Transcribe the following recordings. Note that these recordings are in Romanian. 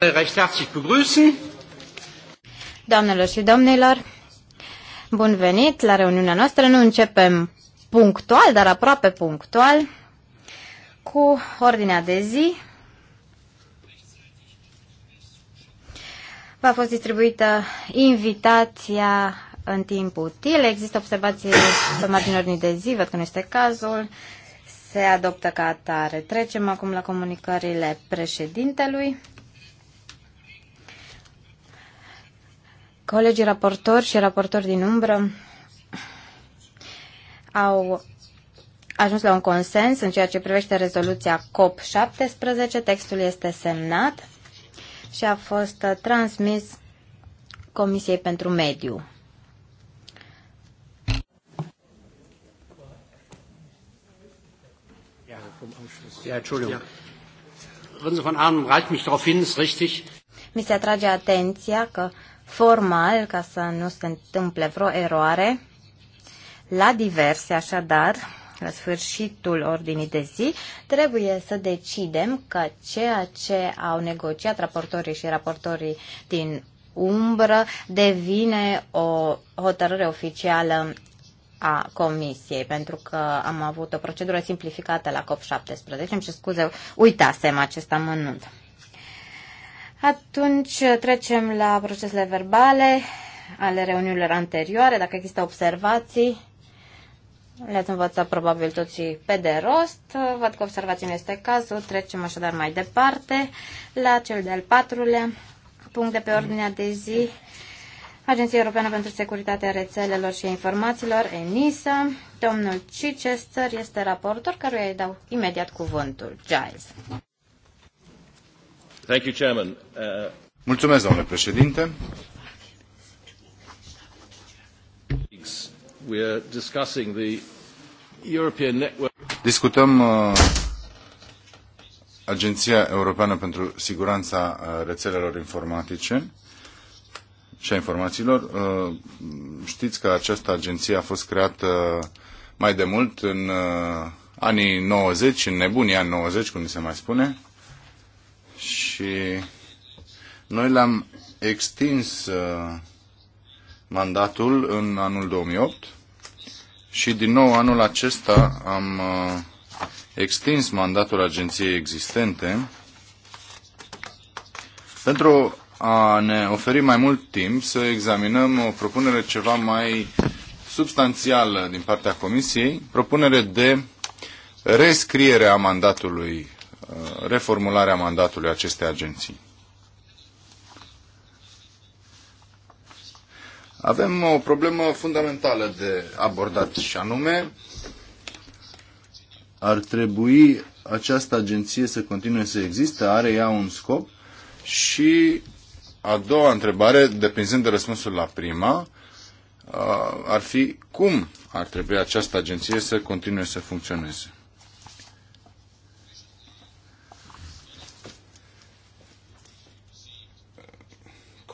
recht herzlich begrüßen. Doamnelor și domnilor, bun venit la reuniunea noastră. Nu începem punctual, dar aproape punctual, cu ordinea de zi. V-a fost distribuită invitația în timp util. Există observații pe marginea ordinii de zi, văd că nu este cazul. Se adoptă ca atare. Trecem acum la comunicările președintelui. Colegii raportori și raportori din umbră au ajuns la un consens în ceea ce privește rezoluția COP17. Textul este semnat și a fost transmis Comisiei pentru Mediu. Mi se atrage atenția că formal, ca să nu se întâmple vreo eroare, la diverse, așadar, la sfârșitul ordinii de zi, trebuie să decidem că ceea ce au negociat raportorii și raportorii din umbră devine o hotărâre oficială a Comisiei, pentru că am avut o procedură simplificată la COP17. Îmi ce scuze, uitasem acest amănunt. Atunci uh, trecem la procesele verbale ale reuniunilor anterioare. Dacă există observații, le-ați învățat probabil toți pe de rost. Uh, văd că observații nu este cazul. Trecem așadar mai departe la cel de-al patrulea punct de pe ordinea de zi. Agenția Europeană pentru Securitatea Rețelelor și Informațiilor, ENISA. Domnul Chichester este raportor, căruia îi dau imediat cuvântul. Giles. Uh, Mulțumesc, domnule președinte. Discutăm uh, Agenția Europeană pentru Siguranța uh, Rețelelor Informatice și a Informațiilor. știți că această agenție a fost creată mai de mult în anii 90, în nebunii anii 90, cum se mai spune, și noi le-am extins uh, mandatul în anul 2008 și din nou anul acesta am uh, extins mandatul agenției existente pentru a ne oferi mai mult timp să examinăm o propunere ceva mai substanțială din partea Comisiei, propunere de rescriere a mandatului Uh, reformularea mandatului acestei agenții. Avem o problemă fundamentală de abordat și anume ar trebui această agenție să continue să existe, are ea un scop și a doua întrebare, depinzând de răspunsul la prima, uh, ar fi cum ar trebui această agenție să continue să funcționeze.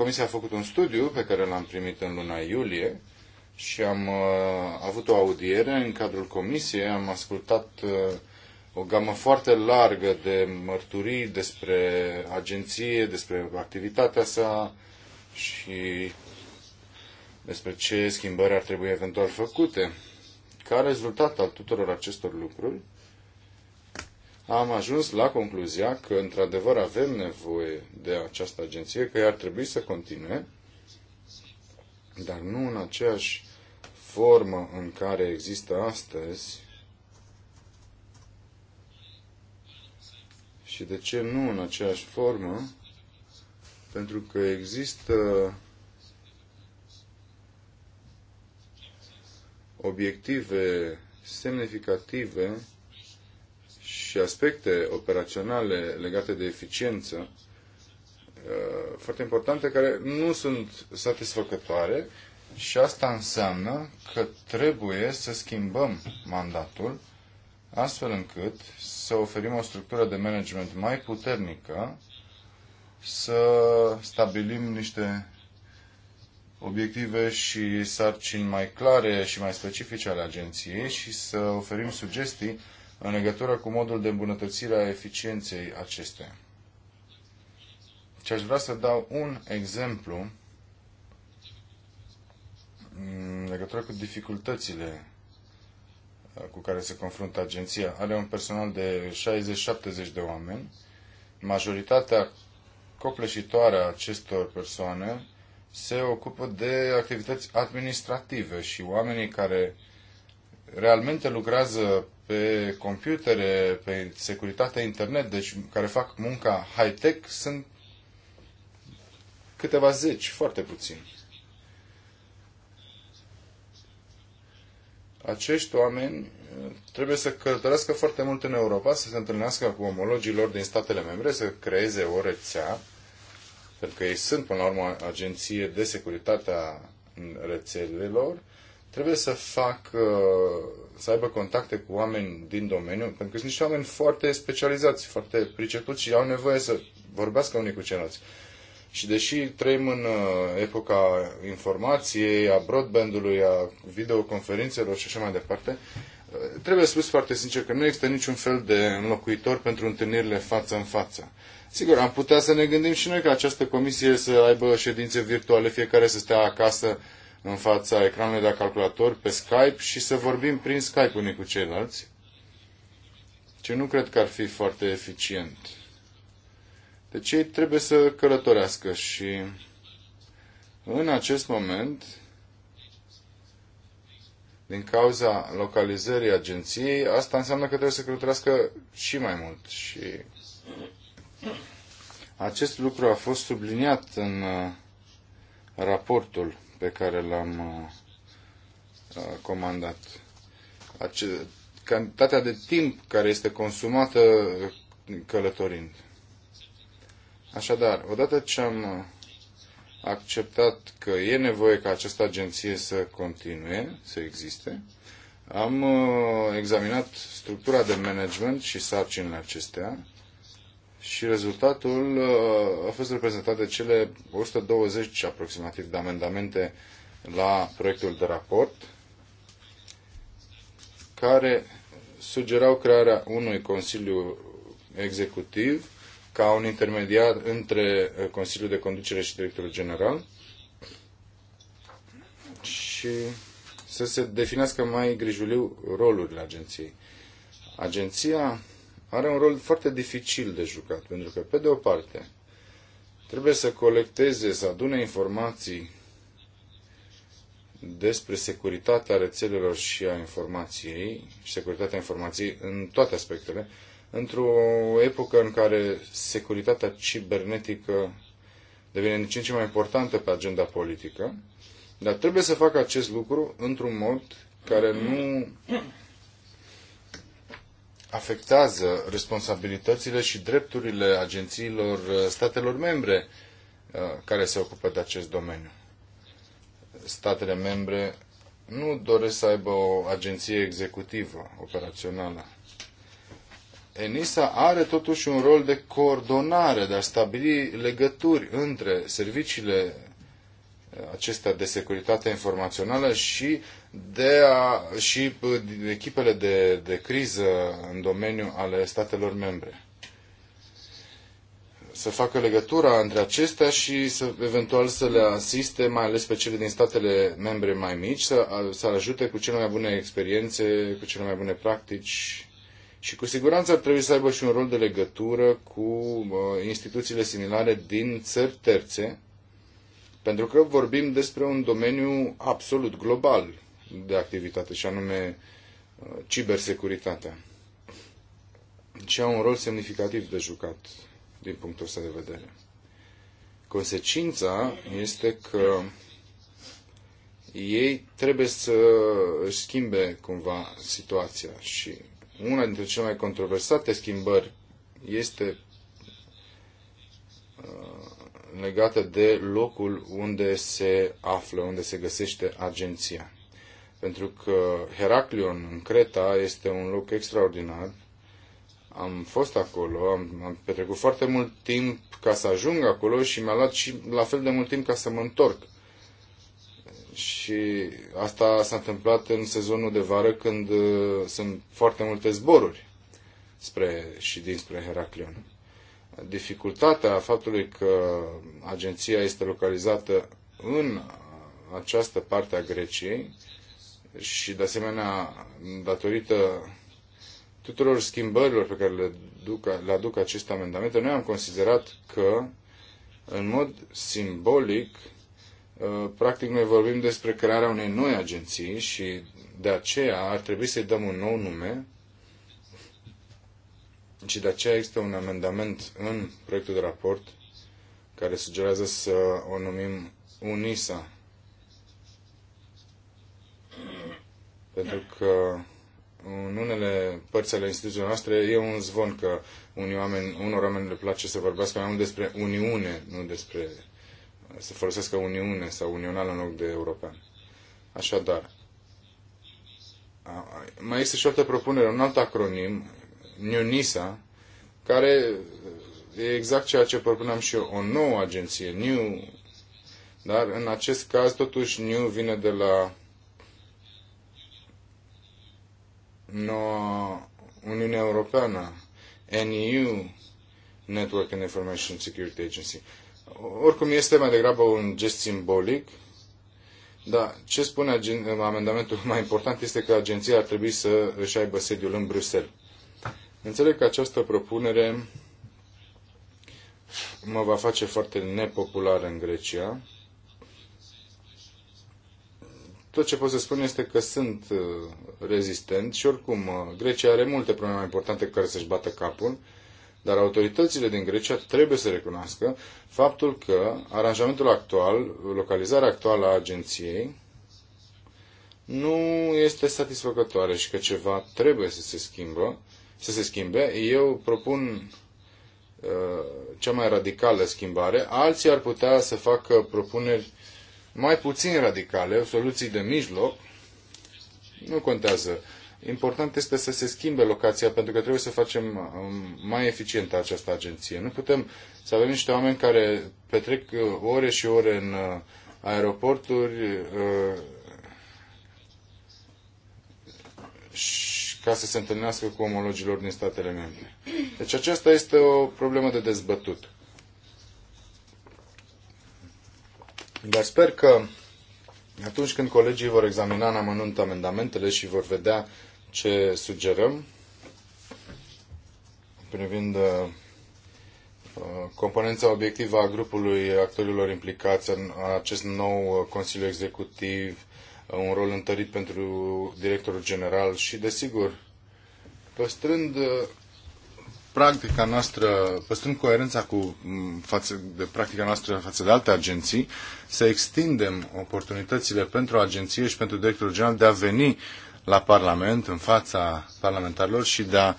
Comisia a făcut un studiu pe care l-am primit în luna iulie și am uh, avut o audiere în cadrul Comisiei. Am ascultat uh, o gamă foarte largă de mărturii despre agenție, despre activitatea sa și despre ce schimbări ar trebui eventual făcute. Ca rezultat al tuturor acestor lucruri, am ajuns la concluzia că, într-adevăr, avem nevoie de această agenție, că ar trebui să continue, dar nu în aceeași formă în care există astăzi. Și de ce nu în aceeași formă? Pentru că există obiective semnificative și aspecte operaționale legate de eficiență uh, foarte importante care nu sunt satisfăcătoare și asta înseamnă că trebuie să schimbăm mandatul astfel încât să oferim o structură de management mai puternică, să stabilim niște obiective și sarcini mai clare și mai specifice ale agenției și să oferim sugestii în legătură cu modul de îmbunătățire a eficienței acesteia. Și aș vrea să dau un exemplu în legătură cu dificultățile uh, cu care se confruntă agenția. Are un personal de 60-70 de oameni. Majoritatea copleșitoare a acestor persoane se ocupă de activități administrative și oamenii care realmente lucrează pe computere, pe securitatea internet, deci care fac munca high-tech, sunt câteva zeci, foarte puțini. Acești oameni uh, trebuie să călătorească foarte mult în Europa, să se întâlnească cu omologii lor din statele membre, să creeze o rețea, pentru că ei sunt, până la urmă, agenție de securitate a rețelelor, trebuie să fac, uh, să aibă contacte cu oameni din domeniu, pentru că sunt niște oameni foarte specializați, foarte pricepuți și au nevoie să vorbească unii cu ceilalți. Și deși trăim în uh, epoca informației, a broadband-ului, a videoconferințelor și așa mai departe, uh, trebuie spus foarte sincer că nu există niciun fel de înlocuitor pentru întâlnirile față în față. Sigur, am putea să ne gândim și noi că această comisie să aibă ședințe virtuale, fiecare să stea acasă în fața ecranului de calculator pe Skype și să vorbim prin Skype unii cu ceilalți, ce nu cred că ar fi foarte eficient. Deci ei trebuie să călătorească și în acest moment, din cauza localizării agenției, asta înseamnă că trebuie să călătorească și mai mult. Și acest lucru a fost subliniat în uh, raportul pe care l-am uh, uh, comandat. Ace- cantitatea de timp care este consumată uh, călătorind. Așadar, odată ce am acceptat că e nevoie ca această agenție să continue, să existe, am examinat structura de management și sarcinile acestea și rezultatul uh, a fost reprezentat de cele 120 aproximativ de amendamente la proiectul de raport care sugerau crearea unui Consiliu Executiv ca un intermediar între uh, Consiliul de Conducere și Directorul General și să se definească mai grijuliu rolurile agenției. Agenția are un rol foarte dificil de jucat, pentru că, pe de o parte, trebuie să colecteze, să adune informații despre securitatea rețelelor și a informației, și securitatea informației în toate aspectele, într-o epocă în care securitatea cibernetică devine din ce în ce mai importantă pe agenda politică, dar trebuie să facă acest lucru într-un mod care nu afectează responsabilitățile și drepturile agențiilor uh, statelor membre uh, care se ocupă de acest domeniu. Statele membre nu doresc să aibă o agenție executivă, operațională. ENISA are totuși un rol de coordonare, de a stabili legături între serviciile acestea de securitate informațională și, de a, și echipele de, de criză în domeniul ale statelor membre. Să facă legătura între acestea și să, eventual să le asiste, mai ales pe cele din statele membre mai mici, să, să ajute cu cele mai bune experiențe, cu cele mai bune practici și cu siguranță ar trebui să aibă și un rol de legătură cu instituțiile similare din țări terțe, pentru că vorbim despre un domeniu absolut global de activitate, și anume uh, cibersecuritatea. Și au un rol semnificativ de jucat din punctul ăsta de vedere. Consecința este că ei trebuie să își schimbe cumva situația și una dintre cele mai controversate schimbări este legată de locul unde se află, unde se găsește agenția. Pentru că Heraclion în Creta este un loc extraordinar. Am fost acolo, am, am petrecut foarte mult timp ca să ajung acolo și mi-a luat și la fel de mult timp ca să mă întorc. Și asta s-a întâmplat în sezonul de vară când uh, sunt foarte multe zboruri spre și dinspre Heraclion dificultatea faptului că agenția este localizată în această parte a Greciei și, de asemenea, datorită tuturor schimbărilor pe care le, duc, le aduc aceste amendamente, noi am considerat că, în mod simbolic, ă, practic noi vorbim despre crearea unei noi agenții și de aceea ar trebui să-i dăm un nou nume și de aceea există un amendament în proiectul de raport care sugerează să o numim UNISA. Pentru că în unele părți ale instituției noastre e un zvon că unii oameni, unor oameni le place să vorbească mai mult despre Uniune, nu despre să folosească Uniune sau Unional în loc de European. Așadar, mai este și o altă propunere, un alt acronim New NISA, care e exact ceea ce propuneam și eu, o nouă agenție, New, dar în acest caz totuși New vine de la noua Uniunea Europeană, NEU, Network and Information Security Agency. Oricum este mai degrabă un gest simbolic, dar ce spune amendamentul mai important este că agenția ar trebui să își aibă sediul în Bruxelles. Înțeleg că această propunere mă va face foarte nepopular în Grecia. Tot ce pot să spun este că sunt uh, rezistent și oricum uh, Grecia are multe probleme mai importante cu care să-și bată capul, dar autoritățile din Grecia trebuie să recunoască faptul că aranjamentul actual, localizarea actuală a agenției, nu este satisfăcătoare și că ceva trebuie să se schimbă să se schimbe. Eu propun uh, cea mai radicală schimbare. Alții ar putea să facă propuneri mai puțin radicale, soluții de mijloc. Nu contează. Important este să se schimbe locația, pentru că trebuie să facem um, mai eficientă această agenție. Nu putem să avem niște oameni care petrec uh, ore și ore în uh, aeroporturi ca să se întâlnească cu omologilor din statele membre. Deci aceasta este o problemă de dezbătut. Dar sper că atunci când colegii vor examina în amănunt amendamentele și vor vedea ce sugerăm privind uh, uh, componența obiectivă a grupului actorilor implicați în acest nou uh, Consiliu Executiv, un rol întărit pentru directorul general și, desigur, păstrând uh, practica noastră, păstrând coerența cu, mm, față de practica noastră față de alte agenții, să extindem oportunitățile pentru agenție și pentru directorul general de a veni la Parlament, în fața parlamentarilor și de a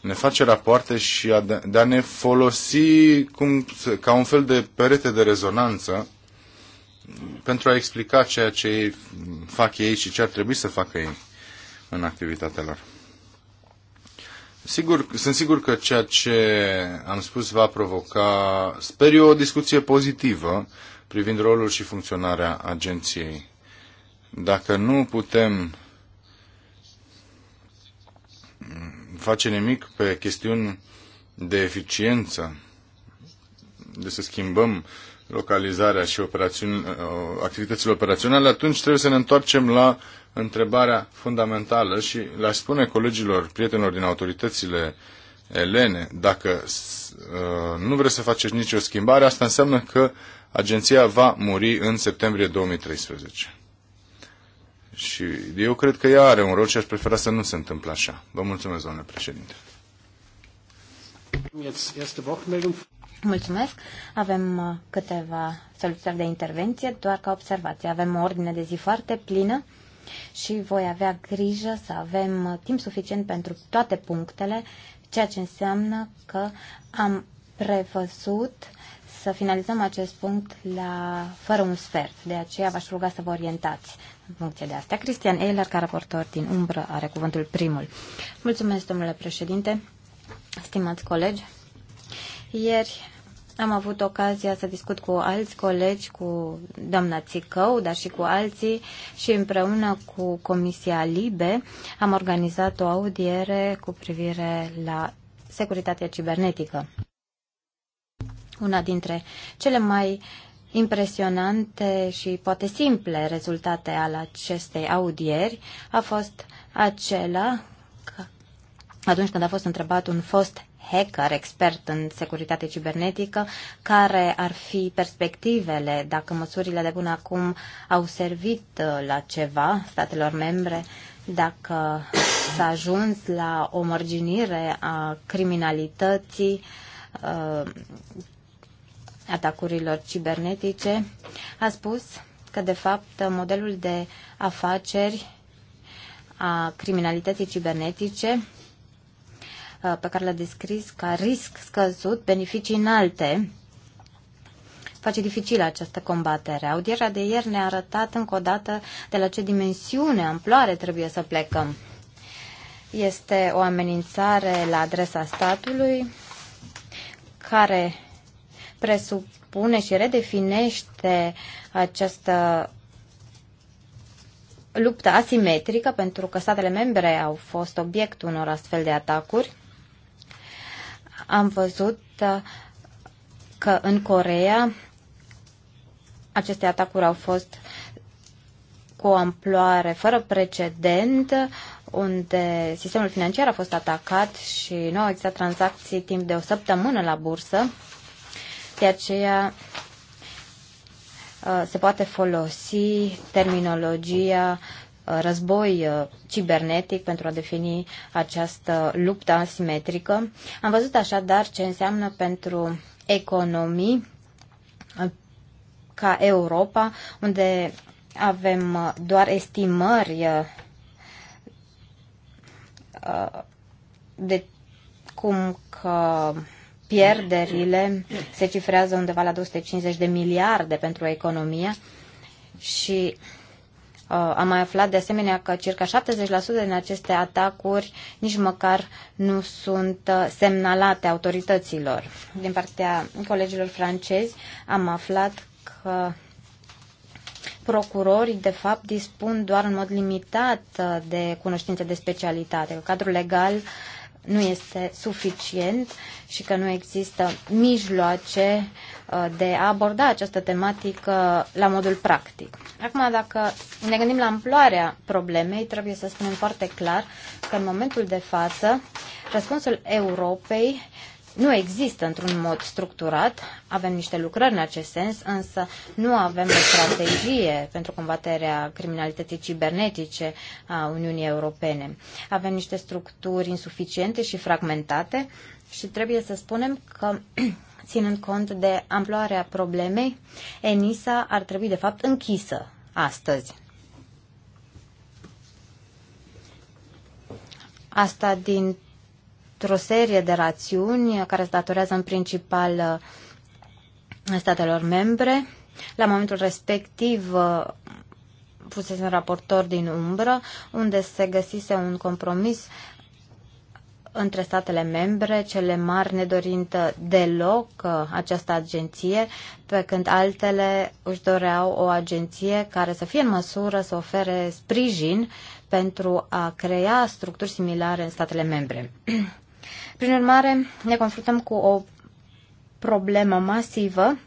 ne face rapoarte și a de, de a ne folosi cum, ca un fel de perete de rezonanță pentru a explica ceea ce ei fac ei și ce ar trebui să facă ei în activitatea lor. Sigur, sunt sigur că ceea ce am spus va provoca, sper eu, o discuție pozitivă privind rolul și funcționarea agenției. Dacă nu putem face nimic pe chestiuni de eficiență, de să schimbăm localizarea și operațiuni, uh, activitățile operaționale, atunci trebuie să ne întoarcem la întrebarea fundamentală și le-aș spune colegilor, prietenilor din autoritățile elene, dacă uh, nu vreți să faceți nicio schimbare, asta înseamnă că agenția va muri în septembrie 2013. Și eu cred că ea are un rol și aș prefera să nu se întâmple așa. Vă mulțumesc, domnule președinte. Mulțumesc. Avem uh, câteva solicitări de intervenție, doar ca observație. Avem o ordine de zi foarte plină și voi avea grijă să avem uh, timp suficient pentru toate punctele, ceea ce înseamnă că am prevăzut să finalizăm acest punct la fără un sfert. De aceea v-aș ruga să vă orientați în funcție de asta. Cristian Eiler, ca raportor din umbră, are cuvântul primul. Mulțumesc, domnule președinte, stimați colegi. Ieri am avut ocazia să discut cu alți colegi, cu doamna Țicău, dar și cu alții și împreună cu Comisia Libe am organizat o audiere cu privire la securitatea cibernetică. Una dintre cele mai impresionante și poate simple rezultate ale acestei audieri a fost acela că atunci când a fost întrebat un fost hacker, expert în securitate cibernetică, care ar fi perspectivele dacă măsurile de până acum au servit uh, la ceva statelor membre, dacă s-a ajuns la o mărginire a criminalității, uh, atacurilor cibernetice, a spus că, de fapt, modelul de afaceri a criminalității cibernetice Uh, pe care le-a descris ca risc scăzut, beneficii înalte, face dificilă această combatere. Audierea de ieri ne-a arătat încă o dată de la ce dimensiune, amploare trebuie să plecăm. Este o amenințare la adresa statului care presupune și redefinește această luptă asimetrică, pentru că statele membre au fost obiectul unor astfel de atacuri am văzut uh, că în Corea aceste atacuri au fost cu o amploare fără precedent, unde sistemul financiar a fost atacat și nu au existat tranzacții timp de o săptămână la bursă. De aceea uh, se poate folosi terminologia război uh, cibernetic pentru a defini această luptă asimetrică. Am văzut așadar ce înseamnă pentru economii uh, ca Europa, unde avem uh, doar estimări de cum că pierderile se cifrează undeva la 250 de miliarde pentru economie și Uh, am mai aflat de asemenea că circa 70% din aceste atacuri nici măcar nu sunt uh, semnalate autorităților. Din partea colegilor francezi am aflat că procurorii, de fapt, dispun doar în mod limitat uh, de cunoștințe de specialitate, că cadrul legal nu este suficient și că nu există mijloace Uh, de a aborda această tematică la modul practic. Acum, dacă ne gândim la amploarea problemei, trebuie să spunem foarte clar că în momentul de față răspunsul Europei nu există într-un mod structurat, avem niște lucrări în acest sens, însă nu avem o strategie pentru combaterea criminalității cibernetice a Uniunii Europene. Avem niște structuri insuficiente și fragmentate și trebuie să spunem că ținând cont de amploarea problemei, ENISA ar trebui de fapt închisă astăzi. Asta dintr-o serie de rațiuni care se datorează în principal uh, statelor membre. La momentul respectiv uh, fusese un raportor din umbră, unde se găsise un compromis între statele membre, cele mari nedorind deloc uh, această agenție, pe când altele își doreau o agenție care să fie în măsură să ofere sprijin pentru a crea structuri similare în statele membre. Prin urmare, ne confruntăm cu o problemă masivă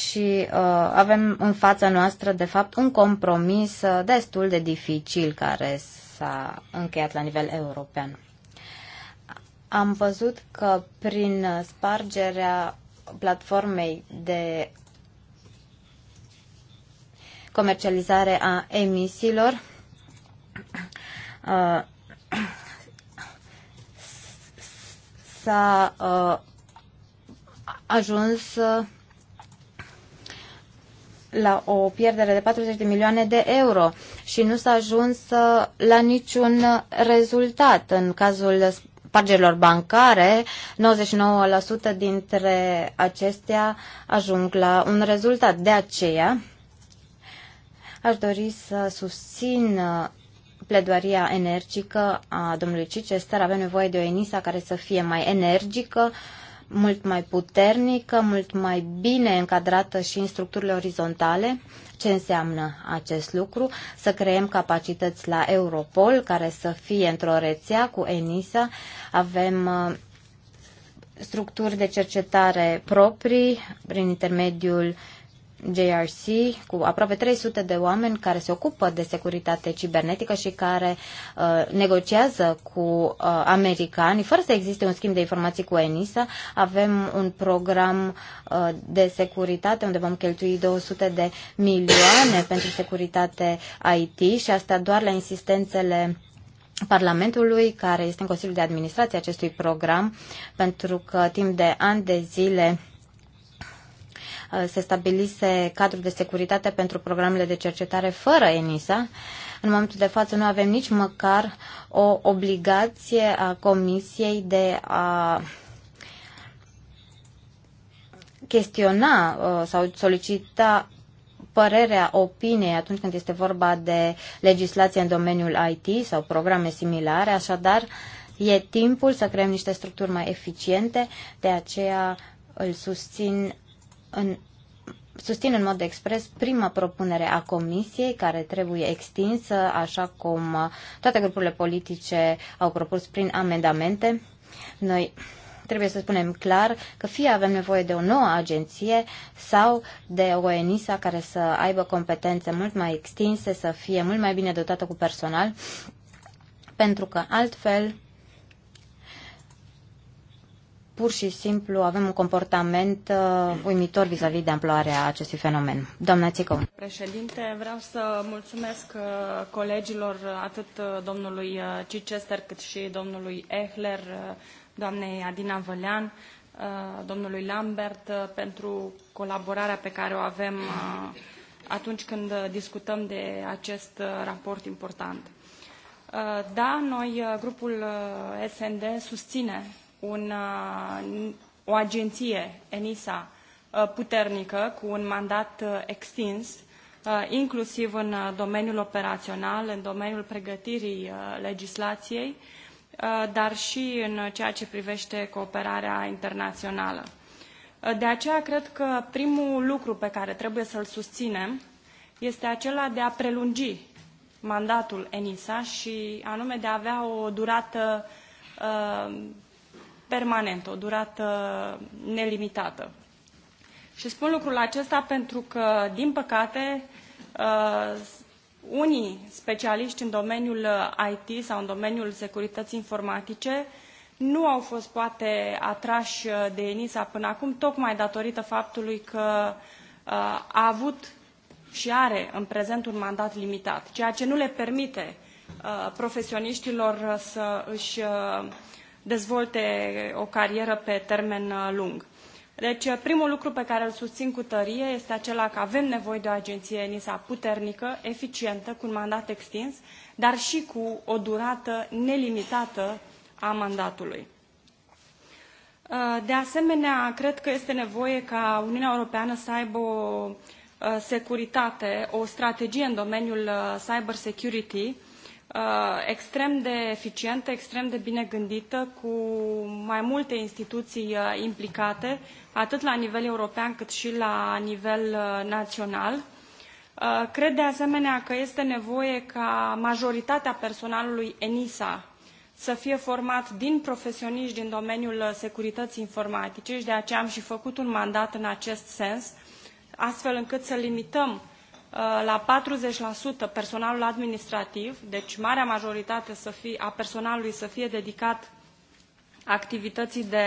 și uh, avem în fața noastră, de fapt, un compromis uh, destul de dificil care s-a încheiat la nivel european am văzut că prin spargerea platformei de comercializare a emisiilor uh, s-a uh, ajuns uh, la o pierdere de 40 de milioane de euro și nu s-a ajuns la niciun rezultat în cazul pagelor bancare, 99% dintre acestea ajung la un rezultat. De aceea, aș dori să susțin uh, pledoaria energică a domnului Cicester. Avem nevoie de o ENISA care să fie mai energică, mult mai puternică, mult mai bine încadrată și în structurile orizontale. Ce înseamnă acest lucru? Să creăm capacități la Europol, care să fie într-o rețea cu ENISA. Avem uh, structuri de cercetare proprii prin intermediul JRC cu aproape 300 de oameni care se ocupă de securitate cibernetică și care uh, negociază cu uh, americani fără să existe un schimb de informații cu ENISA. Avem un program uh, de securitate unde vom cheltui 200 de milioane pentru securitate IT și asta doar la insistențele Parlamentului, care este în Consiliul de Administrație acestui program, pentru că timp de ani de zile Uh, se stabilise cadrul de securitate pentru programele de cercetare fără ENISA. În momentul de față nu avem nici măcar o obligație a Comisiei de a chestiona uh, sau solicita părerea, opiniei atunci când este vorba de legislație în domeniul IT sau programe similare, așadar e timpul să creăm niște structuri mai eficiente, de aceea îl susțin în, susțin în mod expres prima propunere a Comisiei, care trebuie extinsă, așa cum uh, toate grupurile politice au propus prin amendamente. Noi trebuie să spunem clar că fie avem nevoie de o nouă agenție sau de o ENISA care să aibă competențe mult mai extinse, să fie mult mai bine dotată cu personal, pentru că altfel pur și simplu avem un comportament uh, uimitor vis-a-vis -vis de amploarea acestui fenomen. Doamna Țicău. Președinte, vreau să mulțumesc uh, colegilor, uh, atât uh, domnului Cicester cât și domnului Ehler, doamnei Adina Vălean, domnului Lambert pentru colaborarea pe care o avem atunci când discutăm de acest raport important. Da, noi, grupul SND, susține un, uh, o agenție, ENISA, uh, puternică, cu un mandat uh, extins, inclusiv în domeniul operațional, în domeniul pregătirii legislației, dar și în ceea ce privește cooperarea internațională. De aceea cred că primul lucru pe care trebuie să-l susținem este acela de a prelungi mandatul ENISA și anume de a avea o durată permanentă, o durată nelimitată. Și spun lucrul acesta pentru că, din păcate, uh, unii specialiști în domeniul uh, IT sau în domeniul securității informatice nu au fost poate atrași uh, de ENISA până acum, tocmai datorită faptului că a avut și are în prezent un mandat limitat, ceea ce nu le permite profesioniștilor să își dezvolte o carieră pe termen uh, lung. Deci, uh, primul lucru pe care îl susțin cu tărie este acela că avem nevoie de o agenție NISA puternică, eficientă, cu un mandat extins, dar și cu o durată nelimitată a mandatului. Uh, de asemenea, cred că este nevoie ca Uniunea Europeană să aibă o securitate, o strategie în domeniul cyber security, Uh, extrem de eficientă, extrem de bine gândită, cu mai multe instituții uh, implicate, atât la nivel european cât și la nivel uh, național. Cred de asemenea că este nevoie ca majoritatea personalului ENISA să fie format din profesioniști din domeniul securității informatice și de aceea am și făcut un mandat în acest sens, astfel încât să limităm Uh, la 40% personalul administrativ, deci marea majoritate să fie, a personalului să fie dedicat activității de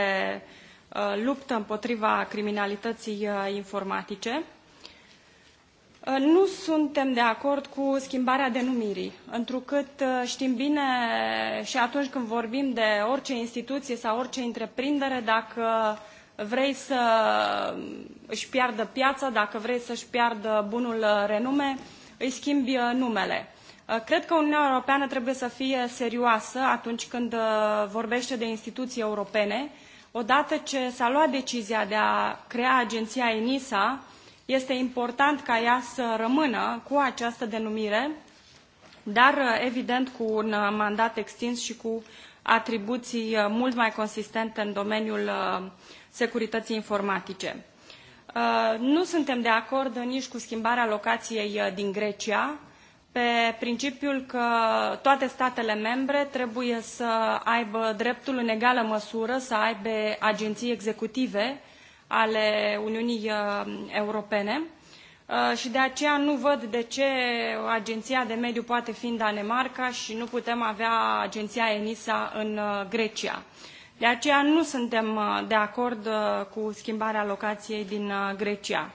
uh, luptă împotriva criminalității uh, informatice. Nu suntem de acord cu schimbarea denumirii, întrucât știm bine și atunci când vorbim de orice instituție sau orice întreprindere, dacă vrei să își piardă piața, dacă vrei să-și piardă bunul uh, renume, îi schimbi uh, numele. Uh, cred că Uniunea Europeană trebuie să fie serioasă atunci când vorbește de instituții europene. Odată ce s-a luat decizia de a crea agenția ENISA, este important ca ea să rămână cu această denumire, dar evident cu un mandat extins și cu atribuții uh, mult mai consistente în domeniul uh, securității informatice. Uh, nu suntem de acord nici cu schimbarea locației din Grecia, pe principiul că toate statele membre trebuie să aibă dreptul în egală măsură să aibă agenții executive ale Uniunii Europene. Uh, și de aceea nu văd de ce agenția de mediu poate fi în Danemarca și nu putem avea agenția ENISA în uh, Grecia. De aceea nu suntem uh, de acord cu schimbarea locației din Grecia.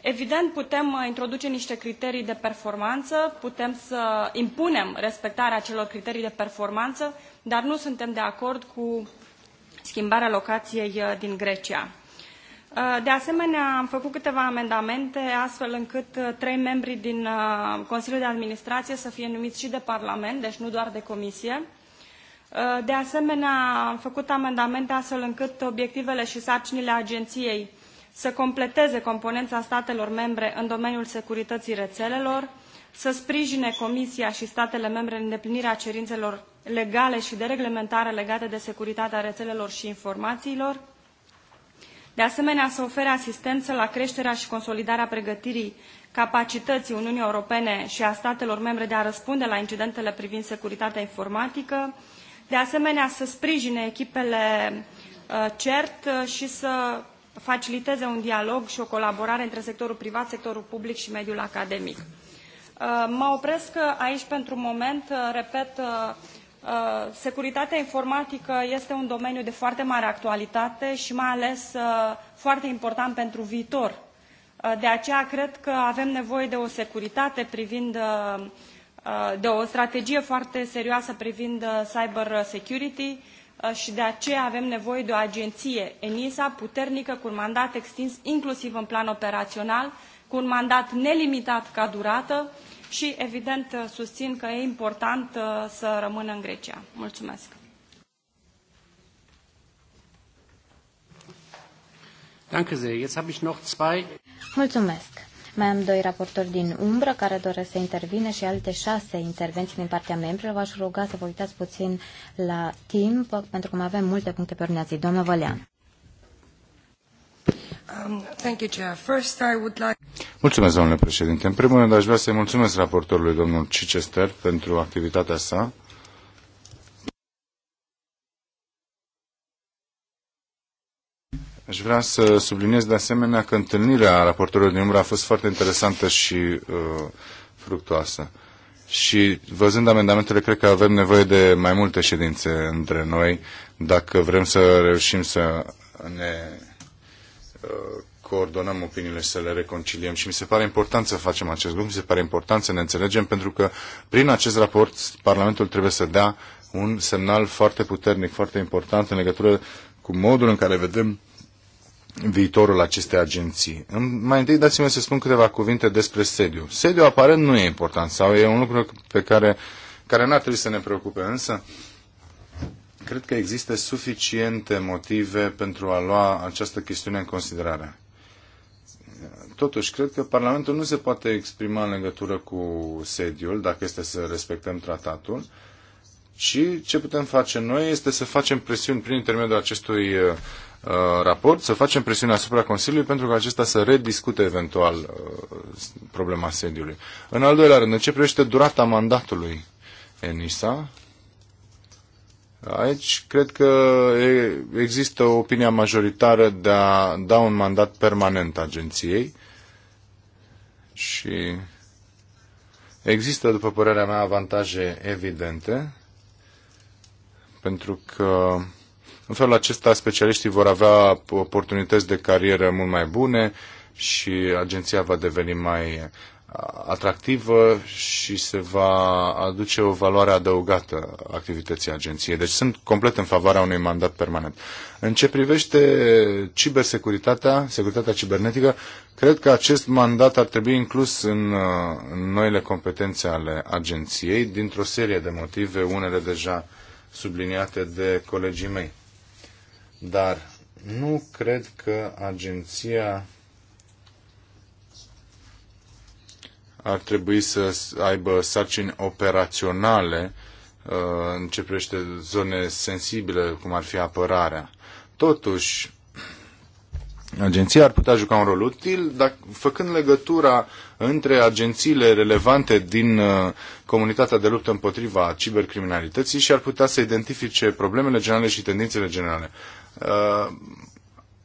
Evident, putem introduce niște criterii de performanță, putem să impunem respectarea acelor criterii de performanță, dar nu suntem de acord cu schimbarea locației din Grecia. Uh, de asemenea, am făcut câteva amendamente astfel încât uh, trei membri din uh, Consiliul de Administrație să fie numiți și de Parlament, deci nu doar de Comisie. De asemenea, am făcut amendamente astfel încât obiectivele și sarcinile agenției să completeze componența statelor membre în domeniul securității rețelelor, să sprijine Comisia și statele membre în îndeplinirea cerințelor legale și de reglementare legate de securitatea rețelelor și informațiilor, de asemenea, să ofere asistență la creșterea și consolidarea pregătirii capacității Uniunii Europene și a statelor membre de a răspunde la incidentele privind securitatea informatică, de asemenea să sprijine echipele uh, CERT uh, și să faciliteze un dialog și o colaborare între sectorul privat, sectorul public și mediul academic. Uh, mă opresc aici pentru moment, repet, Uh, securitatea informatică este un domeniu de foarte mare actualitate și mai ales uh, foarte important pentru viitor. Uh, de aceea cred că avem nevoie de o securitate privind, de o strategie foarte serioasă privind cyber security și de aceea avem nevoie de o agenție ENISA puternică cu un mandat extins inclusiv în plan operațional, cu un mandat nelimitat ca durată, și, evident, uh, susțin că e important uh, să rămână în Grecia. Mulțumesc! Mulțumesc. Mai am doi raportori din umbră care doresc să intervine și alte șase intervenții din partea membrilor. V-aș ruga să vă uitați puțin la timp, pentru că mai avem multe puncte pe ordinea Doamna Valean. Um, mulțumesc, domnule președinte. În primul rând, aș vrea să-i mulțumesc raportorului, domnul Chichester, pentru activitatea sa. Aș vrea să subliniez de asemenea că întâlnirea raportorului din umbră a fost foarte interesantă și uh, fructoasă. Și văzând amendamentele, cred că avem nevoie de mai multe ședințe între noi dacă vrem să reușim să ne coordonăm opiniile să le reconciliem. Și mi se pare important să facem acest lucru, mi se pare important să ne înțelegem, pentru că prin acest raport Parlamentul trebuie să dea un semnal foarte puternic, foarte important în legătură cu modul în care vedem viitorul acestei agenții. Mai întâi dați-mi să spun câteva cuvinte despre sediu. Sediu aparent nu e important sau e un lucru pe care, care n-ar trebui să ne preocupe, însă uh, cred că există suficiente motive pentru a lua această chestiune în considerare. Totuși, cred că Parlamentul nu se poate exprima în legătură cu sediul, dacă este să respectăm tratatul, și ce putem face noi este să facem presiuni prin intermediul acestui uh, raport, să facem presiune asupra Consiliului pentru că acesta să rediscute eventual uh, problema sediului. În al doilea rând, în ce privește durata mandatului ENISA, Aici cred că există o opinia majoritară de a da un mandat permanent agenției și există, după părerea mea, avantaje evidente pentru că în felul acesta specialiștii vor avea oportunități de carieră mult mai bune și agenția va deveni mai atractivă și se va aduce o valoare adăugată activității agenției. Deci sunt complet în favoarea unui mandat permanent. În ce privește cibersecuritatea, securitatea cibernetică, cred că acest mandat ar trebui inclus în, uh, în noile competențe ale agenției dintr-o serie de motive, unele deja subliniate de colegii mei. Dar nu cred că agenția ar trebui să aibă sarcini operaționale uh, în ce privește zone sensibile, cum ar fi apărarea. Totuși, agenția ar putea juca un rol util, dar făcând legătura între agențiile relevante din uh, comunitatea de luptă împotriva cibercriminalității și ar putea să identifice problemele generale și tendințele generale. Uh,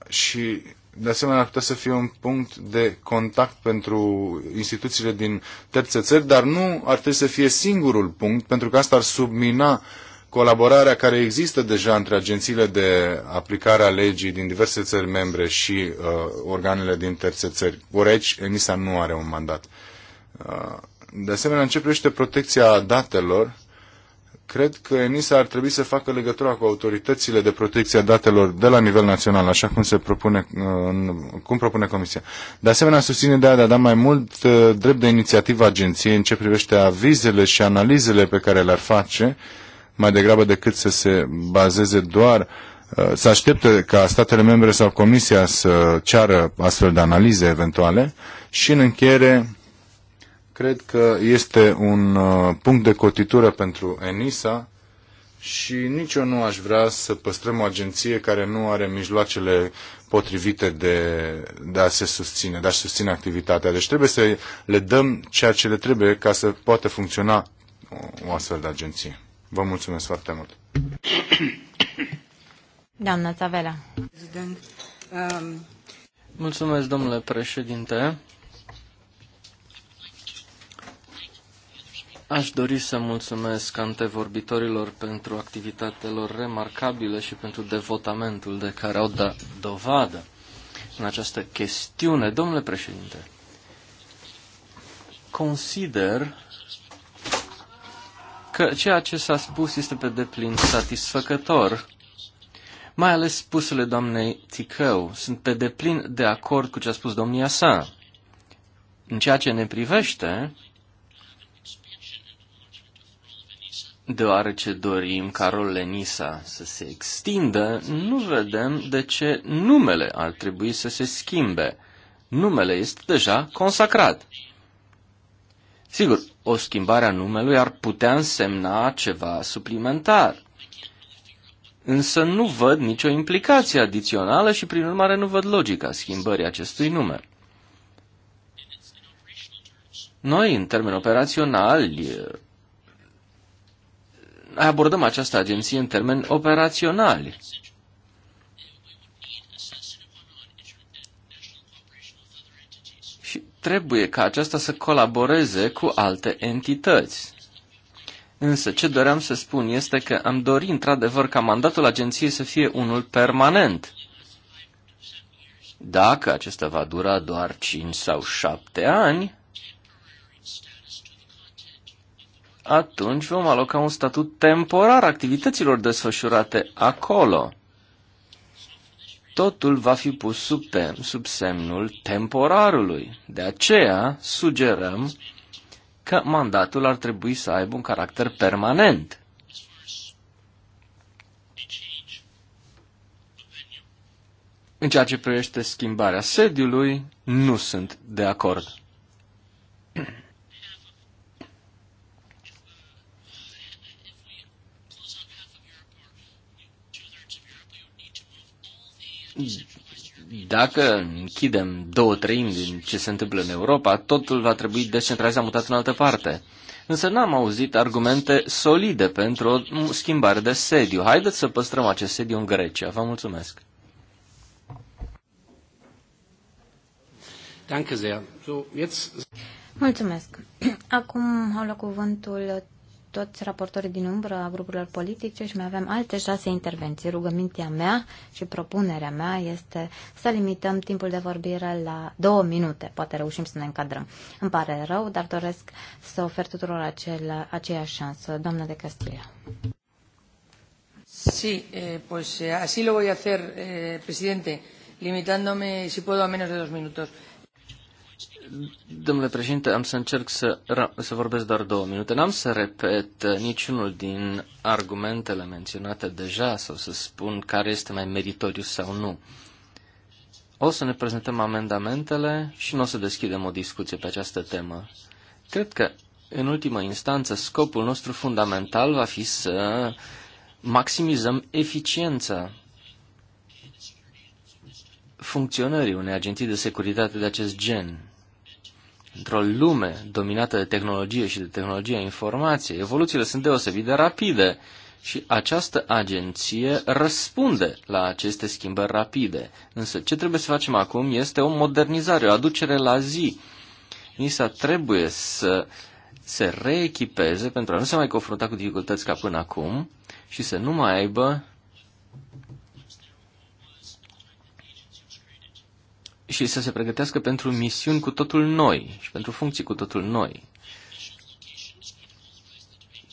și de asemenea, ar putea să fie un punct de contact pentru instituțiile din terțe țări, dar nu ar trebui să fie singurul punct, pentru că asta ar submina colaborarea care există deja între agențiile de aplicare a legii din diverse țări membre și uh, organele din terțe țări. Ori aici ENISA nu are un mandat. Uh, de asemenea, începește protecția datelor, Cred că ENISA ar trebui să facă legătura cu autoritățile de protecție a datelor de la nivel național, așa cum se propune, uh, cum propune Comisia. De asemenea, susține ideea de a da mai mult uh, drept de inițiativă agenției în ce privește avizele și analizele pe care le-ar face, mai degrabă decât să se bazeze doar uh, să aștepte ca statele membre sau Comisia să ceară astfel de analize eventuale și în încheiere Cred că este un uh, punct de cotitură pentru ENISA și nici eu nu aș vrea să păstrăm o agenție care nu are mijloacele potrivite de, de a se susține, de a susține activitatea. Deci trebuie să le dăm ceea ce le trebuie ca să poată funcționa o astfel de agenție. Vă mulțumesc foarte mult. Doamna Tavela. Um, mulțumesc, domnule președinte. Aș dori să mulțumesc antevorbitorilor pentru activitatea lor remarcabile și pentru devotamentul de care au dat dovadă în această chestiune. Domnule președinte, consider că ceea ce s-a spus este pe deplin satisfăcător, mai ales spusele doamnei Ticău. Sunt pe deplin de acord cu ce a spus domnia sa. În ceea ce ne privește, deoarece dorim ca rolele NISA să se extindă, nu vedem de ce numele ar trebui să se schimbe. Numele este deja consacrat. Sigur, o schimbare a numelui ar putea însemna ceva suplimentar. Însă nu văd nicio implicație adițională și prin urmare nu văd logica schimbării acestui nume. Noi, în termeni operaționali, abordăm această agenție în termeni operaționali. Și trebuie ca aceasta să colaboreze cu alte entități. Însă ce doream să spun este că am dorit într-adevăr ca mandatul agenției să fie unul permanent. Dacă acesta va dura doar 5 sau 7 ani, atunci vom aloca un statut temporar activităților desfășurate acolo. Totul va fi pus sub, tem, sub semnul temporarului. De aceea sugerăm că mandatul ar trebui să aibă un caracter permanent. În ceea ce privește schimbarea sediului, nu sunt de acord. dacă închidem două treimi din ce se întâmplă în Europa, totul va trebui descentralizat, mutat în altă parte. Însă n-am auzit argumente solide pentru o schimbare de sediu. Haideți să păstrăm acest sediu în Grecia. Vă mulțumesc. Mulțumesc. Acum au luat cuvântul toți raportorii din umbră a grupurilor politice și mai avem alte șase intervenții. Rugămintea mea și propunerea mea este să limităm timpul de vorbire la două minute. Poate reușim să ne încadrăm. Îmi pare rău, dar doresc să ofer tuturor acele, aceeași șansă. Doamna de Castilla. Sí, eh, pues eh, así lo voy a hacer, eh, presidente, limitándome, si puedo, a menos de dos minutos. Domnule președinte, am să încerc să, să vorbesc doar două minute. N-am să repet uh, niciunul din argumentele menționate deja sau să spun care este mai meritoriu sau nu. O să ne prezentăm amendamentele și nu o să deschidem o discuție pe această temă. Cred că, în ultimă instanță, scopul nostru fundamental va fi să maximizăm eficiența funcționării unei agenții de securitate de acest gen într-o lume dominată de tehnologie și de tehnologia informației, evoluțiile sunt deosebit de rapide și această agenție răspunde la aceste schimbări rapide. Însă ce trebuie să facem acum este o modernizare, o aducere la zi. ISA trebuie să se reechipeze pentru a nu se mai confrunta cu dificultăți ca până acum și să nu mai aibă și să se pregătească pentru misiuni cu totul noi și pentru funcții cu totul noi.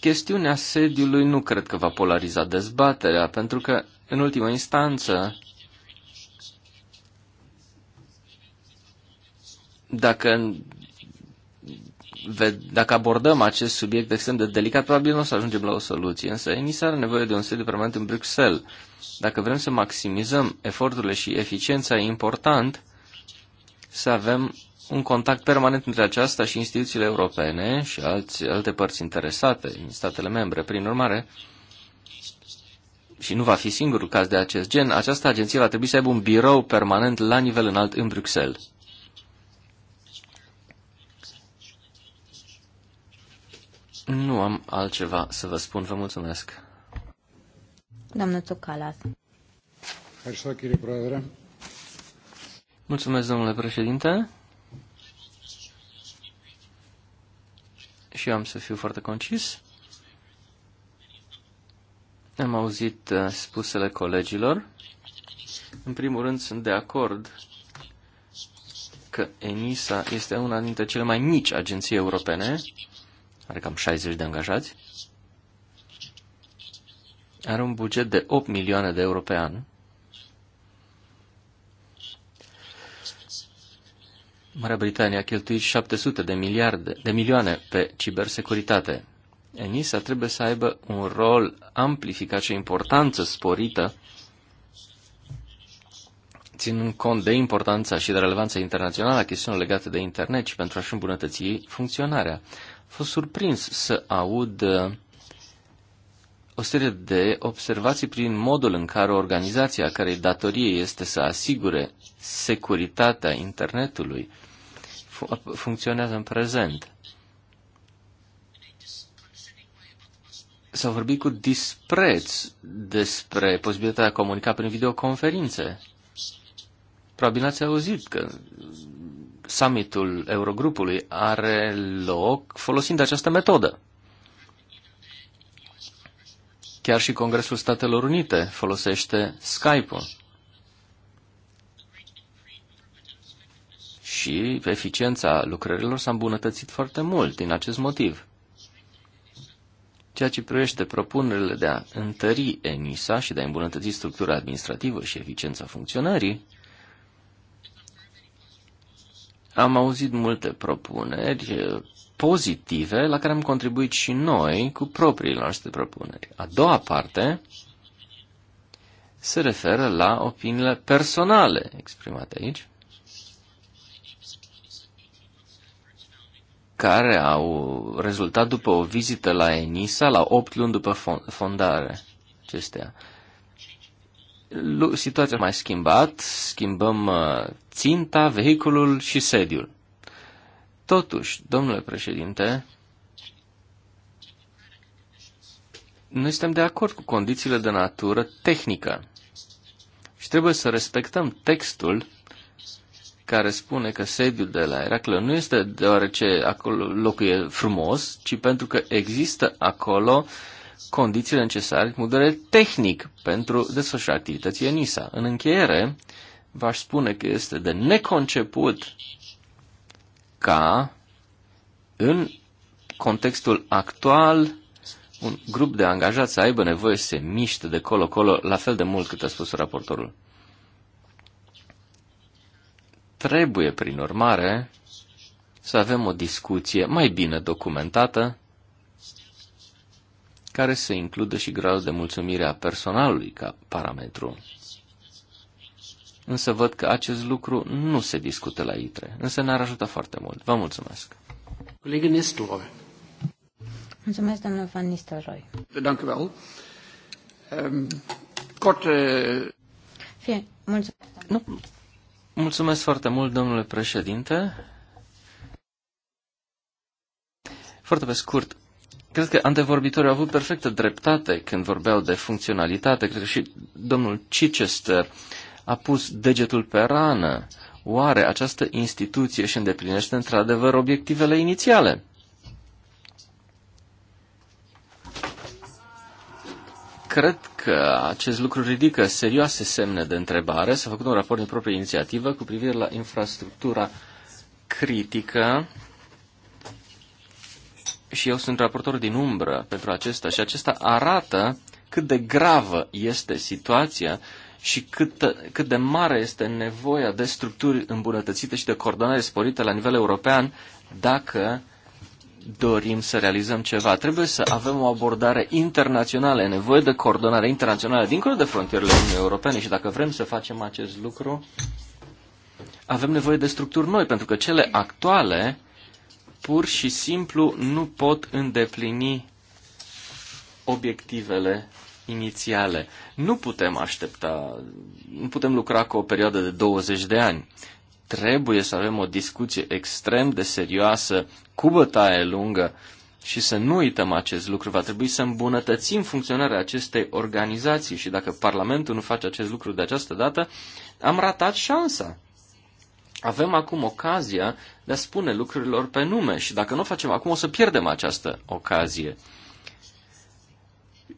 Chestiunea sediului nu cred că va polariza dezbaterea, pentru că, în ultima instanță, dacă, dacă abordăm acest subiect extrem de delicat, probabil nu o să ajungem la o soluție, însă ENISA are nevoie de un sediu permanent în Bruxelles. Dacă vrem să maximizăm eforturile și eficiența, e important să avem un contact permanent între aceasta și instituțiile europene și alți, alte părți interesate în statele membre. Prin urmare, și nu va fi singurul caz de acest gen, această agenție va trebui să aibă un birou permanent la nivel înalt în Bruxelles. Nu am altceva să vă spun. Vă mulțumesc. Doamnă Tocalas. Mulțumesc, Mulțumesc, domnule președinte. Și eu am să fiu foarte concis. Am auzit uh, spusele colegilor. În primul rând, sunt de acord că ENISA este una dintre cele mai mici agenții europene, are cam 60 de angajați, are un buget de 8 milioane de euro pe an Marea Britanie a cheltuit 700 de miliarde de milioane pe cibersecuritate. ENISA trebuie să aibă un rol amplificat și importanță sporită, ținând cont de importanța și de relevanța internațională a chestiunilor legate de internet și pentru a-și îmbunătăți funcționarea. A fost surprins să aud uh, o serie de observații prin modul în care organizația care datorie este să asigure securitatea internetului funcționează în prezent. S-au vorbit cu dispreț despre posibilitatea de a comunica prin videoconferințe. Probabil ați auzit că summitul Eurogrupului are loc folosind această metodă. Chiar și Congresul Statelor Unite folosește Skype-ul. Și eficiența lucrărilor s-a îmbunătățit foarte mult din acest motiv. Ceea ce privește propunerile de a întări ENISA și de a îmbunătăți structura administrativă și eficiența funcționării, am auzit multe propuneri eh, pozitive la care am contribuit și noi cu propriile noastre propuneri. A doua parte se referă la opiniile personale exprimate aici, care au rezultat după o vizită la ENISA la 8 luni după fondare acestea situația mai schimbat, schimbăm uh, ținta, vehiculul și sediul. Totuși, domnule președinte, noi suntem de acord cu condițiile de natură tehnică și trebuie să respectăm textul care spune că sediul de la Heraclă nu este deoarece acolo locul e frumos, ci pentru că există acolo uh, condițiile necesare din punct de vedere tehnic pentru desfășurarea activității ENISA. În încheiere, v-aș spune că este de neconceput ca în contextul actual un grup de angajați să aibă nevoie să se miște de colo-colo la fel de mult cât a spus raportorul. Trebuie, prin urmare, să avem o discuție mai bine documentată care să includă și gradul de mulțumire a personalului ca parametru. Însă văd că acest lucru nu se discută la ITRE, însă ne-ar ajuta foarte mult. Vă mulțumesc. Colegă Nestor. Mulțumesc, domnul Van Nistelrooy. Dank wel. Um, kort... Uh... Fie, mulțumesc. Nu. Mulțumesc foarte mult, domnule președinte. Foarte pe scurt, Cred că antevorbitorii au avut perfectă dreptate când vorbeau de funcționalitate. Cred că și domnul Chichester a pus degetul pe rană. Oare această instituție își îndeplinește într-adevăr obiectivele inițiale? Cred că acest lucru ridică serioase semne de întrebare. S-a făcut un raport din proprie inițiativă cu privire la infrastructura critică și eu sunt raportor din umbră pentru acesta și acesta arată cât de gravă este situația și cât, cât de mare este nevoia de structuri îmbunătățite și de coordonare sporită la nivel european dacă dorim să realizăm ceva. Trebuie să avem o abordare internațională, nevoie de coordonare internațională dincolo de frontierele Uniunii Europene și dacă vrem să facem acest lucru, avem nevoie de structuri noi, pentru că cele actuale uh, pur și simplu nu pot îndeplini obiectivele inițiale. Nu putem aștepta, nu putem lucra cu o perioadă de 20 de ani. Trebuie să avem o discuție extrem de serioasă, cu bătaie lungă și să nu uităm acest lucru. Va trebui să îmbunătățim funcționarea acestei organizații și dacă Parlamentul nu face acest lucru de această dată, am ratat șansa. Avem acum ocazia le spune lucrurilor pe nume și dacă nu o facem acum o să pierdem această ocazie.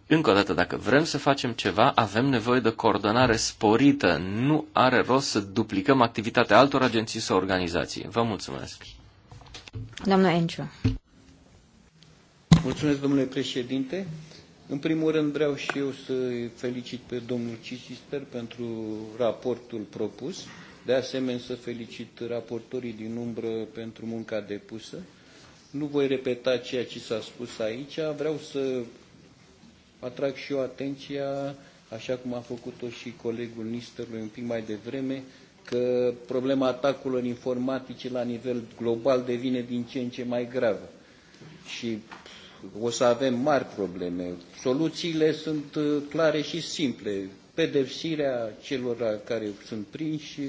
Încă o dată, dacă vrem să facem ceva, avem nevoie de coordonare sporită. Nu are rost să duplicăm activitatea altor agenții sau organizații. Vă mulțumesc. Doamna Enciu. Mulțumesc, domnule președinte. În primul rând vreau și eu să felicit pe domnul Cisister pentru raportul propus. De asemenea, să felicit raportorii din umbră pentru munca depusă. Nu voi repeta ceea ce s-a spus aici. Vreau să atrag și eu atenția, așa cum a făcut-o și colegul Nisterului un pic mai devreme, că problema atacurilor informatice la nivel global devine din ce în ce mai gravă. Și o să avem mari probleme. Soluțiile sunt uh, clare și simple. Pedepsirea celor care sunt prinși,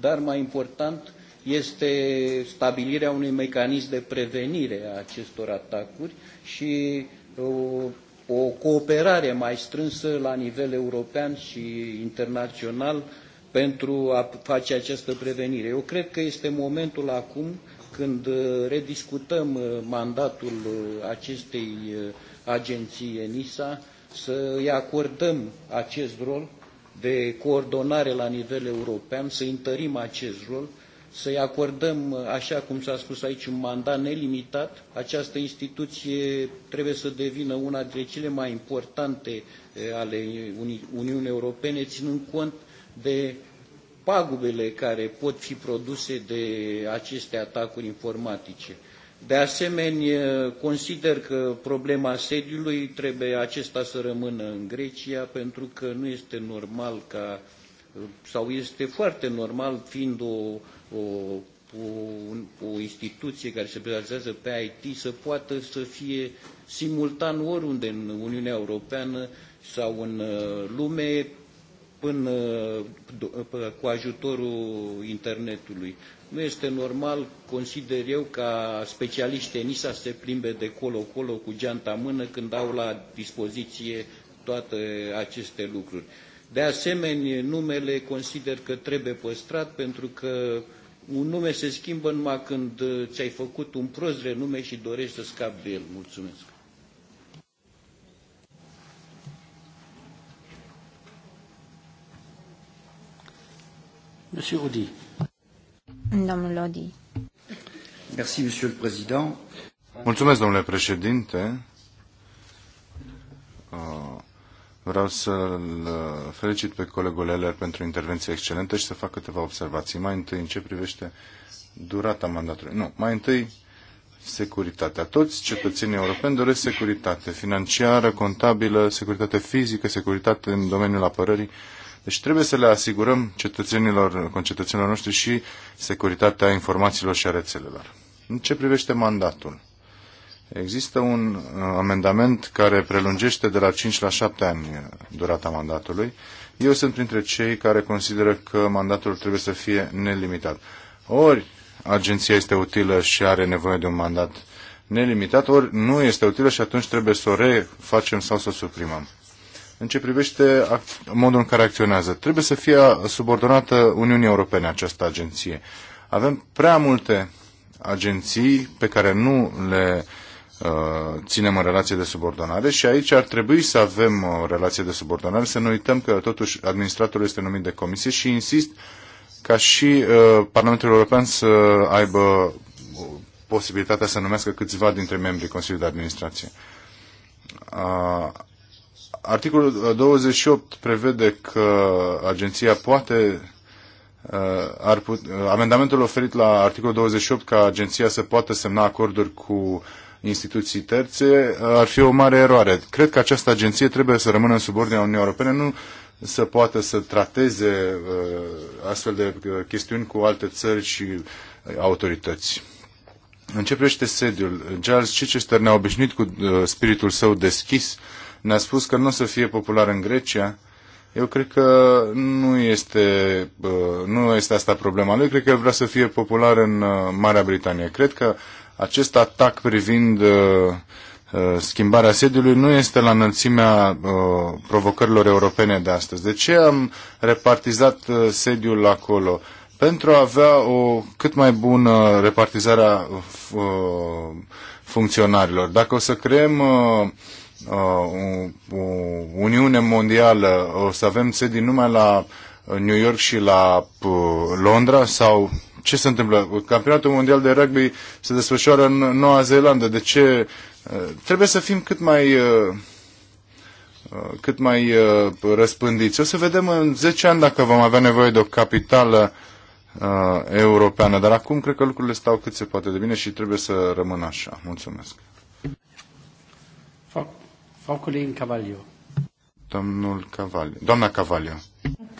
dar mai important este stabilirea unui mecanism de prevenire a acestor atacuri și uh, o, cooperare mai strânsă la nivel european și internațional pentru a face această prevenire. Eu cred că este momentul acum când uh, rediscutăm uh, mandatul acestei agenții ENISA să îi acordăm acest rol de coordonare la nivel european, să întărim acest rol, să-i acordăm, așa cum s-a spus aici, un mandat nelimitat. Această instituție trebuie să devină una dintre cele mai importante ale Uniunii Europene, ținând cont de pagubele care pot fi produse de aceste atacuri informatice. De asemenea, consider că problema sediului trebuie acesta să rămână în Grecia, pentru că nu este normal ca, sau este foarte normal, fiind o, o o, o instituție care se bazează pe IT să poată să fie simultan oriunde în Uniunea Europeană sau în uh, lume până uh, uh, cu ajutorul internetului. Nu este normal, consider eu, ca specialiștii ENISA să se plimbe de colo-colo cu geanta în mână când au la dispoziție toate aceste lucruri. De asemenea, numele consider că trebuie păstrat pentru că un nume se schimbă numai când uh, ți-ai făcut un prost renume și dorești să scapi de el. Mulțumesc. Monsieur Audi. Domnul Lodi. Merci, monsieur le président. Mulțumesc, domnule președinte. Uh, vreau să-l felicit pe colegul Eller pentru intervenție excelentă și să fac câteva observații. Mai întâi, în ce privește durata mandatului. Nu, mai întâi, securitatea. Toți cetățenii europeni doresc securitate financiară, contabilă, securitate fizică, securitate în domeniul apărării deci trebuie să le asigurăm cetățenilor, concetățenilor noștri și securitatea informațiilor și a rețelelor. În ce privește mandatul? Există un uh, amendament care prelungește de la 5 la 7 ani uh, durata mandatului. Eu sunt printre cei care consideră că mandatul trebuie să fie nelimitat. Ori agenția este utilă și are nevoie de un mandat nelimitat, ori nu este utilă și atunci trebuie să o refacem sau să o suprimăm în ce privește modul în care acționează. Trebuie să fie subordonată Uniunii Europene această agenție. Avem prea multe agenții pe care nu le uh, ținem în relație de subordonare și aici ar trebui să avem o uh, relație de subordonare, să nu uităm că totuși administratorul este numit de comisie și insist ca și uh, Parlamentul European să aibă uh, posibilitatea să numească câțiva dintre membrii Consiliului de Administrație. Uh, Articolul 28 uh, prevede că agenția poate uh, ar put, uh, amendamentul oferit la articolul 28 ca agenția să poată semna acorduri cu instituții terțe ar fi o mare eroare. Cred că această agenție trebuie să rămână în subordinea Uniunii Europene, nu să poată să trateze astfel de chestiuni cu alte țări și autorități. În ce privește sediul, Giles Chichester ne-a obișnuit cu spiritul său deschis ne-a spus că nu o să fie popular în Grecia. Eu cred că nu este, nu este asta problema lui, cred că el vrea să fie popular în uh, Marea Britanie. Cred că acest atac privind uh, uh, schimbarea sediului nu este la înălțimea provocărilor europene de astăzi. De ce am repartizat sediul acolo? Pentru a avea o cât mai bună repartizare a funcționarilor. Dacă o să creăm Uh, o Uniune Mondială, o să avem sedii numai la uh, New York și la uh, Londra sau ce se întâmplă? Campionatul mondial de rugby se desfășoară în Noua Zeelandă. De ce? Trebuie să fim cât mai cât mai răspândiți. O să vedem în 10 ani dacă vom avea nevoie de o capitală europeană, dar acum cred că lucrurile stau cât se poate de bine și trebuie să rămână așa. Mulțumesc. Frau Kollegin Cavallio. Domnul Cavallio. Doamna Cavallio.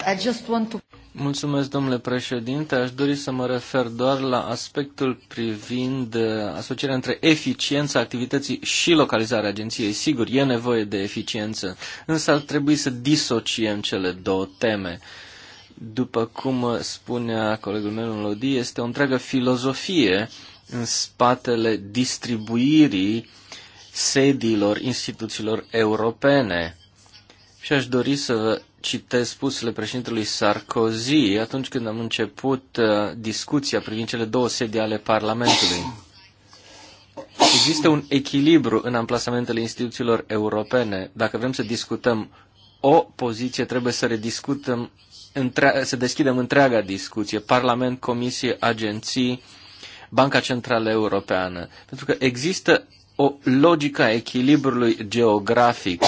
I just want to... Mulțumesc, domnule președinte. Aș dori să mă refer doar la aspectul privind uh, asocierea între eficiența activității și localizarea agenției. Sigur, e nevoie de eficiență, însă ar trebui să disociem cele două teme. După cum spunea colegul meu în Lodi, este o întreagă filozofie în spatele distribuirii uh, sediilor instituțiilor europene. Și aș dori să vă citesc spusele președintelui Sarkozy atunci când am început uh, discuția privind cele două sedii ale Parlamentului. Există un echilibru în amplasamentele instituțiilor europene. Dacă vrem să discutăm o poziție, trebuie să rediscutăm, între, să deschidem întreaga discuție, Parlament, Comisie, agenții, Banca Centrală Europeană. Pentru că există o logică a echilibrului geografic.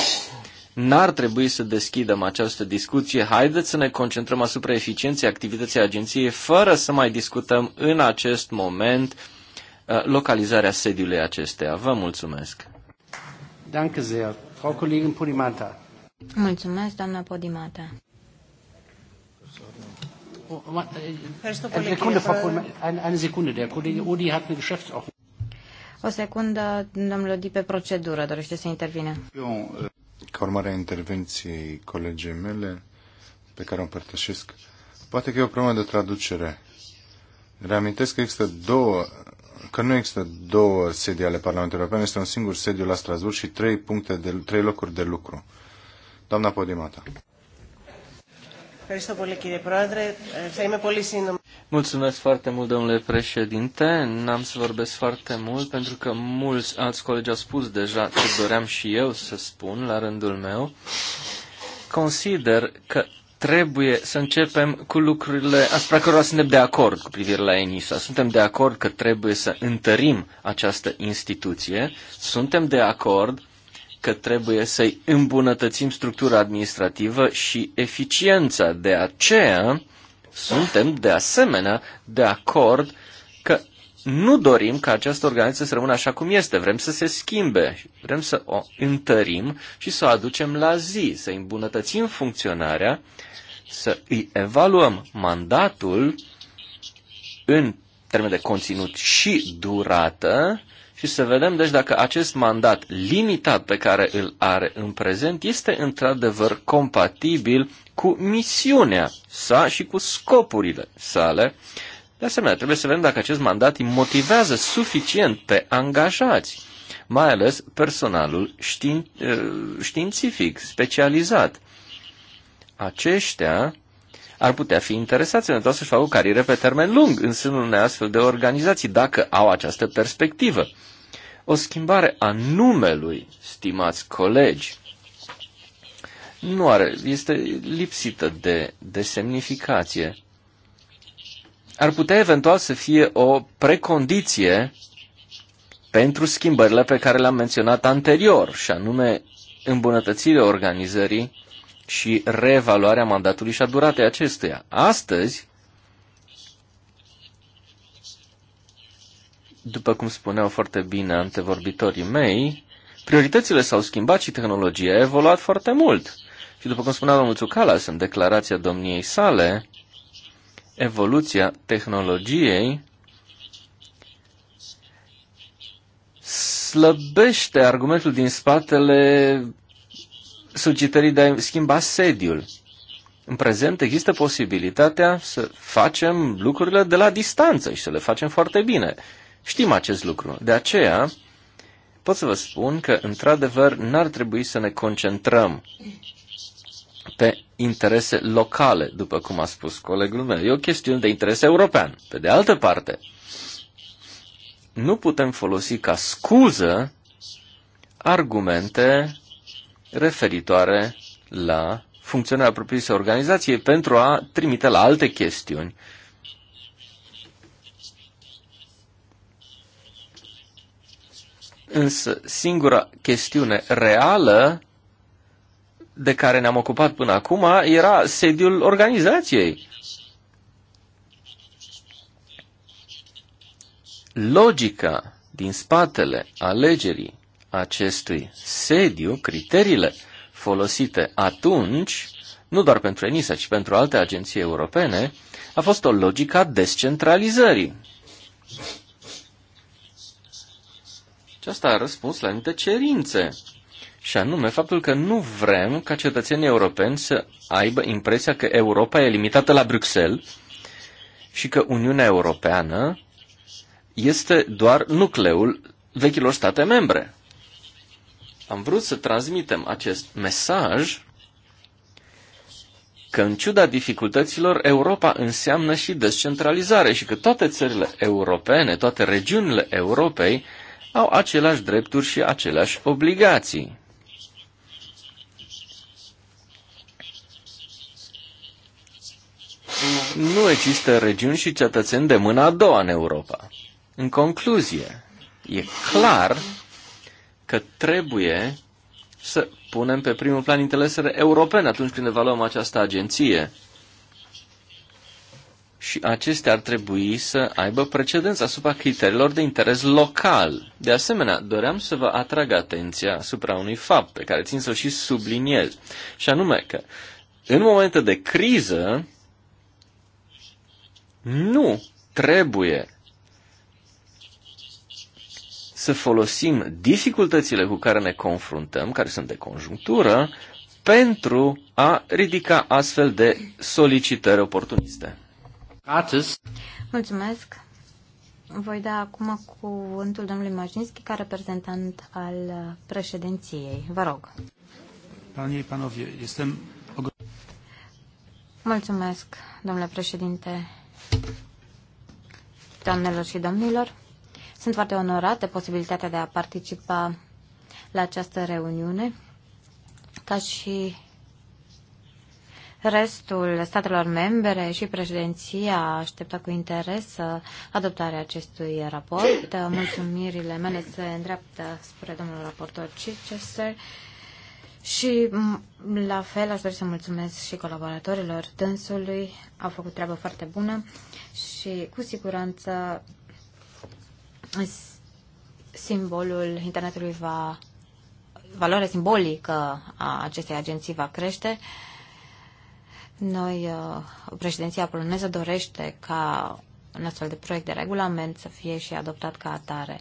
N-ar trebui să deschidem această discuție. Haideți să ne concentrăm asupra eficienței activității agenției, fără să mai discutăm în acest moment uh, localizarea sediului acesteia. Vă mulțumesc. Danke sehr. Frau Kollegin Podimata. Mulțumesc, doamna Podimata. Oh, eine Sekunde, Frau Kollegin, eine Sekunde. Der Kollege Odi hat eine Geschäftsordnung. O secundă, domnul Lodi, pe procedură, dorește să intervine. Eu, eh, ca urmare a intervenției colegii mele, pe care o împărtășesc, poate că e o problemă de traducere. Reamintesc că există două că nu există două sedii ale Parlamentului European, este un singur sediu la Strasburg și trei puncte de, trei locuri de lucru. Doamna Podimata. Mulțumesc foarte mult, domnule președinte. N-am să vorbesc foarte mult pentru că mulți alți colegi au spus deja ce doream și eu să spun la rândul meu. Consider că trebuie să începem cu lucrurile asupra cărora suntem de acord cu privire la ENISA. Suntem de acord că trebuie să întărim această instituție, suntem de acord că trebuie să-i îmbunătățim structura administrativă și eficiența. De aceea suntem de asemenea de acord că nu dorim ca această organizație să rămână așa cum este. Vrem să se schimbe, vrem să o întărim și să o aducem la zi, să îmbunătățim funcționarea, să îi evaluăm mandatul în termen de conținut și durată și să vedem, deci, dacă acest mandat limitat pe care îl are în prezent este într-adevăr compatibil cu misiunea sa și cu scopurile sale. De asemenea, trebuie să vedem dacă acest mandat îi motivează suficient pe angajați, mai ales personalul știin, eh, științific, specializat. Aceștia ar putea fi interesați eventual să-și facă o carieră pe termen lung în sânul unei astfel de organizații, dacă au această perspectivă o schimbare a numelui, stimați colegi, nu are, este lipsită de, de semnificație. Ar putea eventual să fie o precondiție pentru schimbările pe care le-am menționat anterior, și anume îmbunătățirea organizării și reevaluarea mandatului și a duratei acestuia. Astăzi, După cum spuneau foarte bine antevorbitorii mei, prioritățile s-au schimbat și tehnologia a evoluat foarte mult. Și după cum spunea domnul Tsukalas în declarația domniei sale, evoluția tehnologiei slăbește argumentul din spatele sugitării de a schimba sediul. În prezent există posibilitatea să facem lucrurile de la distanță și să le facem foarte bine. Știm acest lucru. De aceea, pot să vă spun că, într-adevăr, n-ar trebui să ne concentrăm pe interese locale, după cum a spus colegul meu. E o chestiune de interes european. Pe de altă parte, nu putem folosi ca scuză argumente referitoare la funcționarea propriei organizației pentru a trimite la alte chestiuni Însă singura chestiune reală de care ne-am ocupat până acum era sediul organizației. Logica din spatele alegerii acestui sediu, criteriile folosite atunci, nu doar pentru ENISA, ci pentru alte agenții europene, a fost o logică a descentralizării aceasta asta a răspuns la anumite cerințe. Și anume faptul că nu vrem ca cetățenii europeni să aibă impresia că Europa e limitată la Bruxelles și că Uniunea Europeană este doar nucleul vechilor state membre. Am vrut să transmitem acest mesaj că în ciuda dificultăților Europa înseamnă și descentralizare și că toate țările europene, toate regiunile Europei au aceleași drepturi și aceleași obligații. Nu există regiuni și cetățeni de mâna a doua în Europa. În concluzie, e clar că trebuie să punem pe primul plan interesele europene atunci când evaluăm această agenție și acestea ar trebui să aibă precedență asupra criteriilor de interes local. De asemenea, doream să vă atrag atenția asupra unui fapt pe care țin să-l și subliniez, și anume că în momente de criză nu trebuie să folosim dificultățile cu care ne confruntăm, care sunt de conjunctură, pentru a ridica astfel de solicitări oportuniste. Rates. Mulțumesc. Voi da acum cuvântul domnului Majinski, ca reprezentant al uh, președinției. Vă rog. Panie, panowie, jestem... Mulțumesc, domnule președinte, doamnelor și domnilor. Sunt foarte onorat de posibilitatea de a participa la această reuniune ca și Restul statelor membre și președinția așteptă cu interes uh, adoptarea acestui raport. Uh, mulțumirile mele se îndreaptă spre domnul raportor Chichester și la fel aș dori să mulțumesc și colaboratorilor dânsului. Au făcut treabă foarte bună și cu siguranță simbolul internetului va valoarea simbolică a acestei agenții va crește. Noi, uh, președinția poloneză dorește ca un astfel de proiect de regulament să fie și adoptat ca atare.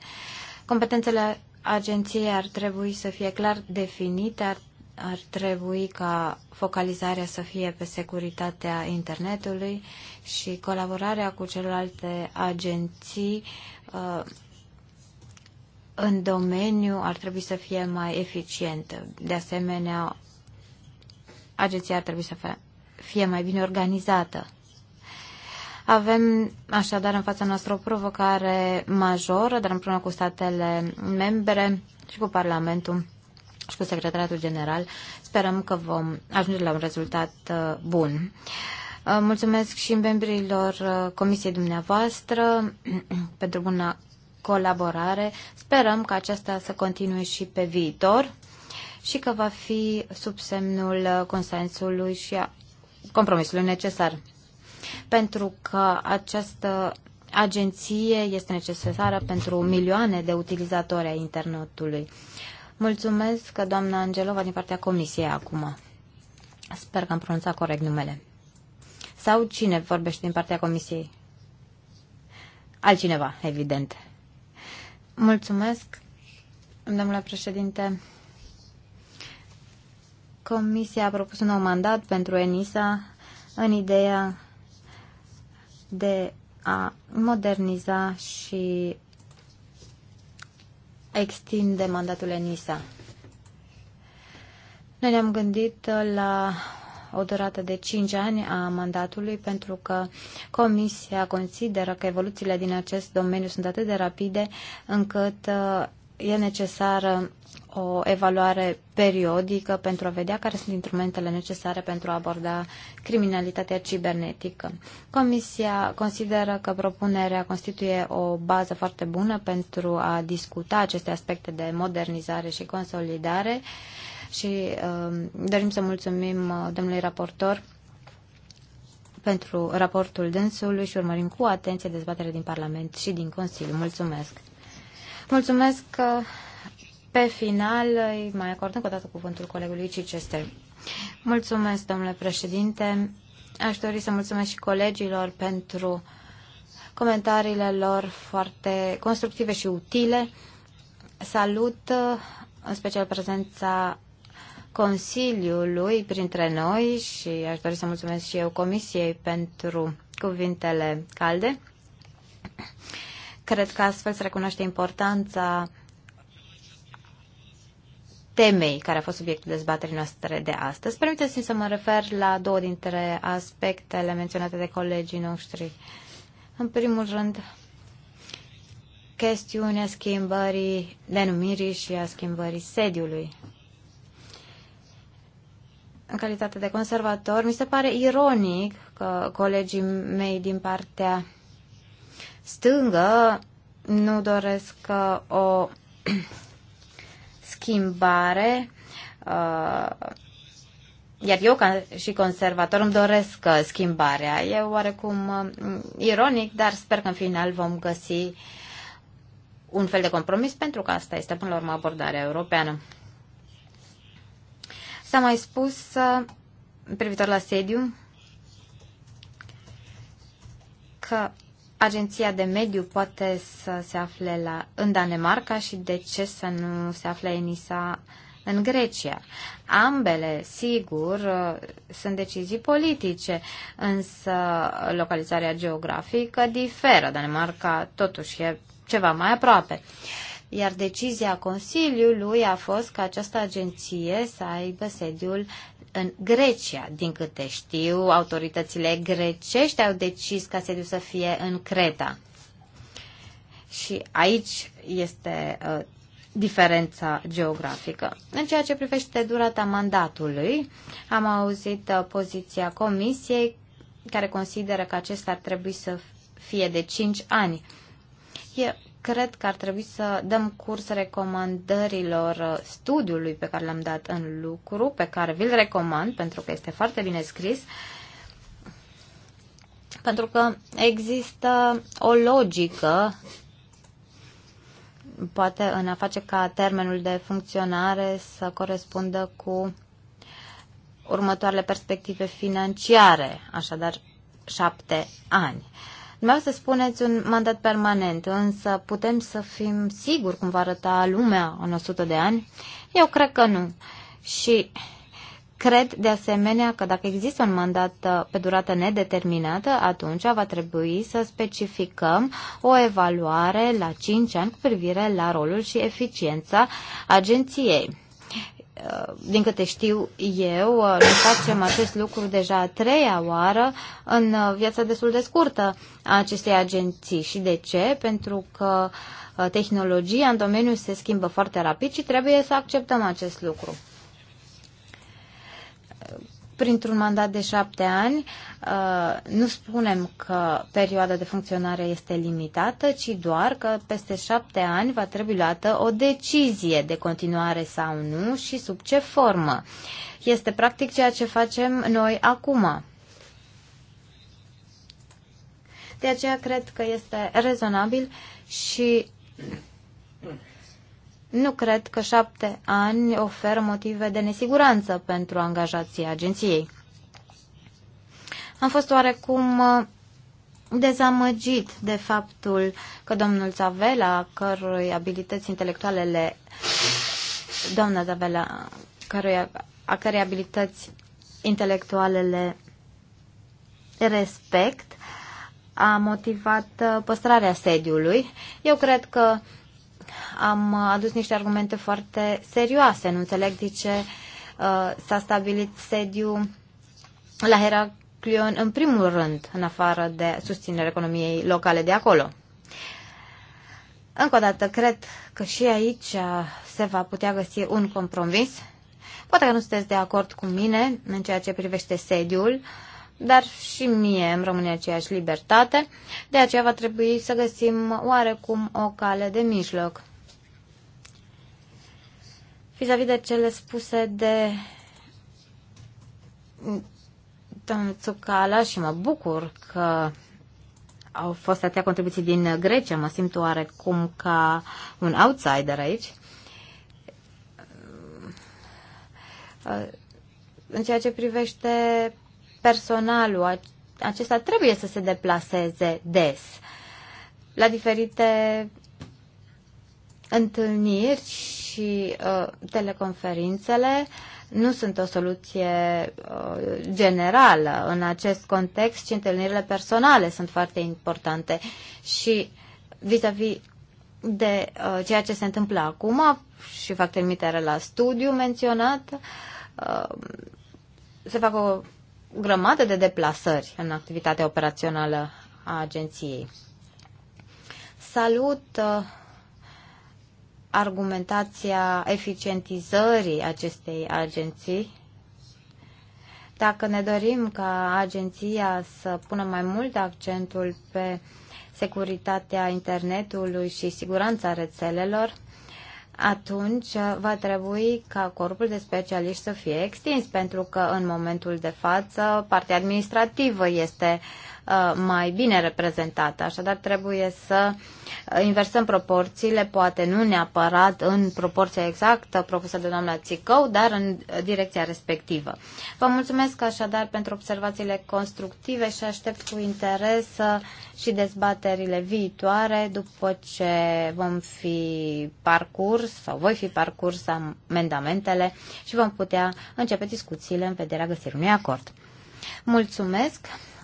Competențele agenției ar trebui să fie clar definite, ar, ar trebui ca focalizarea să fie pe securitatea internetului și colaborarea cu celelalte agenții uh, în domeniu ar trebui să fie mai eficientă. De asemenea, agenția ar trebui să fie fie mai bine organizată. Avem așadar în fața noastră o provocare majoră, dar împreună cu statele membre și cu Parlamentul și cu Secretariatul General sperăm că vom ajunge la un rezultat uh, bun. Uh, mulțumesc și membrilor uh, comisiei dumneavoastră pentru bună colaborare. Sperăm că aceasta să continue și pe viitor și că va fi sub semnul consensului și a compromisului necesar. Pentru că această agenție este necesară pentru milioane de utilizatori ai internetului. Mulțumesc, doamna Angelova, din partea comisiei acum. Sper că am pronunțat corect numele. Sau cine vorbește din partea comisiei? Altcineva, evident. Mulțumesc, domnule președinte. Comisia a propus un nou mandat pentru ENISA în ideea de a moderniza și extinde mandatul ENISA. Noi ne-am gândit la o durată de 5 ani a mandatului pentru că Comisia consideră că evoluțiile din acest domeniu sunt atât de rapide încât e necesară o evaluare periodică pentru a vedea care sunt instrumentele necesare pentru a aborda criminalitatea cibernetică. Comisia consideră că propunerea constituie o bază foarte bună pentru a discuta aceste aspecte de modernizare și consolidare și uh, dorim să mulțumim uh, domnului raportor pentru raportul dânsului și urmărim cu atenție dezbaterea din Parlament și din Consiliu. Mulțumesc! Mulțumesc că pe final îi mai acord încă o dată cuvântul colegului Cicester. Mulțumesc, domnule președinte. Aș dori să mulțumesc și colegilor pentru comentariile lor foarte constructive și utile. Salut în special prezența Consiliului printre noi și aș dori să mulțumesc și eu Comisiei pentru cuvintele calde. Cred că astfel se recunoaște importanța temei care a fost subiectul dezbaterii noastre de astăzi. Permiteți-mi să mă refer la două dintre aspectele menționate de colegii noștri. În primul rând, chestiunea schimbării denumirii și a schimbării sediului. În calitate de conservator, mi se pare ironic că colegii mei din partea stângă nu doresc uh, o schimbare, uh, iar eu ca și conservator îmi doresc uh, schimbarea. E oarecum ironic, dar sper că în final vom găsi un fel de compromis, pentru că asta este până la urmă abordarea europeană. S-a mai spus privitor la sediu că Agenția de mediu poate să se afle la, în Danemarca și de ce să nu se afle ENISA în Grecia. Ambele, sigur, sunt decizii politice, însă localizarea geografică diferă. Danemarca totuși e ceva mai aproape. Iar decizia Consiliului a fost ca această agenție să aibă sediul în Grecia. Din câte știu, autoritățile grecești au decis ca sediu să fie în Creta. Și aici este uh, diferența geografică. În ceea ce privește durata mandatului, am auzit uh, poziția Comisiei care consideră că acesta ar trebui să fie de 5 ani. E cred că ar trebui să dăm curs recomandărilor uh, studiului pe care l-am dat în lucru, pe care vi-l recomand pentru că este foarte bine scris, pentru că există o logică poate în a face ca termenul de funcționare să corespundă cu următoarele perspective financiare, așadar șapte ani. Uh, Vreau să spuneți un mandat permanent, însă putem să fim siguri cum va arăta lumea în 100 de ani? Eu cred că nu. Și Cred, de asemenea, că dacă există un mandat uh, pe durată nedeterminată, atunci va trebui să specificăm o evaluare la 5 ani cu privire la rolul și eficiența agenției. Uh, din câte știu eu, uh, ne facem acest lucru deja a treia oară în uh, viața destul de scurtă a acestei agenții. Și de ce? Pentru că tehnologia în domeniu se schimbă foarte rapid și trebuie să acceptăm acest lucru printr-un mandat de șapte ani, uh, nu spunem că perioada de funcționare este limitată, ci doar că peste șapte ani va trebui luată o decizie de continuare sau nu și sub ce formă. Este practic ceea ce facem noi acum. De aceea cred că este rezonabil și nu cred că șapte ani oferă motive de nesiguranță pentru angajații agenției. Am fost oarecum uh, dezamăgit de faptul că domnul Zavela, cărui abilități intelectuale le... Doamna Zavela, cărui, a cărei abilități intelectuale le respect, a motivat uh, păstrarea sediului. Eu cred că am adus niște argumente foarte serioase. Nu înțeleg de ce uh, s-a stabilit sediu la Heraclion în primul rând, în afară de susținerea economiei locale de acolo. Încă o dată, cred că și aici uh, se va putea găsi un compromis. Poate că nu sunteți de acord cu mine în ceea ce privește sediul, dar și mie îmi rămâne aceeași libertate, de aceea va trebui să găsim oarecum o cale de mijloc. Vis-a-vis de cele spuse de domnul Tsukala și mă bucur că au fost atâtea contribuții din Grecia, mă simt oarecum ca un outsider aici. În ceea ce privește personalul, acesta trebuie să se deplaseze des la diferite întâlniri și uh, teleconferințele nu sunt o soluție uh, generală în acest context, ci întâlnirile personale sunt foarte importante și vis-a-vis -vis de uh, ceea ce se întâmplă acum și fac trimitere la studiu menționat, uh, se fac o grămadă de deplasări în activitatea operațională a agenției. Salut uh, argumentația eficientizării acestei agenții. Dacă ne dorim ca agenția să pună mai mult accentul pe securitatea internetului și siguranța rețelelor, atunci va trebui ca corpul de specialiști să fie extins, pentru că în momentul de față partea administrativă este Uh, mai bine reprezentată. Așadar, trebuie să inversăm proporțiile, poate nu neapărat în proporția exactă propusă de doamna Țicău, dar în direcția respectivă. Vă mulțumesc așadar pentru observațiile constructive și aștept cu interes uh, și dezbaterile viitoare după ce vom fi parcurs sau voi fi parcurs amendamentele și vom putea începe discuțiile în vederea găsirii unui acord. Mulțumesc!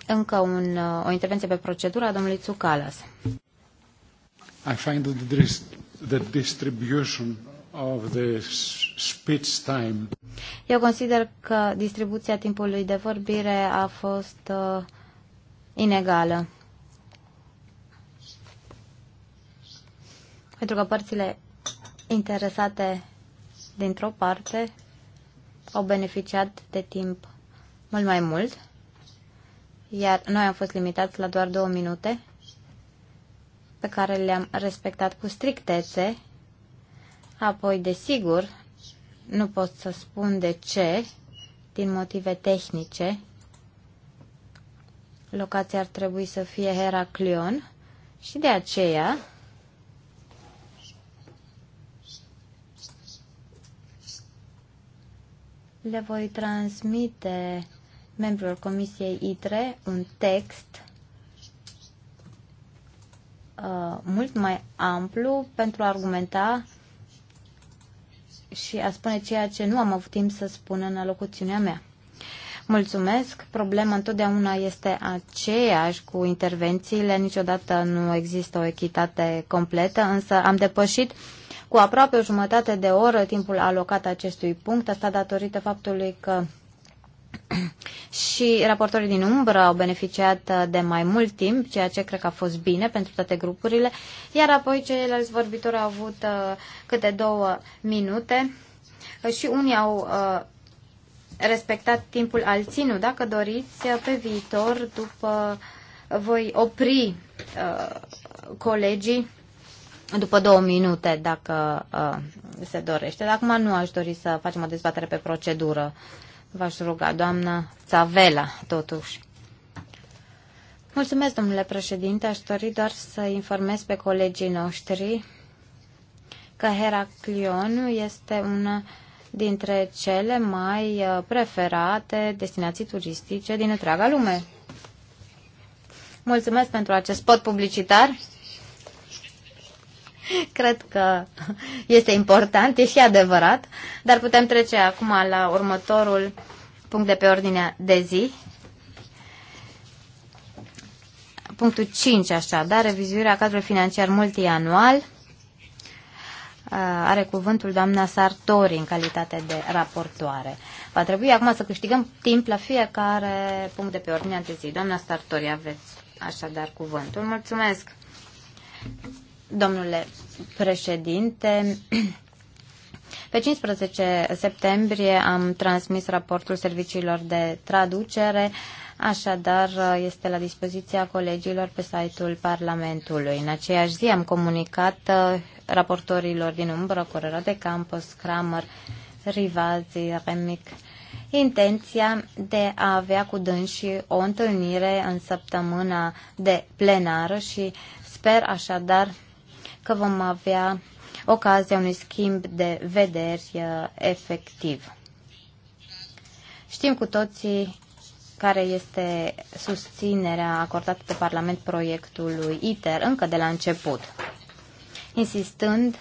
Încă un, uh, o intervenție pe procedură a domnului Tsukalas. I find that there is the distribution of the speech time. Eu consider că distribuția timpului de vorbire a fost uh, inegală. Pentru că părțile interesate dintr-o parte au beneficiat de timp mult mai mult iar noi am fost limitați la doar două minute, pe care le-am respectat cu strictețe. Apoi, desigur, nu pot să spun de ce, din motive tehnice, locația ar trebui să fie Heraclion și de aceea le voi transmite membrilor Comisiei ITRE un text uh, mult mai amplu pentru a argumenta și a spune ceea ce nu am avut timp să spun în alocuțiunea mea. Mulțumesc. Problema întotdeauna este aceeași cu intervențiile. Niciodată nu există o echitate completă, însă am depășit cu aproape o jumătate de oră timpul alocat acestui punct. Asta datorită faptului că și raportorii din umbră au beneficiat uh, de mai mult timp, ceea ce cred că a fost bine pentru toate grupurile, iar apoi ceilalți vorbitori au avut uh, câte două minute uh, și unii au respectat timpul alții, nu? Dacă doriți, pe viitor, după voi opri uh, colegii după două minute, dacă uh, se dorește. Dar acum nu aș dori să facem o dezbatere pe procedură. Uh, V-aș ruga, doamna Țavela, totuși. Mulțumesc, domnule președinte. Aș dori doar să informez pe colegii noștri că Heraclion este una dintre cele mai uh, preferate destinații turistice din întreaga lume. Mulțumesc pentru acest spot publicitar. Cred că este important, e și adevărat, dar putem trece acum la următorul punct de pe ordinea de zi. Punctul 5, așadar, revizuirea cadrului financiar multianual. Are cuvântul doamna Sartori în calitate de raportoare. Va trebui acum să câștigăm timp la fiecare punct de pe ordinea de zi. Doamna Sartori, aveți așadar cuvântul. Mulțumesc! Domnule președinte, pe 15 septembrie am transmis raportul serviciilor de traducere, așadar este la dispoziția colegilor pe site-ul Parlamentului. În aceeași zi am comunicat uh, raportorilor din umbră, Corera de Campos, Kramer, Rivazi, Remic, intenția de a avea cu dânsii o întâlnire în săptămâna de plenară și sper așadar că vom avea ocazia unui schimb de vederi uh, efectiv. Știm cu toții care este susținerea acordată de Parlament proiectului ITER încă de la început, insistând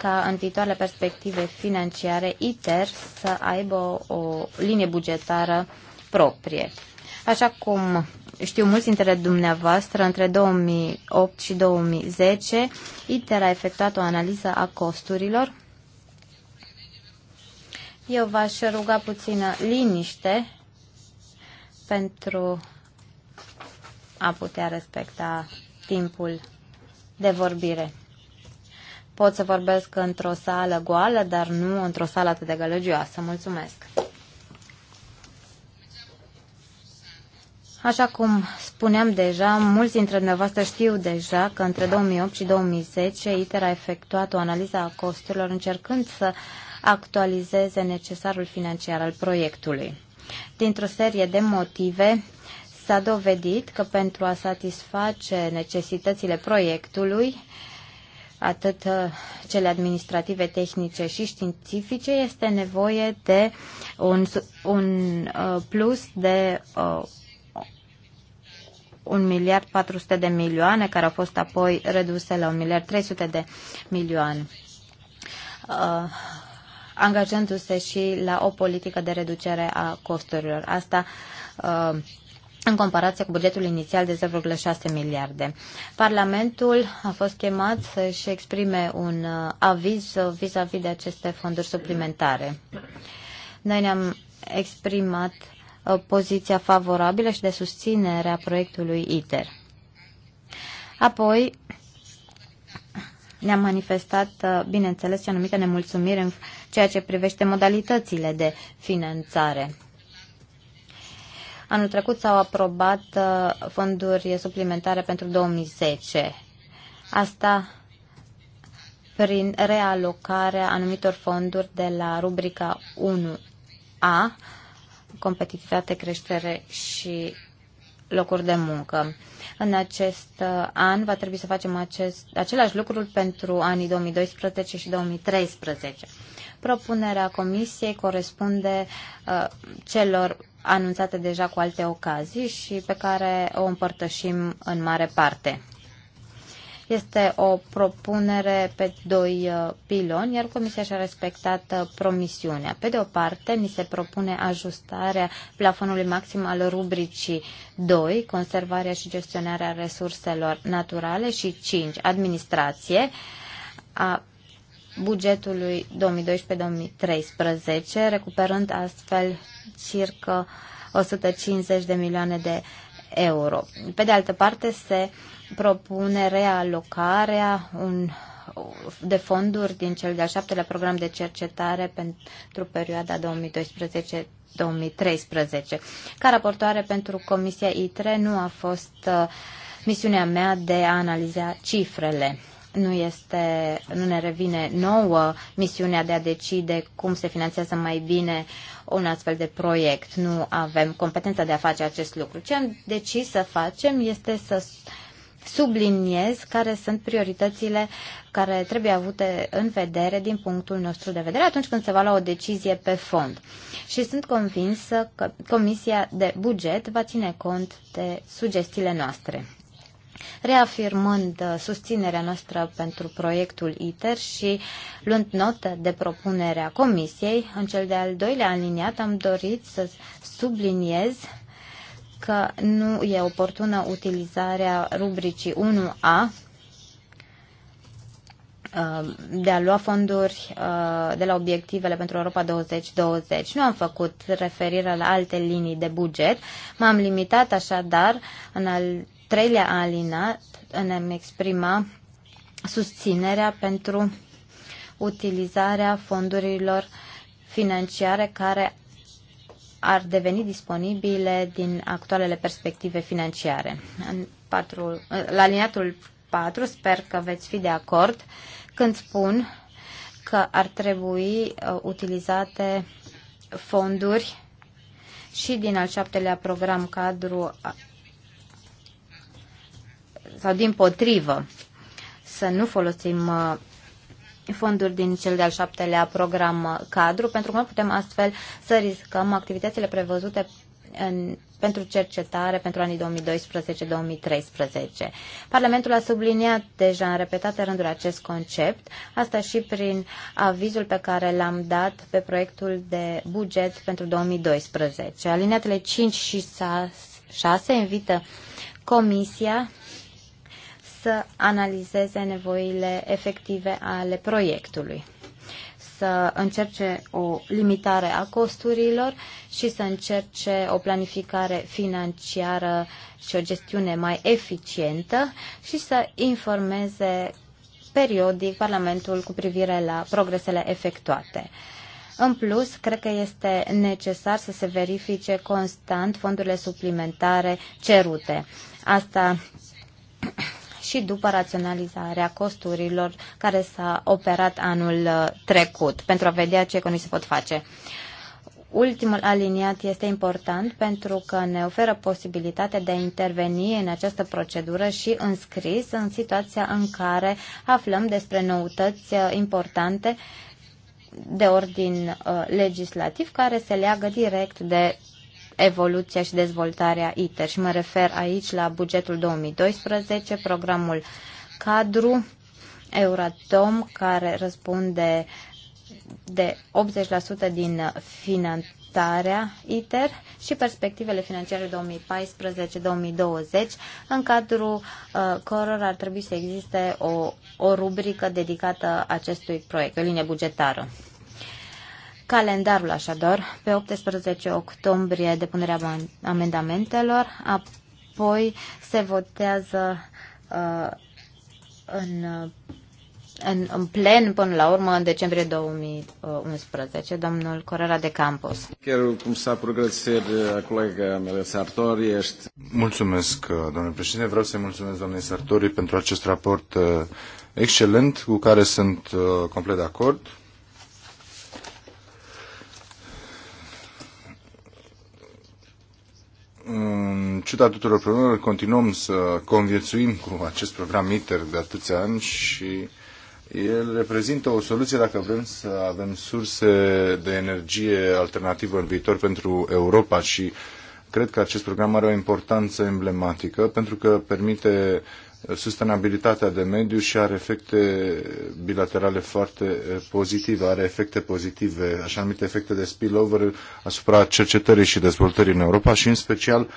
ca în viitoarele perspective financiare ITER să aibă o, o linie bugetară proprie. Așa cum știu mulți dintre dumneavoastră, între 2008 și 2010, ITER a efectuat o analiză a costurilor. Eu v-aș ruga puțină liniște pentru a putea respecta timpul de vorbire. Pot să vorbesc într-o sală goală, dar nu într-o sală atât de gălăgioasă. Mulțumesc! Așa cum spuneam deja, mulți dintre dumneavoastră știu deja că între 2008 și 2010 ITER a efectuat o analiză a costurilor încercând să actualizeze necesarul financiar al proiectului. Dintr-o serie de motive, s-a dovedit că pentru a satisface necesitățile proiectului, atât uh, cele administrative, tehnice și științifice, este nevoie de un, un uh, plus de uh, 1 miliard 400 de milioane, care au fost apoi reduse la 1 miliard 300 de milioane, uh, angajându-se și la o politică de reducere a costurilor. Asta uh, în comparație cu bugetul inițial de 0,6 miliarde. Parlamentul a fost chemat să-și exprime un uh, aviz vis-a-vis -vis de aceste fonduri suplimentare. Noi ne-am exprimat Uh, poziția favorabilă și de susținere a proiectului ITER. Apoi, ne a manifestat, uh, bineînțeles, și anumite nemulțumiri în ceea ce privește modalitățile de finanțare. Anul trecut s-au aprobat uh, fonduri suplimentare pentru 2010. Asta prin realocarea anumitor fonduri de la rubrica 1A competitivitate, creștere și locuri de muncă. În acest an va trebui să facem acest, același lucru pentru anii 2012 și 2013. Propunerea Comisiei corespunde uh, celor anunțate deja cu alte ocazii și pe care o împărtășim în mare parte. Este o propunere pe doi uh, piloni, iar Comisia și-a respectat uh, promisiunea. Pe de o parte, ni se propune ajustarea plafonului maxim al rubricii 2, conservarea și gestionarea resurselor naturale și 5, administrație a bugetului 2012-2013, recuperând astfel circa 150 de milioane de euro. Pe de altă parte, se propune realocarea un, de fonduri din cel de-al șaptelea program de cercetare pentru perioada 2012 2013. Ca raportoare pentru Comisia ITRE nu a fost uh, misiunea mea de a analiza cifrele. Nu, este, nu ne revine nouă misiunea de a decide cum se finanțează mai bine un astfel de proiect. Nu avem competența de a face acest lucru. Ce am decis să facem este să subliniez care sunt prioritățile care trebuie avute în vedere din punctul nostru de vedere atunci când se va lua o decizie pe fond. Și sunt convinsă că Comisia de Buget va ține cont de sugestiile noastre reafirmând uh, susținerea noastră pentru proiectul ITER și luând notă de propunerea Comisiei, în cel de-al doilea aliniat am dorit să subliniez că nu e oportună utilizarea rubricii 1A uh, de a lua fonduri uh, de la obiectivele pentru Europa 2020. Nu am făcut referire la alte linii de buget. M-am limitat așadar în al treilea alinat în a-mi exprima susținerea pentru utilizarea fondurilor financiare care ar deveni disponibile din actualele perspective financiare. În patru, la aliniatul 4 sper că veți fi de acord când spun că ar trebui uh, utilizate fonduri și din al șaptelea program cadru sau din potrivă să nu folosim uh, fonduri din cel de-al șaptelea program cadru, pentru că nu putem astfel să riscăm activitățile prevăzute în, pentru cercetare pentru anii 2012-2013. Parlamentul a subliniat deja în repetate rânduri acest concept, asta și prin avizul pe care l-am dat pe proiectul de buget pentru 2012. Alineatele 5 și 6 invită Comisia să analizeze nevoile efective ale proiectului, să încerce o limitare a costurilor și să încerce o planificare financiară și o gestiune mai eficientă și să informeze periodic Parlamentul cu privire la progresele efectuate. În plus, cred că este necesar să se verifice constant fondurile suplimentare cerute. Asta și după raționalizarea costurilor care s-a operat anul uh, trecut pentru a vedea ce economii se pot face. Ultimul aliniat este important pentru că ne oferă posibilitatea de a interveni în această procedură și înscris în situația în care aflăm despre noutăți uh, importante de ordin uh, legislativ care se leagă direct de evoluția și dezvoltarea ITER. Și mă refer aici la bugetul 2012, programul cadru Euratom, care răspunde de 80% din finanțarea ITER și perspectivele financiare 2014-2020, în cadrul uh, cărora ar trebui să existe o, o rubrică dedicată acestui proiect, o linie bugetară. Calendarul așadar, pe 18 octombrie depunerea amendamentelor, apoi se votează uh, în, în, în plen până la urmă în decembrie 2011, domnul Corera de Campos. Chiar cum s-a a uh, colega mea Sartori ești... Mulțumesc, uh, domnule președinte. Vreau să-i mulțumesc domnului Sartori pentru acest raport uh, excelent cu care sunt complet de acord. în ciuda tuturor problemelor, continuăm să conviețuim cu acest program ITER de atâția ani și el reprezintă o soluție dacă vrem să avem surse de energie alternativă în viitor pentru Europa și cred că acest program are o importanță emblematică pentru că permite sustenabilitatea de mediu și are efecte bilaterale foarte eh, pozitive, are efecte pozitive, așa numite efecte de spillover asupra cercetării și dezvoltării în Europa și în special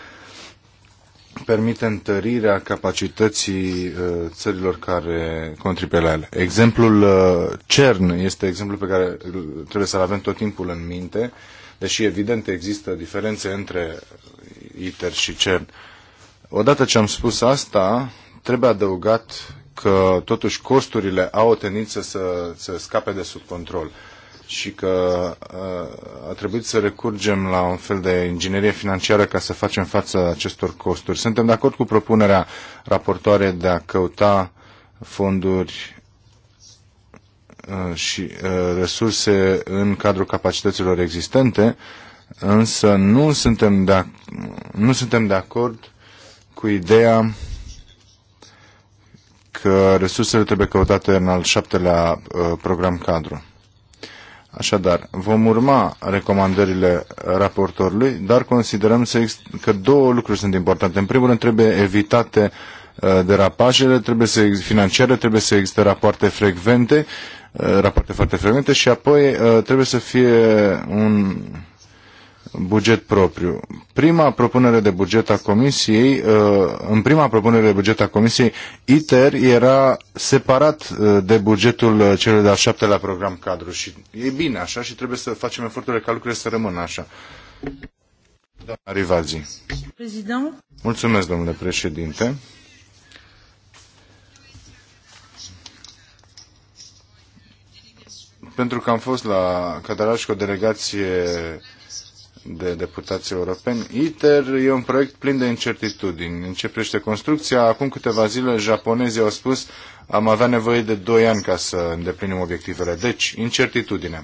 permite întărirea capacității uh, țărilor care contribuie la ele. Exemplul uh, CERN este exemplul pe care trebuie să-l avem tot timpul în minte, deși evident există diferențe între ITER și CERN. Odată ce am spus asta, trebuie adăugat că totuși costurile au o tendință să, să scape de sub control și că uh, a trebuit să recurgem la un fel de inginerie financiară ca să facem față acestor costuri. Suntem de acord cu propunerea raportoare de a căuta fonduri uh, și uh, resurse în cadrul capacităților existente, însă nu suntem de, nu suntem de acord cu ideea că resursele trebuie căutate în al șaptelea program cadru. Așadar, vom urma recomandările raportorului, dar considerăm să că două lucruri sunt importante. În primul rând, trebuie evitate uh, derapajele trebuie să, financiare, trebuie să existe rapoarte frecvente, uh, rapoarte foarte frecvente și apoi uh, trebuie să fie un buget propriu. Prima propunere de buget a Comisiei, uh, în prima propunere de buget a Comisiei, ITER era separat uh, de bugetul uh, celor de-al șaptelea program cadru și e bine așa și trebuie să facem eforturile ca lucrurile să rămână așa. Doamna Rivazi. President. Mulțumesc, domnule președinte. Pentru că am fost la Cataraș cu o delegație de deputați europeni. ITER e un proiect plin de incertitudini. Începește construcția, acum câteva zile japonezii au spus am avea nevoie de 2 ani ca să îndeplinim obiectivele. Deci, incertitudine.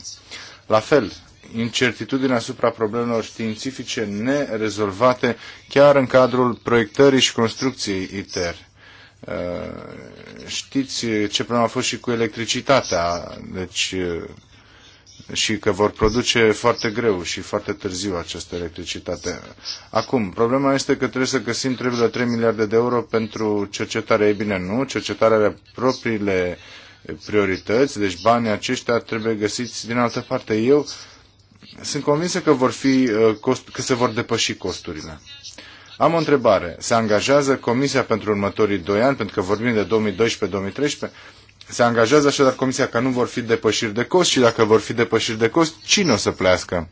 La fel, incertitudine asupra problemelor științifice nerezolvate chiar în cadrul proiectării și construcției ITER. Uh, știți ce problemă a fost și cu electricitatea. Deci, uh, și că vor produce foarte greu și foarte târziu această electricitate. Acum, problema este că trebuie să găsim 3,3 miliarde de euro pentru cercetare. Ei bine, nu. Cercetarea are propriile priorități, deci banii aceștia trebuie găsiți din altă parte. Eu sunt convinsă că, vor fi, uh, cost, că se vor depăși costurile. Am o întrebare. Se angajează Comisia pentru următorii doi ani, pentru că vorbim de 2012-2013, se angajează așadar Comisia că nu vor fi depășiri de cost și dacă vor fi depășiri de cost, cine o să plească?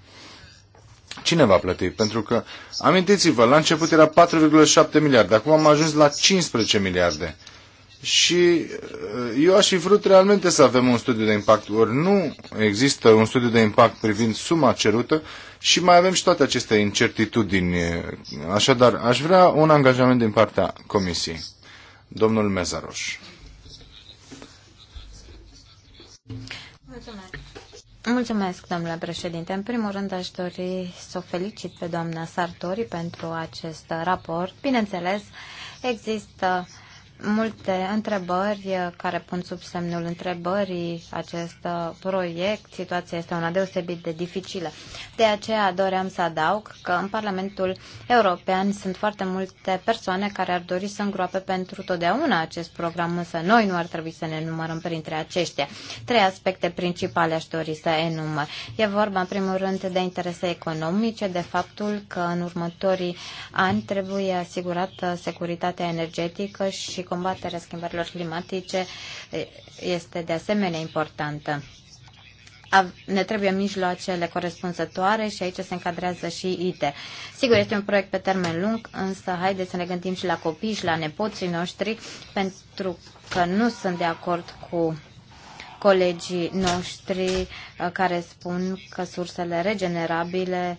Cine va plăti? Pentru că, amintiți-vă, la început era 4,7 miliarde, acum am ajuns la 15 miliarde. Și uh, eu aș fi vrut realmente să avem un studiu de impact, ori nu există un studiu de impact privind suma cerută și mai avem și toate aceste incertitudini. Așadar, aș vrea un angajament din partea Comisiei. Domnul Mezaroș. Mulțumesc. Mulțumesc, domnule președinte. În primul rând, aș dori să o felicit pe doamna Sartori pentru acest raport. Bineînțeles, există multe întrebări care pun sub semnul întrebării acest proiect. Situația este una deosebit de dificilă. De aceea doream să adaug că în Parlamentul European sunt foarte multe persoane care ar dori să îngroape pentru totdeauna acest program, însă noi nu ar trebui să ne numărăm printre aceștia. Trei aspecte principale aș dori să enumăr. E vorba, în primul rând, de interese economice, de faptul că în următorii ani trebuie asigurată securitatea energetică și combaterea schimbărilor climatice este de asemenea importantă. Ne trebuie mijloacele corespunzătoare și aici se încadrează și ite. Sigur, este un proiect pe termen lung, însă haideți să ne gândim și la copii și la nepoții noștri, pentru că nu sunt de acord cu colegii noștri uh, care spun că sursele regenerabile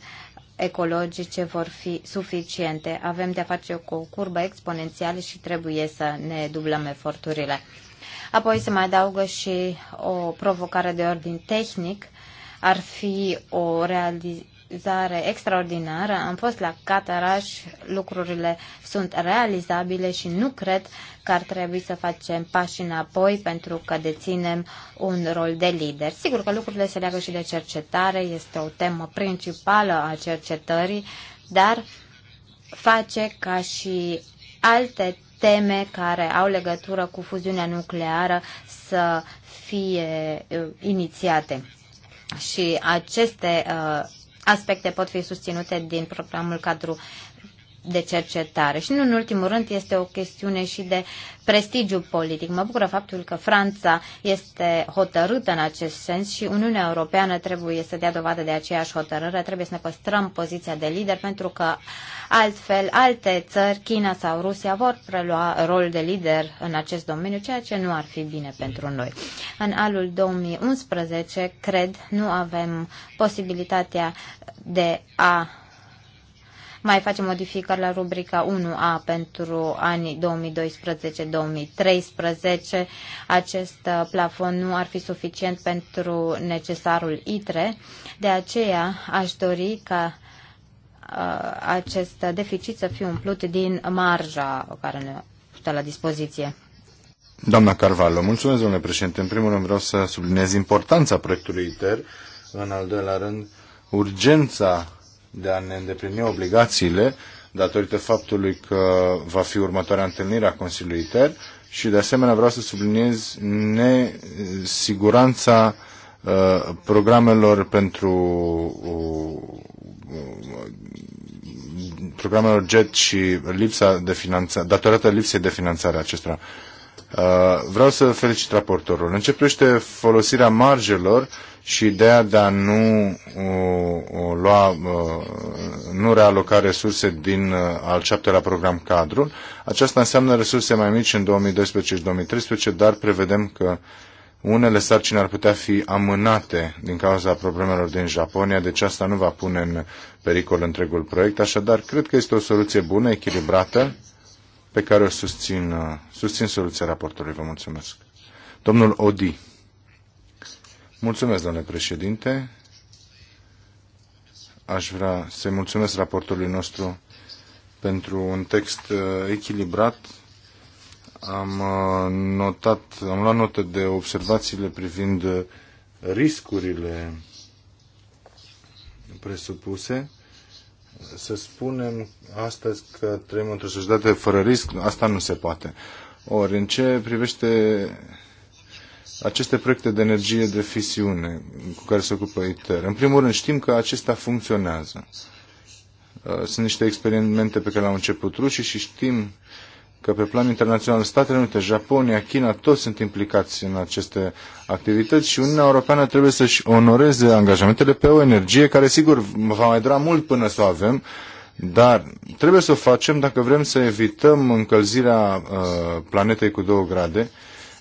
ecologice vor fi suficiente. Avem de-a face cu o curbă exponențială și trebuie să ne dublăm eforturile. Apoi se mai adaugă și o provocare de ordin tehnic, ar fi o realizare realizare extraordinară. Am fost la Cataraș, lucrurile sunt realizabile și nu cred că ar trebui să facem pași înapoi pentru că deținem un rol de lider. Sigur că lucrurile se leagă și de cercetare, este o temă principală a cercetării, dar face ca și alte teme care au legătură cu fuziunea nucleară să fie uh, inițiate. Și aceste uh, aspecte pot fi susținute din programul cadru de cercetare. Și nu în ultimul rând este o chestiune și de prestigiu politic. Mă bucură faptul că Franța este hotărâtă în acest sens și Uniunea Europeană trebuie să dea dovadă de aceeași hotărâre, trebuie să ne păstrăm poziția de lider pentru că altfel alte țări, China sau Rusia, vor prelua rol de lider în acest domeniu, ceea ce nu ar fi bine pentru noi. În alul 2011, cred, nu avem posibilitatea de a mai face modificări la rubrica 1A pentru anii 2012-2013. Acest uh, plafon nu ar fi suficient pentru necesarul ITRE, de aceea aș dori ca uh, acest deficit să fie umplut din marja care ne stă la dispoziție. Doamna Carvalho, mulțumesc, domnule președinte. În primul rând vreau să subliniez importanța proiectului ITER, în al doilea rând urgența de a ne îndeplini obligațiile datorită faptului că va fi următoarea întâlnire a Consiliului ITER și de asemenea vreau să subliniez nesiguranța uh, programelor pentru uh, programelor JET și lipsa de finanțare, datorată lipsei de finanțare acestora. Uh, Uh, vreau să felicit raportorul. În ce privește folosirea marjelor și ideea de a nu uh, lua, uh, nu realoca resurse din uh, al șaptelea program cadru, aceasta înseamnă resurse mai mici în 2012 și 2013, dar prevedem că unele sarcini ar putea fi amânate din cauza problemelor din Japonia, deci asta nu va pune în pericol întregul proiect. Așadar, cred că este o soluție bună, echilibrată pe care o susțin, uh, susțin soluția raportului. Vă mulțumesc. Domnul Odi. Mulțumesc, domnule președinte. Aș vrea să-i mulțumesc raportului nostru pentru un text uh, echilibrat. Am uh, notat, am luat notă de observațiile privind riscurile presupuse să spunem astăzi că trăim într-o societate fără risc, asta nu se poate. Ori, în ce privește aceste proiecte de energie de fisiune cu care se ocupă ITER, în primul rând știm că acestea funcționează. Uh, sunt niște experimente pe care le-au început rușii și știm că pe plan internațional Statele Unite, Japonia, China, toți sunt implicați în aceste activități și Uniunea Europeană trebuie să-și onoreze angajamentele pe o energie care, sigur, va mai dura mult până să o avem, dar trebuie să o facem dacă vrem să evităm încălzirea uh, planetei cu 2 grade,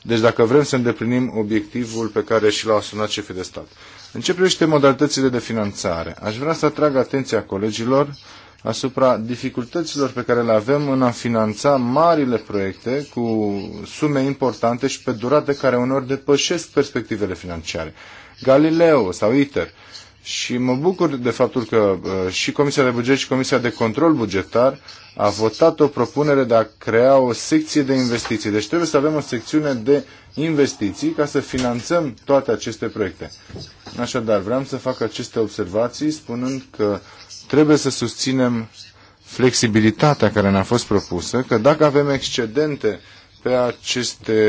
deci dacă vrem să îndeplinim obiectivul pe care și l-au asumat șefii de stat. În ce privește modalitățile de finanțare, aș vrea să atrag atenția colegilor asupra dificultăților pe care le avem în a finanța marile proiecte cu sume importante și pe durate care uneori depășesc perspectivele financiare. Galileo sau ITER. Și mă bucur de faptul că uh, și Comisia de Buget și Comisia de Control Bugetar a votat o propunere de a crea o secție de investiții. Deci trebuie să avem o secțiune de investiții ca să finanțăm toate aceste proiecte. Așadar, vreau să fac aceste observații spunând că trebuie să susținem flexibilitatea care ne-a fost propusă, că dacă avem excedente pe aceste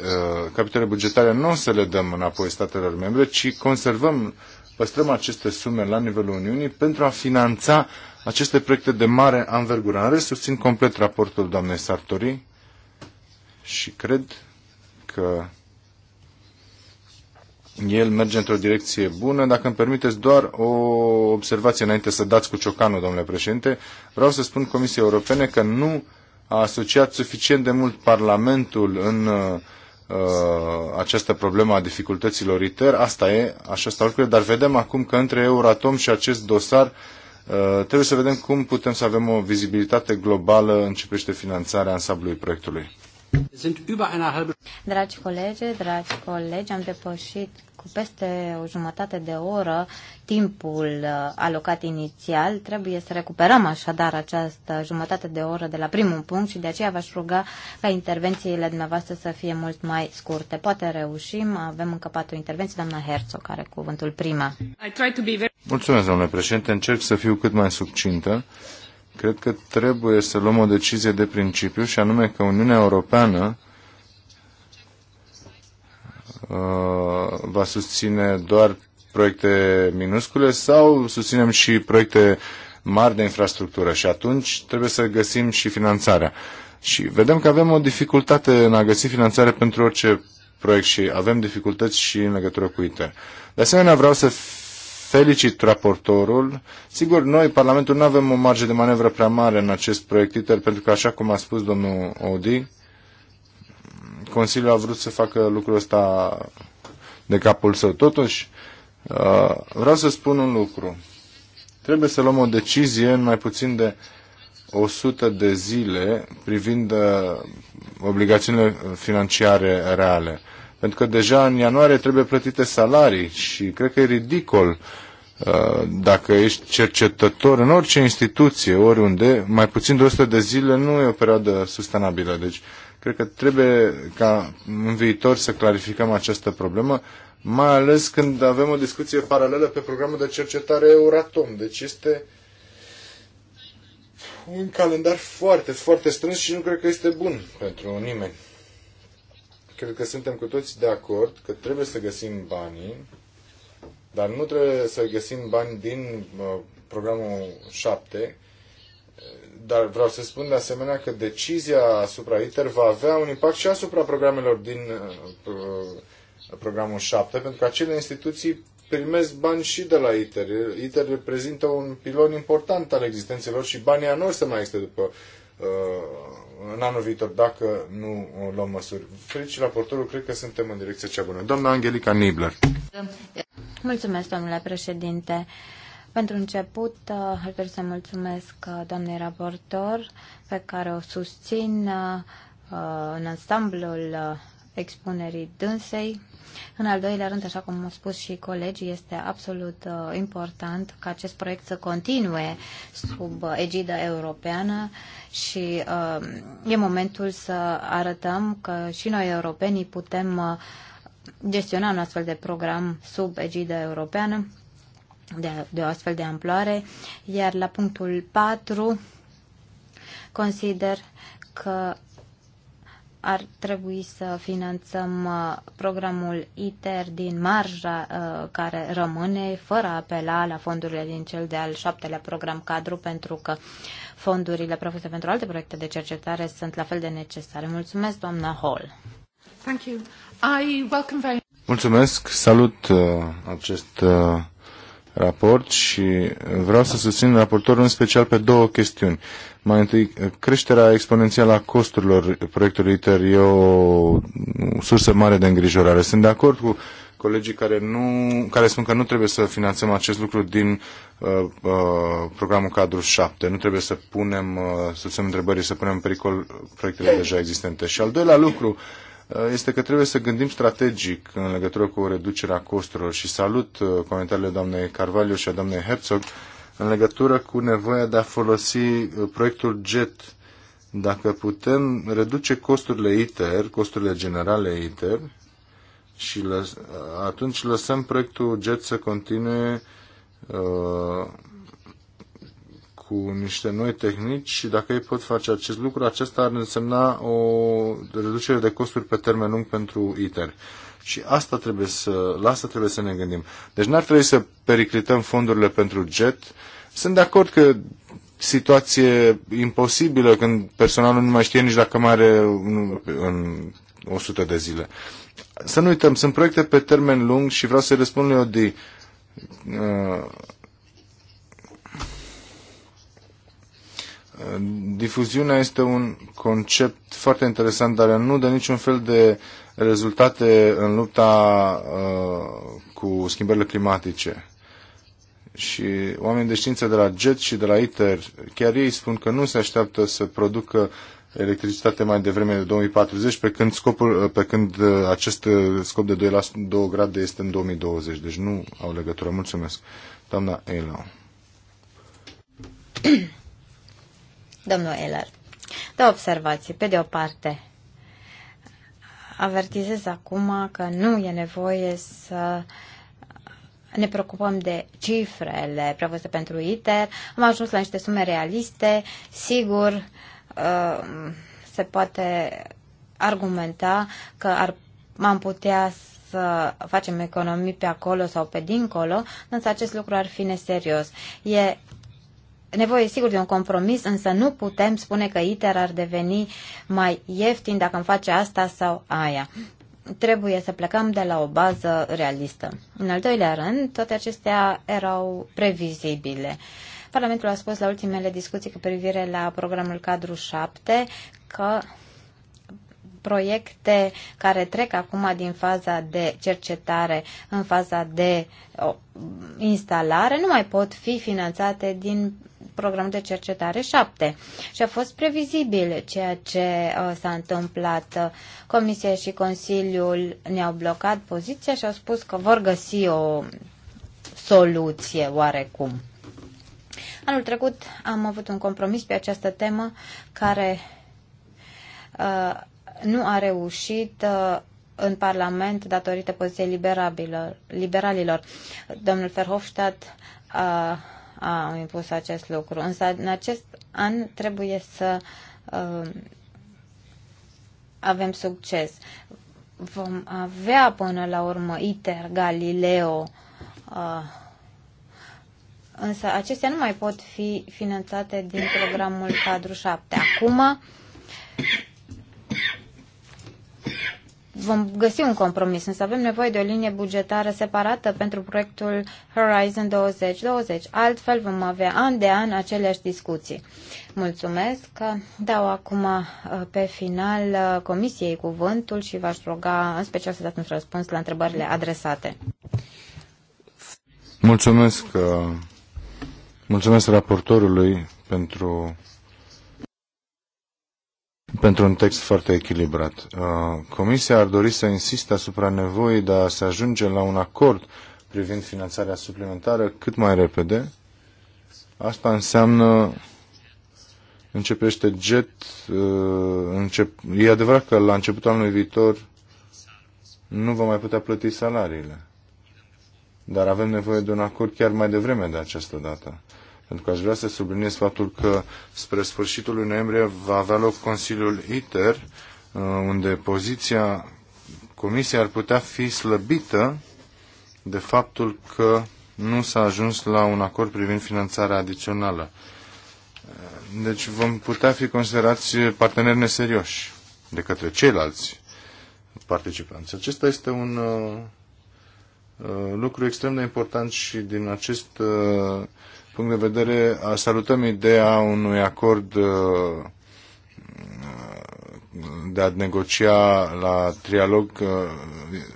uh, capitole bugetare, nu o să le dăm înapoi statelor membre, ci conservăm, păstrăm aceste sume la nivelul Uniunii pentru a finanța aceste proiecte de mare anvergură. În rest, susțin complet raportul doamnei Sartori și cred că el merge într-o direcție bună. Dacă îmi permiteți doar o observație înainte să dați cu ciocanul, domnule președinte, vreau să spun Comisiei Europene că nu a asociat suficient de mult Parlamentul în uh, uh, această problemă a dificultăților ITER. Asta e, așa stau lucrurile, dar vedem acum că între Euratom și acest dosar uh, trebuie să vedem cum putem să avem o vizibilitate globală în ce privește finanțarea ansamblului proiectului. Dragi colegi, dragi colegi, am depășit cu peste o jumătate de oră timpul uh, alocat inițial. Trebuie să recuperăm așadar această jumătate de oră de la primul punct și de aceea v-aș ruga ca intervențiile dumneavoastră să fie mult mai scurte. Poate reușim, avem încă patru intervenții. Doamna Herzog care cuvântul prima. Mulțumesc, domnule președinte. Încerc să fiu cât mai succintă Cred că trebuie să luăm o decizie de principiu și anume că Uniunea Europeană uh, va susține doar proiecte minuscule sau susținem și proiecte mari de infrastructură și atunci trebuie să găsim și finanțarea. Și vedem că avem o dificultate în a găsi finanțare pentru orice proiect și avem dificultăți și în legătură cu ITER. De asemenea, vreau să Felicit raportorul. Sigur, noi, Parlamentul, nu avem o marge de manevră prea mare în acest proiect ITER, pentru că, așa cum a spus domnul Odi, Consiliul a vrut să facă lucrul ăsta de capul său. Totuși, uh, vreau să spun un lucru. Trebuie să luăm o decizie în mai puțin de 100 de zile privind uh, obligațiunile financiare reale. Pentru că deja în ianuarie trebuie plătite salarii și cred că e ridicol uh, dacă ești cercetător în orice instituție, oriunde, mai puțin de 100 de zile nu e o perioadă sustenabilă. Deci, cred că trebuie ca în viitor să clarificăm această problemă, mai ales când avem o discuție paralelă pe programul de cercetare Euratom. Deci este un calendar foarte, foarte strâns și nu cred că este bun pentru nimeni cred că suntem cu toți de acord că trebuie să găsim banii, dar nu trebuie să găsim bani din programul 7, dar vreau să spun de asemenea că decizia asupra ITER va avea un impact și asupra programelor din uh, uh, programul 7, pentru că acele instituții primesc bani și de la ITER. ITER reprezintă un pilon important al existenței lor și banii anor să mai este după uh, în anul viitor, dacă nu luăm măsuri. Felicit raportorul, cred că suntem în direcția cea bună. Doamna Angelica Nibler. Mulțumesc, domnule președinte. Pentru început, uh, aș dori să mulțumesc uh, doamnei raportor, pe care o susțin uh, în ansamblul expunerii dânsei. În al doilea rând, așa cum au spus și colegii, este absolut uh, important ca acest proiect să continue sub uh, egida europeană și uh, e momentul să arătăm că și noi europenii putem uh, gestiona un astfel de program sub egida europeană de, de o astfel de amploare, iar la punctul 4 consider că ar trebui să finanțăm uh, programul ITER din marja uh, care rămâne fără a apela la fondurile din cel de-al șaptelea program cadru pentru că fondurile propuse pentru alte proiecte de cercetare sunt la fel de necesare. Mulțumesc, doamna Hall. Thank you. I welcome very... Mulțumesc. Salut uh, acest raport și vreau să susțin raportorul în special pe două chestiuni. Mai întâi, creșterea exponențială a costurilor proiectului ITER e o sursă mare de îngrijorare. Sunt de acord cu colegii care, nu, care spun că nu trebuie să finanțăm acest lucru din uh, uh, programul cadru 7. Nu trebuie să punem, uh, să semn întrebării, să punem în pericol proiectele deja existente. Și al doilea lucru, uh, Uh, este că trebuie să gândim strategic în legătură cu reducerea costurilor și salut uh, comentariile doamnei Carvalho și a doamnei Herzog în legătură cu nevoia de a folosi uh, proiectul JET. Dacă putem reduce costurile ITER, costurile generale ITER, și atunci lăsăm proiectul JET să continue uh, cu niște noi tehnici și dacă ei pot face acest lucru, acesta ar însemna o reducere de costuri pe termen lung pentru ITER. Și asta trebuie să, la asta trebuie să ne gândim. Deci n-ar trebui să periclităm fondurile pentru JET. Sunt de acord că situație imposibilă când personalul nu mai știe nici dacă mai are în, în 100 de zile. Să nu uităm, sunt proiecte pe termen lung și vreau să-i răspund lui Odi. Uh, Difuziunea este un concept foarte interesant, dar nu dă niciun fel de rezultate în lupta uh, cu schimbările climatice. Și oamenii de știință de la JET și de la ITER, chiar ei spun că nu se așteaptă să producă electricitate mai devreme de 2040, pe când, scopul, uh, pe când uh, acest uh, scop de 2, la 2 grade este în 2020. Deci nu au legătură. Mulțumesc. Doamna Eilau. Domnul Eller, două observații. Pe de o parte, avertizez acum că nu e nevoie să ne preocupăm de cifrele prevăzute pentru ITER. Am ajuns la niște sume realiste. Sigur, uh, se poate argumenta că ar, am putea să facem economii pe acolo sau pe dincolo, însă acest lucru ar fi neserios. E nevoie, sigur, de un compromis, însă nu putem spune că ITER ar deveni mai ieftin dacă îmi face asta sau aia. Trebuie să plecăm de la o bază realistă. În al doilea rând, toate acestea erau previzibile. Parlamentul a spus la ultimele discuții cu privire la programul cadru 7 că proiecte care trec acum din faza de cercetare în faza de instalare nu mai pot fi finanțate din program de cercetare 7. Și a fost previzibil ceea ce uh, s-a întâmplat. Comisia și Consiliul ne-au blocat poziția și au spus că vor găsi o soluție oarecum. Anul trecut am avut un compromis pe această temă care uh, nu a reușit uh, în Parlament datorită poziției liberalilor. Domnul Ferhofstadt a uh, a impus acest lucru. Însă în acest an trebuie să uh, avem succes. Vom avea până la urmă ITER, Galileo, uh, însă acestea nu mai pot fi finanțate din programul cadru 7. Acum vom găsi un compromis, însă avem nevoie de o linie bugetară separată pentru proiectul Horizon 2020. Altfel vom avea an de an aceleași discuții. Mulțumesc. Dau acum uh, pe final uh, comisiei cuvântul și v-aș ruga în special să dați un răspuns la întrebările adresate. Mulțumesc, uh, mulțumesc raportorului pentru pentru un text foarte echilibrat. Uh, Comisia ar dori să insiste asupra nevoii de a se ajunge la un acord privind finanțarea suplimentară cât mai repede. Asta înseamnă începește jet, uh, încep, e adevărat că la începutul anului viitor nu va mai putea plăti salariile. Dar avem nevoie de un acord chiar mai devreme de această dată. Pentru că aș vrea să subliniez faptul că spre sfârșitul lui noiembrie va avea loc Consiliul ITER, uh, unde poziția Comisiei ar putea fi slăbită de faptul că nu s-a ajuns la un acord privind finanțarea adițională. Uh, deci vom putea fi considerați parteneri neserioși de către ceilalți participanți. Acesta este un uh, uh lucru extrem de important și din acest uh, punct de vedere salutăm ideea unui acord uh, de a negocia la trialog, uh,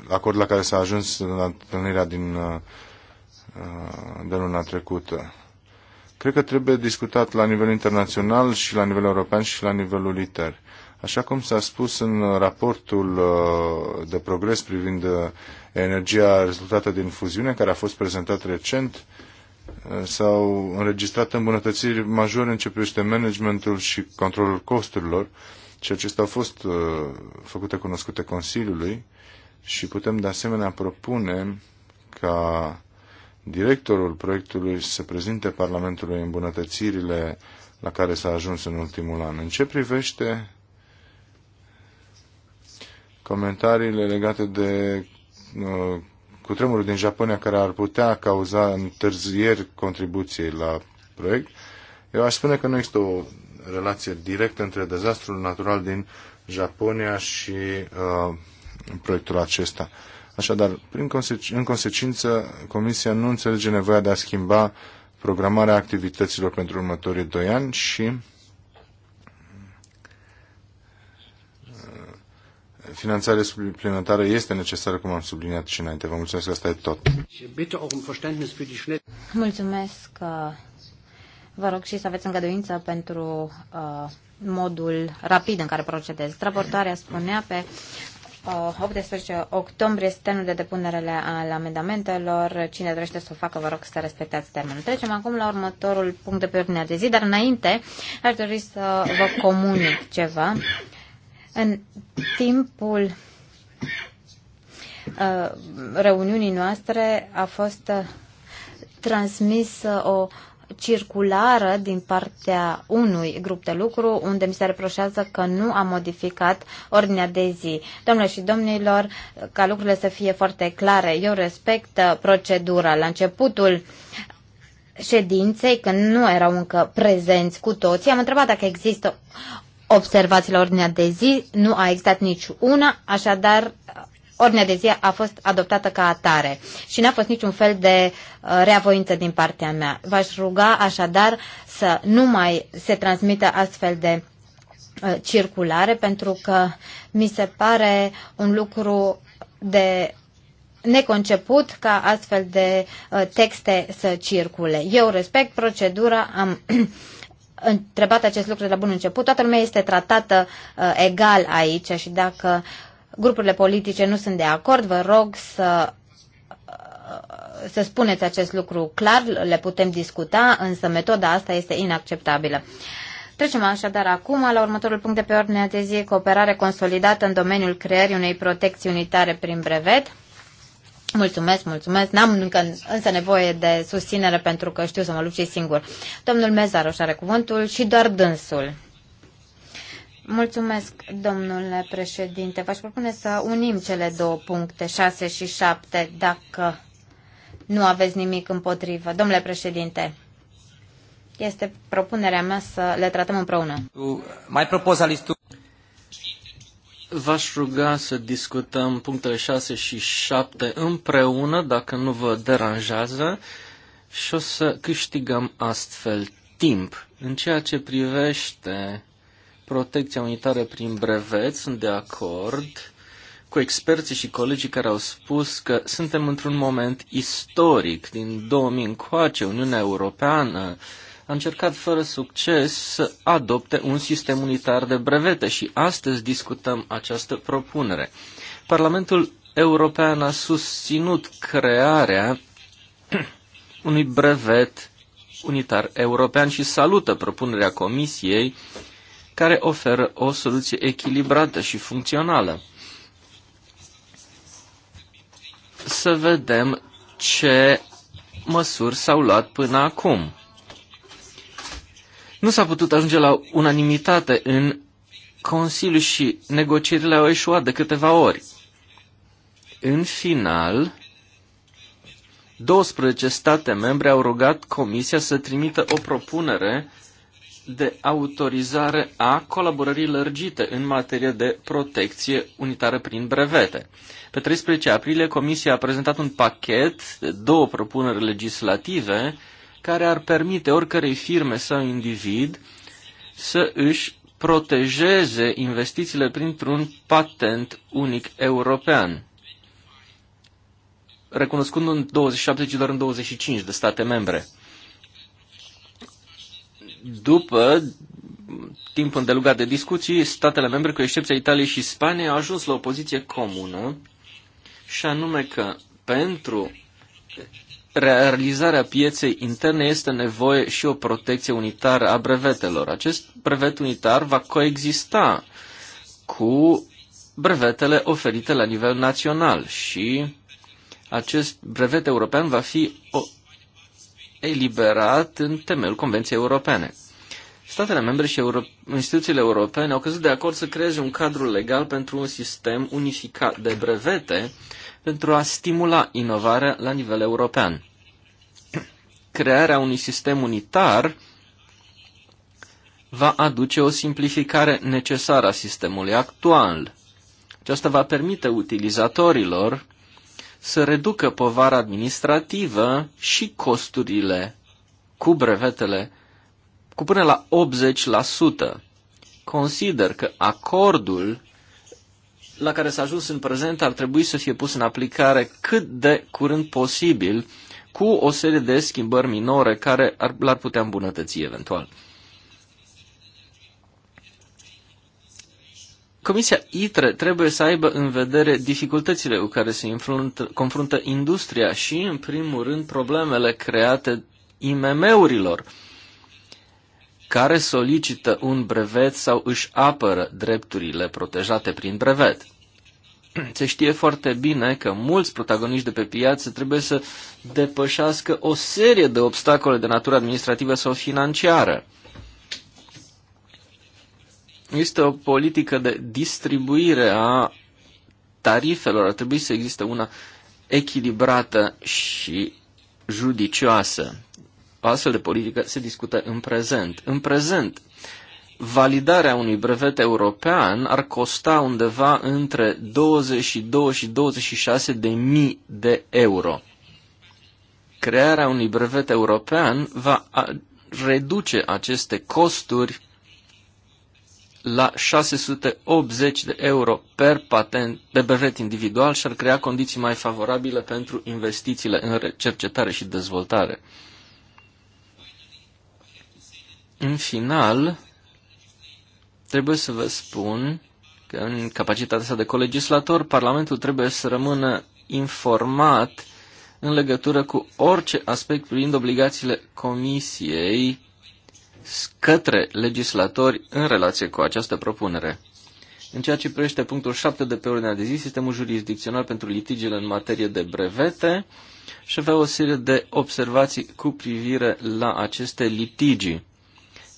acord la care s-a ajuns la întâlnirea din uh, de luna trecută. Cred că trebuie discutat la nivel internațional și la nivel european și la nivelul ITER. Așa cum s-a spus în raportul de progres privind energia rezultată din fuziune, care a fost prezentat recent, s-au înregistrat îmbunătățiri majore în ce privește managementul și controlul costurilor și acestea au fost uh, făcute cunoscute Consiliului și putem de asemenea propune ca directorul proiectului să prezinte Parlamentului îmbunătățirile la care s-a ajuns în ultimul an. În ce privește comentariile legate de uh, cu tremurul din Japonia care ar putea cauza întârzieri contribuției la proiect, eu aș spune că nu există o relație directă între dezastrul natural din Japonia și uh, proiectul acesta. Așadar, prin conse- în consecință, Comisia nu înțelege nevoia de a schimba programarea activităților pentru următorii doi ani și finanțare suplimentară este necesară, cum am subliniat și înainte. Vă mulțumesc că asta e tot. Um mulțumesc. Uh, vă rog și să aveți îngăduință pentru uh, modul rapid în care procedez. Raportarea spunea pe 18 uh, octombrie este termenul de depunere al amendamentelor. Cine dorește să o facă, vă rog să respectați termenul. Trecem acum la următorul punct de pe ordinea de zi, dar înainte aș dori să vă comunic ceva. În timpul uh, reuniunii noastre a fost uh, transmisă uh, o circulară din partea unui grup de lucru unde mi se reproșează că nu a modificat ordinea de zi. Domnule și domnilor, ca lucrurile să fie foarte clare, eu respect procedura. La începutul ședinței, când nu erau încă prezenți cu toții, am întrebat dacă există observații la ordinea de zi, nu a existat nici una, așadar ordinea de zi a fost adoptată ca atare și n-a fost niciun fel de uh, reavoință din partea mea. V-aș ruga așadar să nu mai se transmită astfel de uh, circulare pentru că mi se pare un lucru de neconceput ca astfel de uh, texte să circule. Eu respect procedura, am întrebat acest lucru de la bun început. Toată lumea este tratată uh, egal aici și dacă grupurile politice nu sunt de acord, vă rog să uh, să spuneți acest lucru clar, le putem discuta, însă metoda asta este inacceptabilă. Trecem așadar acum la următorul punct de pe ordinea de zi, cooperare consolidată în domeniul creării unei protecții unitare prin brevet. Mulțumesc, mulțumesc. N-am încă, însă nevoie de susținere pentru că știu să mă lupt și singur. Domnul Mezaroș are cuvântul și doar dânsul. Mulțumesc, domnule președinte. V-aș propune să unim cele două puncte, 6 și 7, dacă nu aveți nimic împotrivă. Domnule președinte, este propunerea mea să le tratăm împreună. Mai listul. V-aș ruga să discutăm punctele 6 și 7 împreună, dacă nu vă deranjează, și o să câștigăm astfel timp. În ceea ce privește protecția unitară prin brevet, sunt de acord cu experții și colegii care au spus că suntem într-un moment istoric. Din 2000 încoace, Uniunea Europeană a încercat fără succes să adopte un sistem unitar de brevete și astăzi discutăm această propunere. Parlamentul European a susținut crearea unui brevet unitar european și salută propunerea Comisiei care oferă o soluție echilibrată și funcțională. Să vedem ce măsuri s-au luat până acum. Nu s-a putut ajunge la unanimitate în Consiliu și negocierile au eșuat de câteva ori. În final, 12 state membre au rugat Comisia să trimită o propunere de autorizare a colaborării lărgite în materie de protecție unitară prin brevete. Pe 13 aprilie, Comisia a prezentat un pachet de două propuneri legislative care ar permite oricărei firme sau individ să își protejeze investițiile printr-un patent unic european, recunoscând în 27, ci doar în 25 de state membre. După timp îndelugat de discuții, statele membre, cu excepția Italiei și Spaniei, au ajuns la o poziție comună, și anume că pentru realizarea pieței interne este nevoie și o protecție unitară a brevetelor. Acest brevet unitar va coexista cu brevetele oferite la nivel național și acest brevet european va fi eliberat în temeiul Convenției Europene. Statele membre și euro- instituțiile europene au căzut de acord să creeze un cadru legal pentru un sistem unificat de brevete pentru a stimula inovarea la nivel european. Crearea unui sistem unitar va aduce o simplificare necesară a sistemului actual. Aceasta va permite utilizatorilor să reducă povara administrativă și costurile cu brevetele cu până la 80%. Consider că acordul la care s-a ajuns în prezent ar trebui să fie pus în aplicare cât de curând posibil cu o serie de schimbări minore care ar, l-ar putea îmbunătăți eventual. Comisia ITRE trebuie să aibă în vedere dificultățile cu care se confruntă industria și, în primul rând, problemele create IMM-urilor. Uh, care solicită un brevet sau își apără drepturile protejate prin brevet. Se știe foarte bine că mulți protagoniști de pe piață trebuie să depășească o serie de obstacole de natură administrativă sau financiară. Este o politică de distribuire a tarifelor. Ar trebui să existe una echilibrată și judicioasă. O astfel de politică se discută în prezent. În prezent, validarea unui brevet european ar costa undeva între 22 și 26 de mii de euro. Crearea unui brevet european va reduce aceste costuri la 680 de euro per patent de brevet individual și ar crea condiții mai favorabile pentru investițiile în cercetare și dezvoltare. În final, trebuie să vă spun că în capacitatea sa de colegislator, Parlamentul trebuie să rămână informat în legătură cu orice aspect privind obligațiile Comisiei către legislatori în relație cu această propunere. În ceea ce privește punctul 7 de pe ordinea de zi, sistemul jurisdicțional pentru litigiile în materie de brevete și avea o serie de observații cu privire la aceste litigi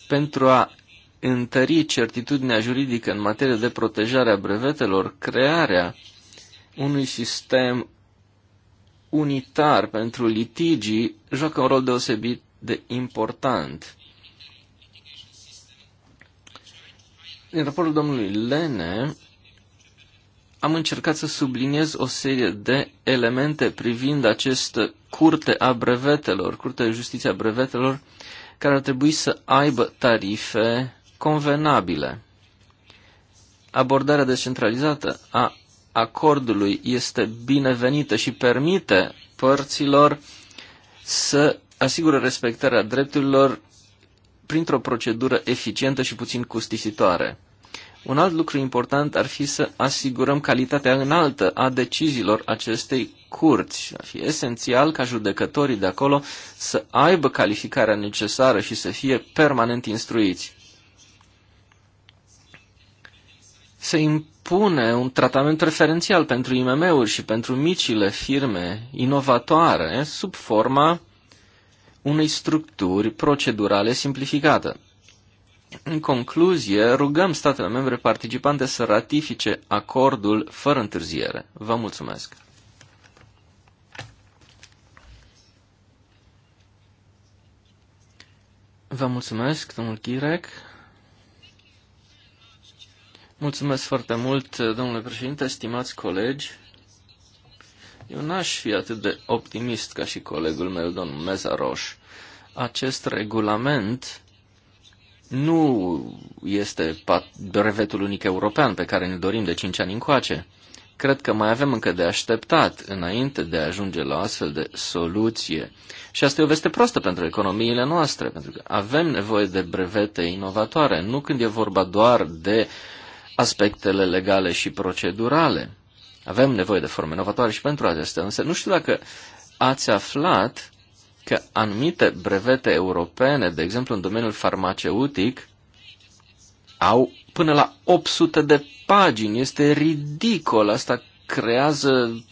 pentru a întări certitudinea juridică în materie de protejare a brevetelor, crearea unui sistem unitar pentru litigii joacă un rol deosebit de important. În raportul domnului Lene am încercat să subliniez o serie de elemente privind acest curte a brevetelor, curte de justiție a brevetelor, care ar trebui să aibă tarife convenabile. Abordarea descentralizată a acordului este binevenită și permite părților să asigură respectarea drepturilor printr-o procedură eficientă și puțin costisitoare. Un alt lucru important ar fi să asigurăm calitatea înaltă a deciziilor acestei curți. Ar fi esențial ca judecătorii de acolo să aibă calificarea necesară și să fie permanent instruiți. Se impune un tratament preferențial pentru IMM-uri și pentru micile firme inovatoare sub forma unei structuri procedurale simplificată. În concluzie, rugăm statele membre participante să ratifice acordul fără întârziere. Vă mulțumesc! Vă mulțumesc, domnul Chirec. Mulțumesc foarte mult, domnule președinte, stimați colegi. Eu n-aș fi atât de optimist ca și colegul meu, domnul Mezaroș. Acest regulament nu este brevetul unic european pe care ne dorim de 5 ani încoace. Cred că mai avem încă de așteptat înainte de a ajunge la astfel de soluție. Și asta e o veste proastă pentru economiile noastre, pentru că avem nevoie de brevete inovatoare, nu când e vorba doar de aspectele legale și procedurale. Avem nevoie de forme inovatoare și pentru acestea, însă nu știu dacă ați aflat că anumite brevete europene, de exemplu în domeniul farmaceutic, au până la 800 de pagini. Este ridicol. Asta creează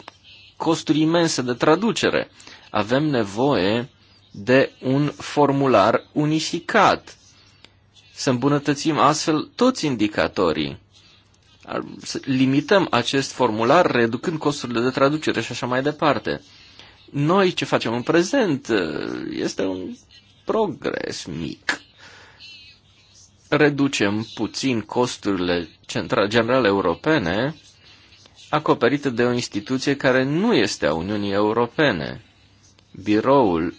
costuri imense de traducere. Avem nevoie de un formular unificat. Să îmbunătățim astfel toți indicatorii. Să limităm acest formular reducând costurile de traducere și așa mai departe. Noi ce facem în prezent uh, este un progres mic. Reducem puțin costurile generale europene acoperite de o instituție care nu este a Uniunii Europene. Biroul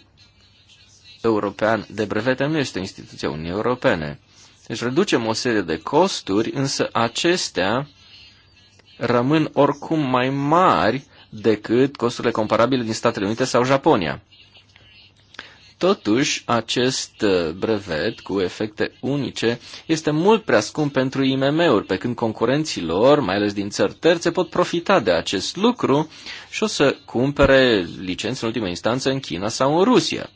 European de Brevete nu este o instituție a Uniunii Europene. Deci reducem o serie de costuri, însă acestea rămân oricum mai mari decât costurile comparabile din Statele Unite sau Japonia. Totuși, acest uh, brevet cu efecte unice este mult prea scump pentru IMM-uri, pe când concurenții lor, mai ales din țări terțe, pot profita de acest lucru și o să cumpere licențe în ultimă instanță în China sau în Rusia.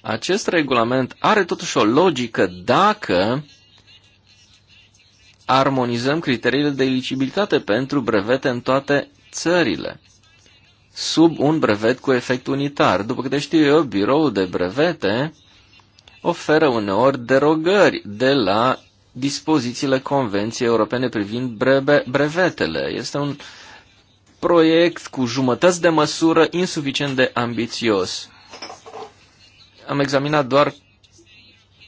Acest regulament are totuși o logică dacă armonizăm criteriile de eligibilitate pentru brevete în toate țările sub un brevet cu efect unitar. După câte știu eu, biroul de brevete oferă uneori derogări de la dispozițiile Convenției Europene privind brebe- brevetele. Este un proiect cu jumătăți de măsură insuficient de ambițios. Am examinat doar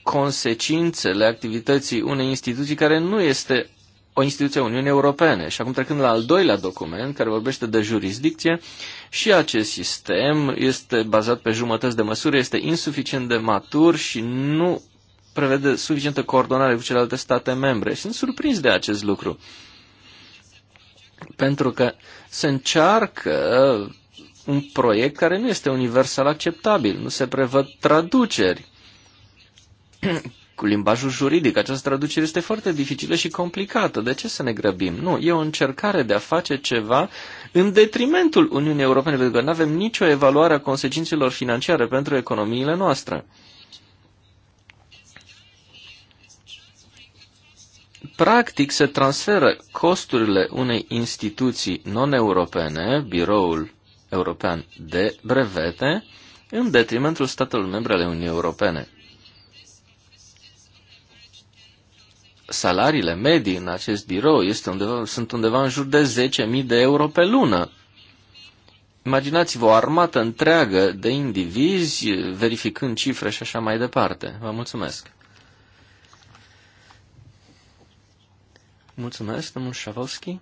consecințele activității unei instituții care nu este o instituție a Uniunii Europene. Și acum trecând la al doilea document, care vorbește de jurisdicție, și acest sistem este bazat pe jumătăți de măsură, este insuficient de matur și nu prevede suficientă coordonare cu celelalte state membre. Sunt surprins de acest lucru. Pentru că se încearcă un proiect care nu este universal acceptabil, nu se prevăd traduceri cu limbajul juridic. Această traducere este foarte dificilă și complicată. De ce să ne grăbim? Nu, e o încercare de a face ceva în detrimentul Uniunii Europene, pentru că nu avem nicio evaluare a consecințelor financiare pentru economiile noastre. Practic se transferă costurile unei instituții non-europene, Biroul European de Brevete, în detrimentul statelor membre ale Uniunii Europene. salariile medii în acest birou este undeva, sunt undeva în jur de 10.000 de euro pe lună. Imaginați-vă o armată întreagă de indivizi verificând cifre și așa mai departe. Vă mulțumesc. Mulțumesc, domnul Șavovski.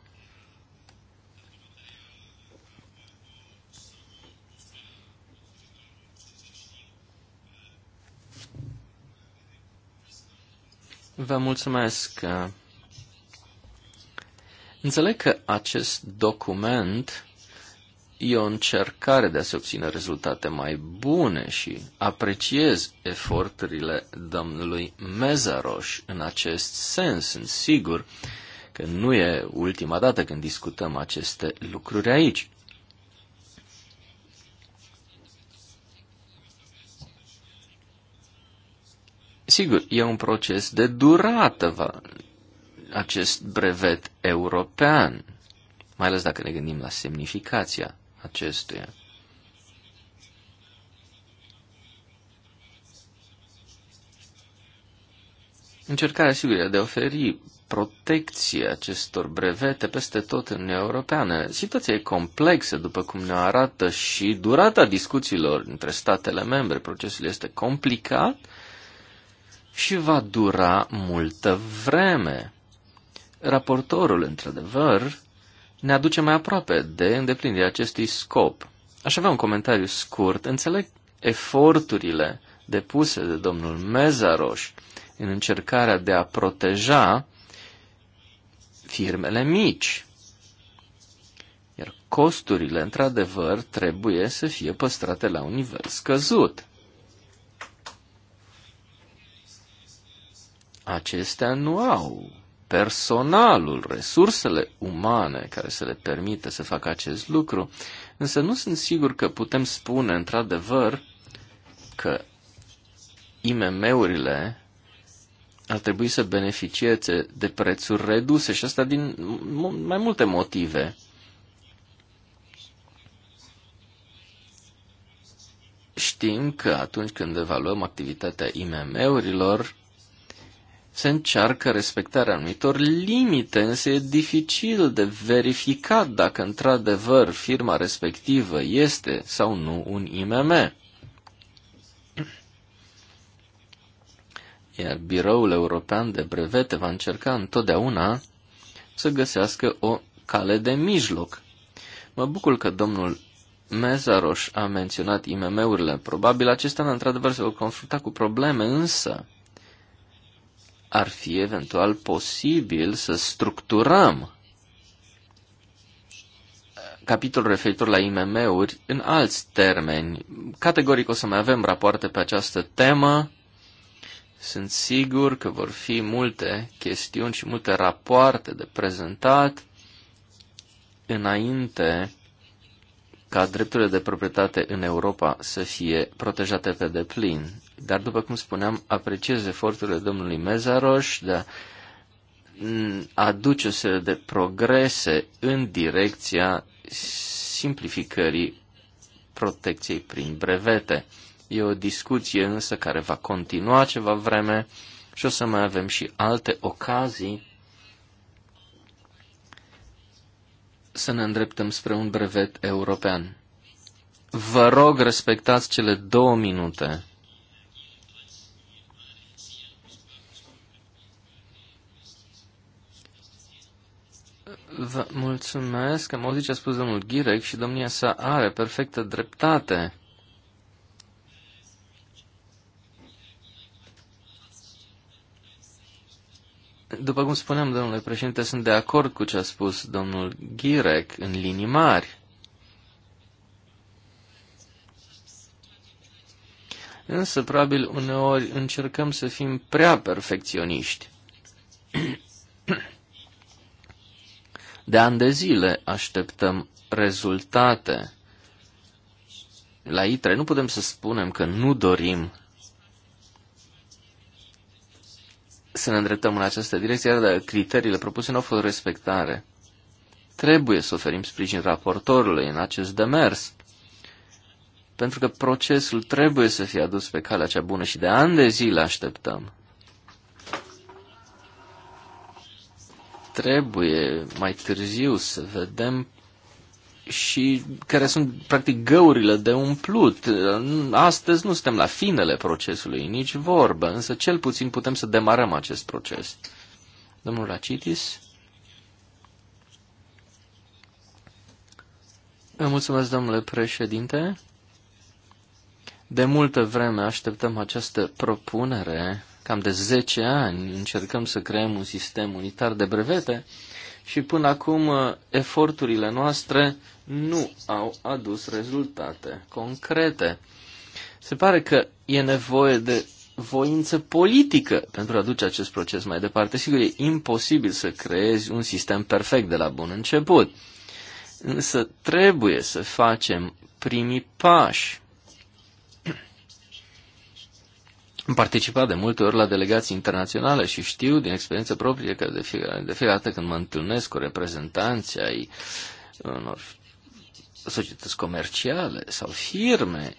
Vă mulțumesc. Înțeleg că acest document e o încercare de a se obține rezultate mai bune și apreciez eforturile domnului Mezaroș în acest sens. Sunt sigur că nu e ultima dată când discutăm aceste lucruri aici. Sigur, e un proces de durată va, acest brevet european, mai ales dacă ne gândim la semnificația acestuia. Încercarea, sigur, de a oferi protecție acestor brevete peste tot în Uniunea Europeană. Situația e complexă, după cum ne arată și durata discuțiilor între statele membre. Procesul este complicat și va dura multă vreme. Raportorul, într-adevăr, ne aduce mai aproape de îndeplinirea acestui scop. Aș avea un comentariu scurt. Înțeleg eforturile depuse de domnul Mezaroș în încercarea de a proteja firmele mici. Iar costurile, într-adevăr, trebuie să fie păstrate la un nivel scăzut. acestea nu au personalul, resursele umane care să le permită să facă acest lucru, însă nu sunt sigur că putem spune într-adevăr că IMM-urile ar trebui să beneficieze de prețuri reduse și asta din mai multe motive. Știm că atunci când evaluăm activitatea IMM-urilor, se încearcă respectarea anumitor limite, însă e dificil de verificat dacă într-adevăr firma respectivă este sau nu un IMM. Iar Biroul European de Brevete va încerca întotdeauna să găsească o cale de mijloc. Mă bucur că domnul Mezaroș a menționat IMM-urile. Probabil acesta, într-adevăr, se vor confrunta cu probleme, însă ar fi eventual posibil să structurăm capitolul referitor la IMM-uri în alți termeni. Categoric o să mai avem rapoarte pe această temă. Sunt sigur că vor fi multe chestiuni și multe rapoarte de prezentat înainte ca drepturile de proprietate în Europa să fie protejate pe deplin. Dar, după cum spuneam, apreciez eforturile domnului Mezaroș de a aduce o serie de progrese în direcția simplificării protecției prin brevete. E o discuție însă care va continua ceva vreme și o să mai avem și alte ocazii să ne îndreptăm spre un brevet european. Vă rog, respectați cele două minute Vă mulțumesc. Am auzit ce a spus domnul Ghirec și domnia sa are perfectă dreptate. După cum spuneam, domnule președinte, sunt de acord cu ce a spus domnul Ghirec în linii mari. Însă, probabil, uneori încercăm să fim prea perfecționiști. De ani de zile așteptăm rezultate. La ITRE nu putem să spunem că nu dorim să ne îndreptăm în această direcție, iar criteriile propuse nu au fost respectare. Trebuie să oferim sprijin raportorului în acest demers, pentru că procesul trebuie să fie adus pe calea cea bună și de ani de zile așteptăm. trebuie mai târziu să vedem și care sunt practic găurile de umplut. Astăzi nu suntem la finele procesului, nici vorbă, însă cel puțin putem să demarăm acest proces. Domnul Racitis? Vă mulțumesc, domnule președinte. De multă vreme așteptăm această propunere Cam de 10 ani încercăm să creăm un sistem unitar de brevete și până acum uh, eforturile noastre nu au adus rezultate concrete. Se pare că e nevoie de voință politică pentru a duce acest proces mai departe. Sigur, e imposibil să creezi un sistem perfect de la bun început, însă trebuie să facem primii pași Am participat de multe ori la delegații internaționale și știu din experiență proprie că de fiecare, de fiecare dată când mă întâlnesc cu reprezentanții ai unor societăți comerciale sau firme,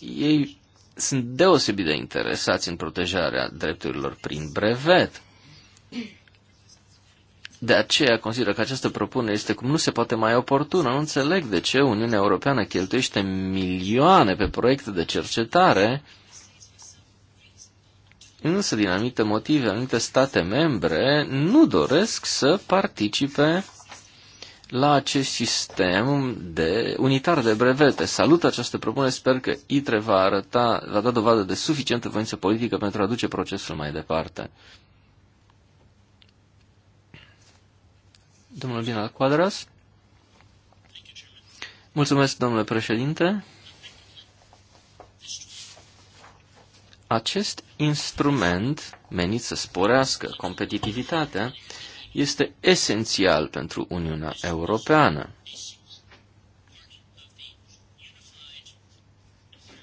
ei sunt deosebit de interesați în protejarea drepturilor prin brevet. De aceea consider că această propunere este cum nu se poate mai oportună. Nu înțeleg de ce Uniunea Europeană cheltuiește milioane pe proiecte de cercetare Însă, din anumite motive, anumite state membre nu doresc să participe la acest sistem de unitar de brevete. Salut această propunere, sper că ITRE va, arăta, va da dovadă de suficientă voință politică pentru a duce procesul mai departe. Domnul Vinal Quadras. Mulțumesc, domnule președinte. Acest instrument, menit să sporească competitivitatea, este esențial pentru Uniunea Europeană.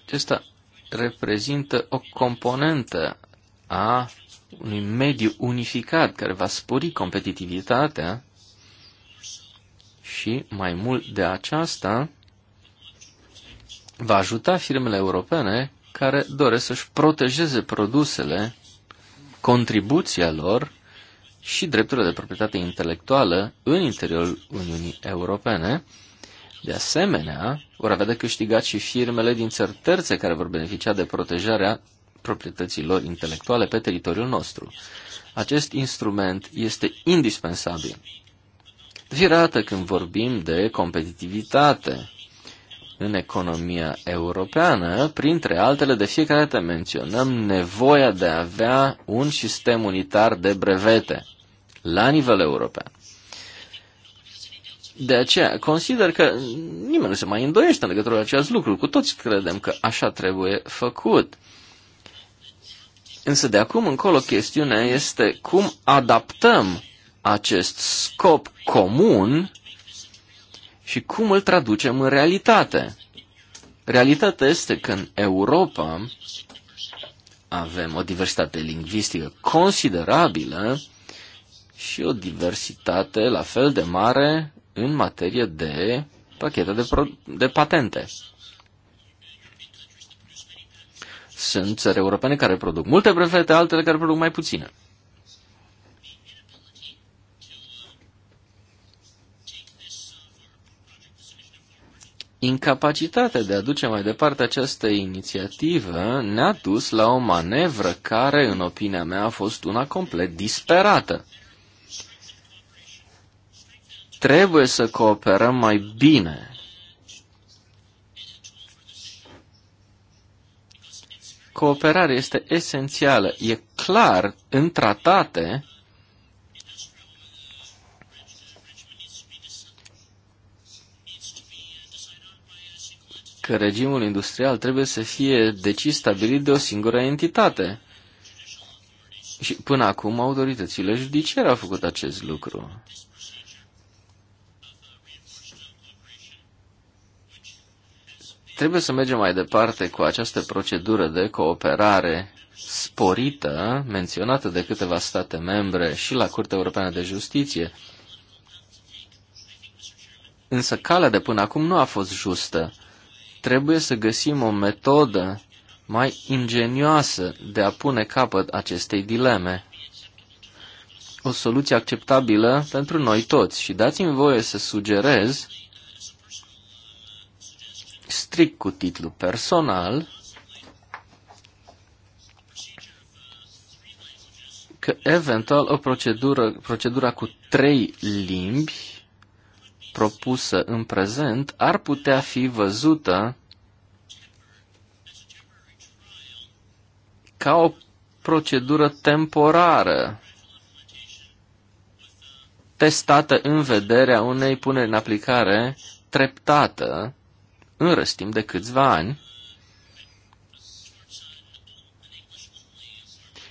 Acesta reprezintă o componentă a unui mediu unificat care va spori competitivitatea și, mai mult de aceasta, va ajuta firmele europene care doresc să-și protejeze produsele, contribuția lor și drepturile de proprietate intelectuală în interiorul Uniunii Europene. De asemenea, vor avea de câștigat și firmele din țări terțe care vor beneficia de protejarea proprietăților intelectuale pe teritoriul nostru. Acest instrument este indispensabil. De fiecare dată când vorbim de competitivitate, în economia europeană, printre altele, de fiecare dată menționăm nevoia de a avea un sistem unitar de brevete la nivel european. De aceea, consider că nimeni nu se mai îndoiește în legătură cu acest lucru. Cu toți credem că așa trebuie făcut. Însă de acum încolo chestiunea este cum adaptăm acest scop comun și cum îl traducem în realitate. Realitatea este că în Europa avem o diversitate lingvistică considerabilă și o diversitate la fel de mare în materie de pachete de, pro- de patente. Sunt țări europene care produc multe brevete, altele care produc mai puține. incapacitatea de a duce mai departe această inițiativă ne-a dus la o manevră care, în opinia mea, a fost una complet disperată. Trebuie să cooperăm mai bine. Cooperarea este esențială. E clar în tratate că regimul industrial trebuie să fie decis stabilit de o singură entitate. Și până acum autoritățile judiciare au făcut acest lucru. Trebuie să mergem mai departe cu această procedură de cooperare sporită, menționată de câteva state membre și la Curtea Europeană de Justiție. Însă calea de până acum nu a fost justă. Trebuie să găsim o metodă mai ingenioasă de a pune capăt acestei dileme. O soluție acceptabilă pentru noi toți și dați-mi voie să sugerez strict cu titlu personal că eventual o procedură, procedura cu trei limbi propusă în prezent ar putea fi văzută ca o procedură temporară testată în vederea unei puneri în aplicare treptată în răstim de câțiva ani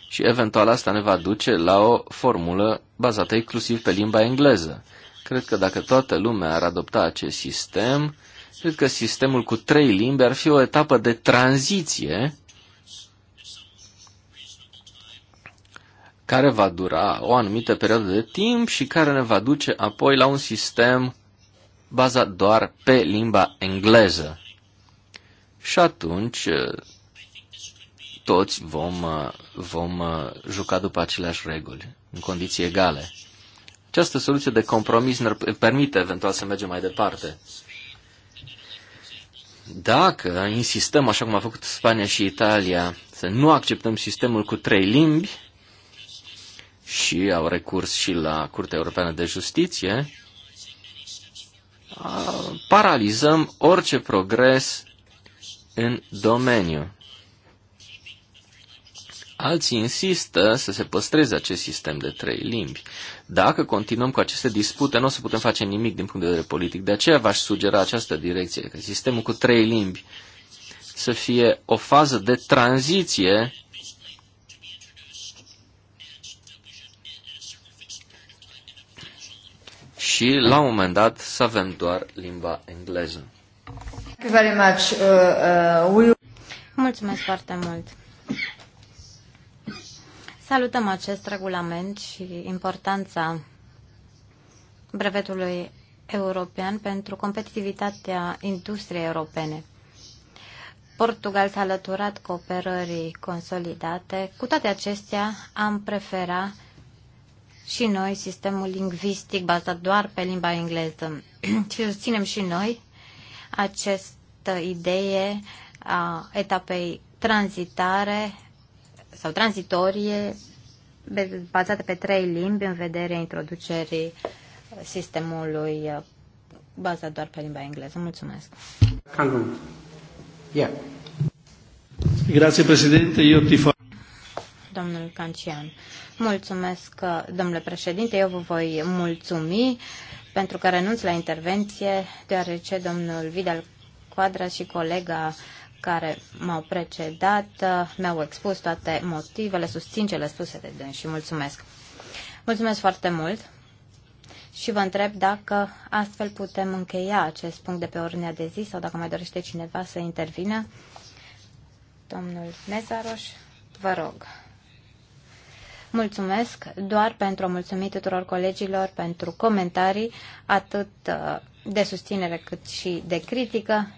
și eventual asta ne va duce la o formulă bazată exclusiv pe limba engleză. Cred că dacă toată lumea ar adopta acest sistem, cred că sistemul cu trei limbi ar fi o etapă de tranziție care va dura o anumită perioadă de timp și care ne va duce apoi la un sistem bazat doar pe limba engleză. Și atunci eh, toți vom, eh, vom eh, juca după aceleași reguli, în condiții egale. Această soluție de compromis ne permite eventual să mergem mai departe. Dacă insistăm, așa cum a făcut Spania și Italia, să nu acceptăm sistemul cu trei limbi și au recurs și la Curtea Europeană de Justiție, paralizăm orice progres în domeniu. Alții insistă să se păstreze acest sistem de trei limbi. Dacă continuăm cu aceste dispute, nu o să putem face nimic din punct de vedere politic. De aceea v-aș sugera această direcție, că sistemul cu trei limbi să fie o fază de tranziție și la un moment dat să avem doar limba engleză. Uh, uh, Mulțumesc foarte mult! Salutăm acest regulament și importanța brevetului european pentru competitivitatea industriei europene. Portugal s-a alăturat cooperării consolidate. Cu toate acestea, am prefera și noi sistemul lingvistic bazat doar pe limba engleză. și susținem și noi această idee a etapei tranzitare sau tranzitorie bazate pe trei limbi în vederea introducerii sistemului bazat doar pe limba engleză. Mulțumesc. Cancun. Yeah. Grazie, președinte. Eu Domnul Cancian. Mulțumesc, domnule președinte. Eu vă voi mulțumi pentru că renunț la intervenție, deoarece domnul Vidal Quadra și colega care m-au precedat uh, mi-au expus toate motivele, susțin cele spuse de dâns și mulțumesc. Mulțumesc foarte mult și vă întreb dacă astfel putem încheia acest punct de pe ordinea de zi sau dacă mai dorește cineva să intervină. Domnul Mezaroș, vă rog. Mulțumesc doar pentru a mulțumi tuturor colegilor pentru comentarii, atât uh, de susținere cât și de critică.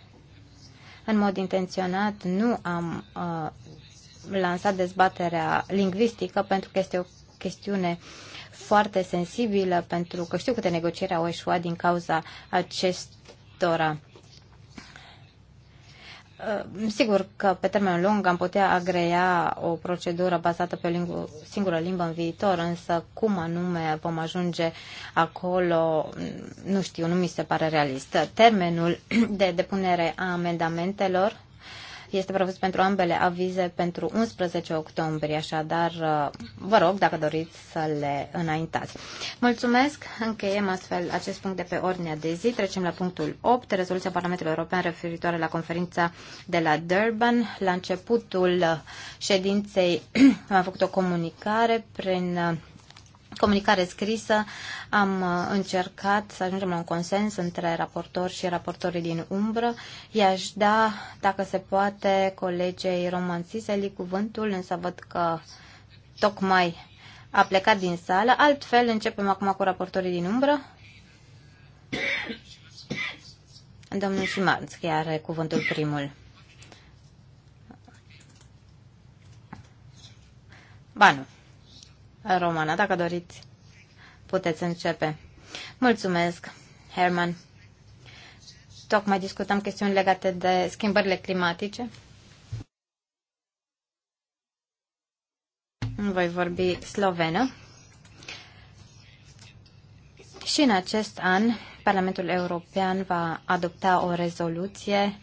În mod intenționat nu am uh, lansat dezbaterea lingvistică pentru că este o chestiune foarte sensibilă pentru că știu câte negocieri au eșuat din cauza acestora. Uh, sigur că pe termen lung am putea agrea o procedură bazată pe o lingu- singură limbă în viitor, însă cum anume vom ajunge acolo, nu știu, nu mi se pare realist. Termenul de depunere a amendamentelor este prevăzut pentru ambele avize pentru 11 octombrie, așadar uh, vă rog dacă doriți să le înaintați. Mulțumesc, încheiem astfel acest punct de pe ordinea de zi. Trecem la punctul 8, rezoluția Parlamentului European referitoare la conferința de la Durban. La începutul ședinței am făcut o comunicare prin uh, comunicare scrisă am uh, încercat să ajungem la un consens între raportori și raportorii din umbră. I-aș da, dacă se poate, colegei Roman Siseli cuvântul, însă văd că tocmai a plecat din sală. Altfel, începem acum cu raportorii din umbră. Domnul Șimanski are cuvântul primul. Ba nu română. Dacă doriți, puteți începe. Mulțumesc, Herman. Tocmai discutăm chestiuni legate de schimbările climatice. Voi vorbi slovenă. Și în acest an, Parlamentul European va adopta o rezoluție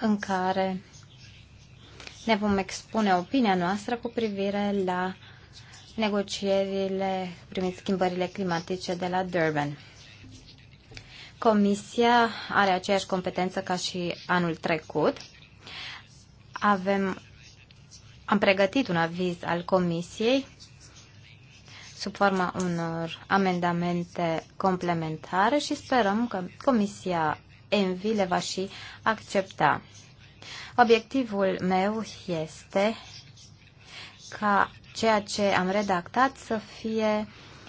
în care ne vom expune opinia noastră cu privire la negocierile privind schimbările climatice de la Durban. Comisia are aceeași competență ca și anul trecut. Avem, am pregătit un aviz al Comisiei sub forma unor amendamente complementare și sperăm că Comisia Envi le va și accepta. Obiectivul meu este ca ceea ce am redactat să fie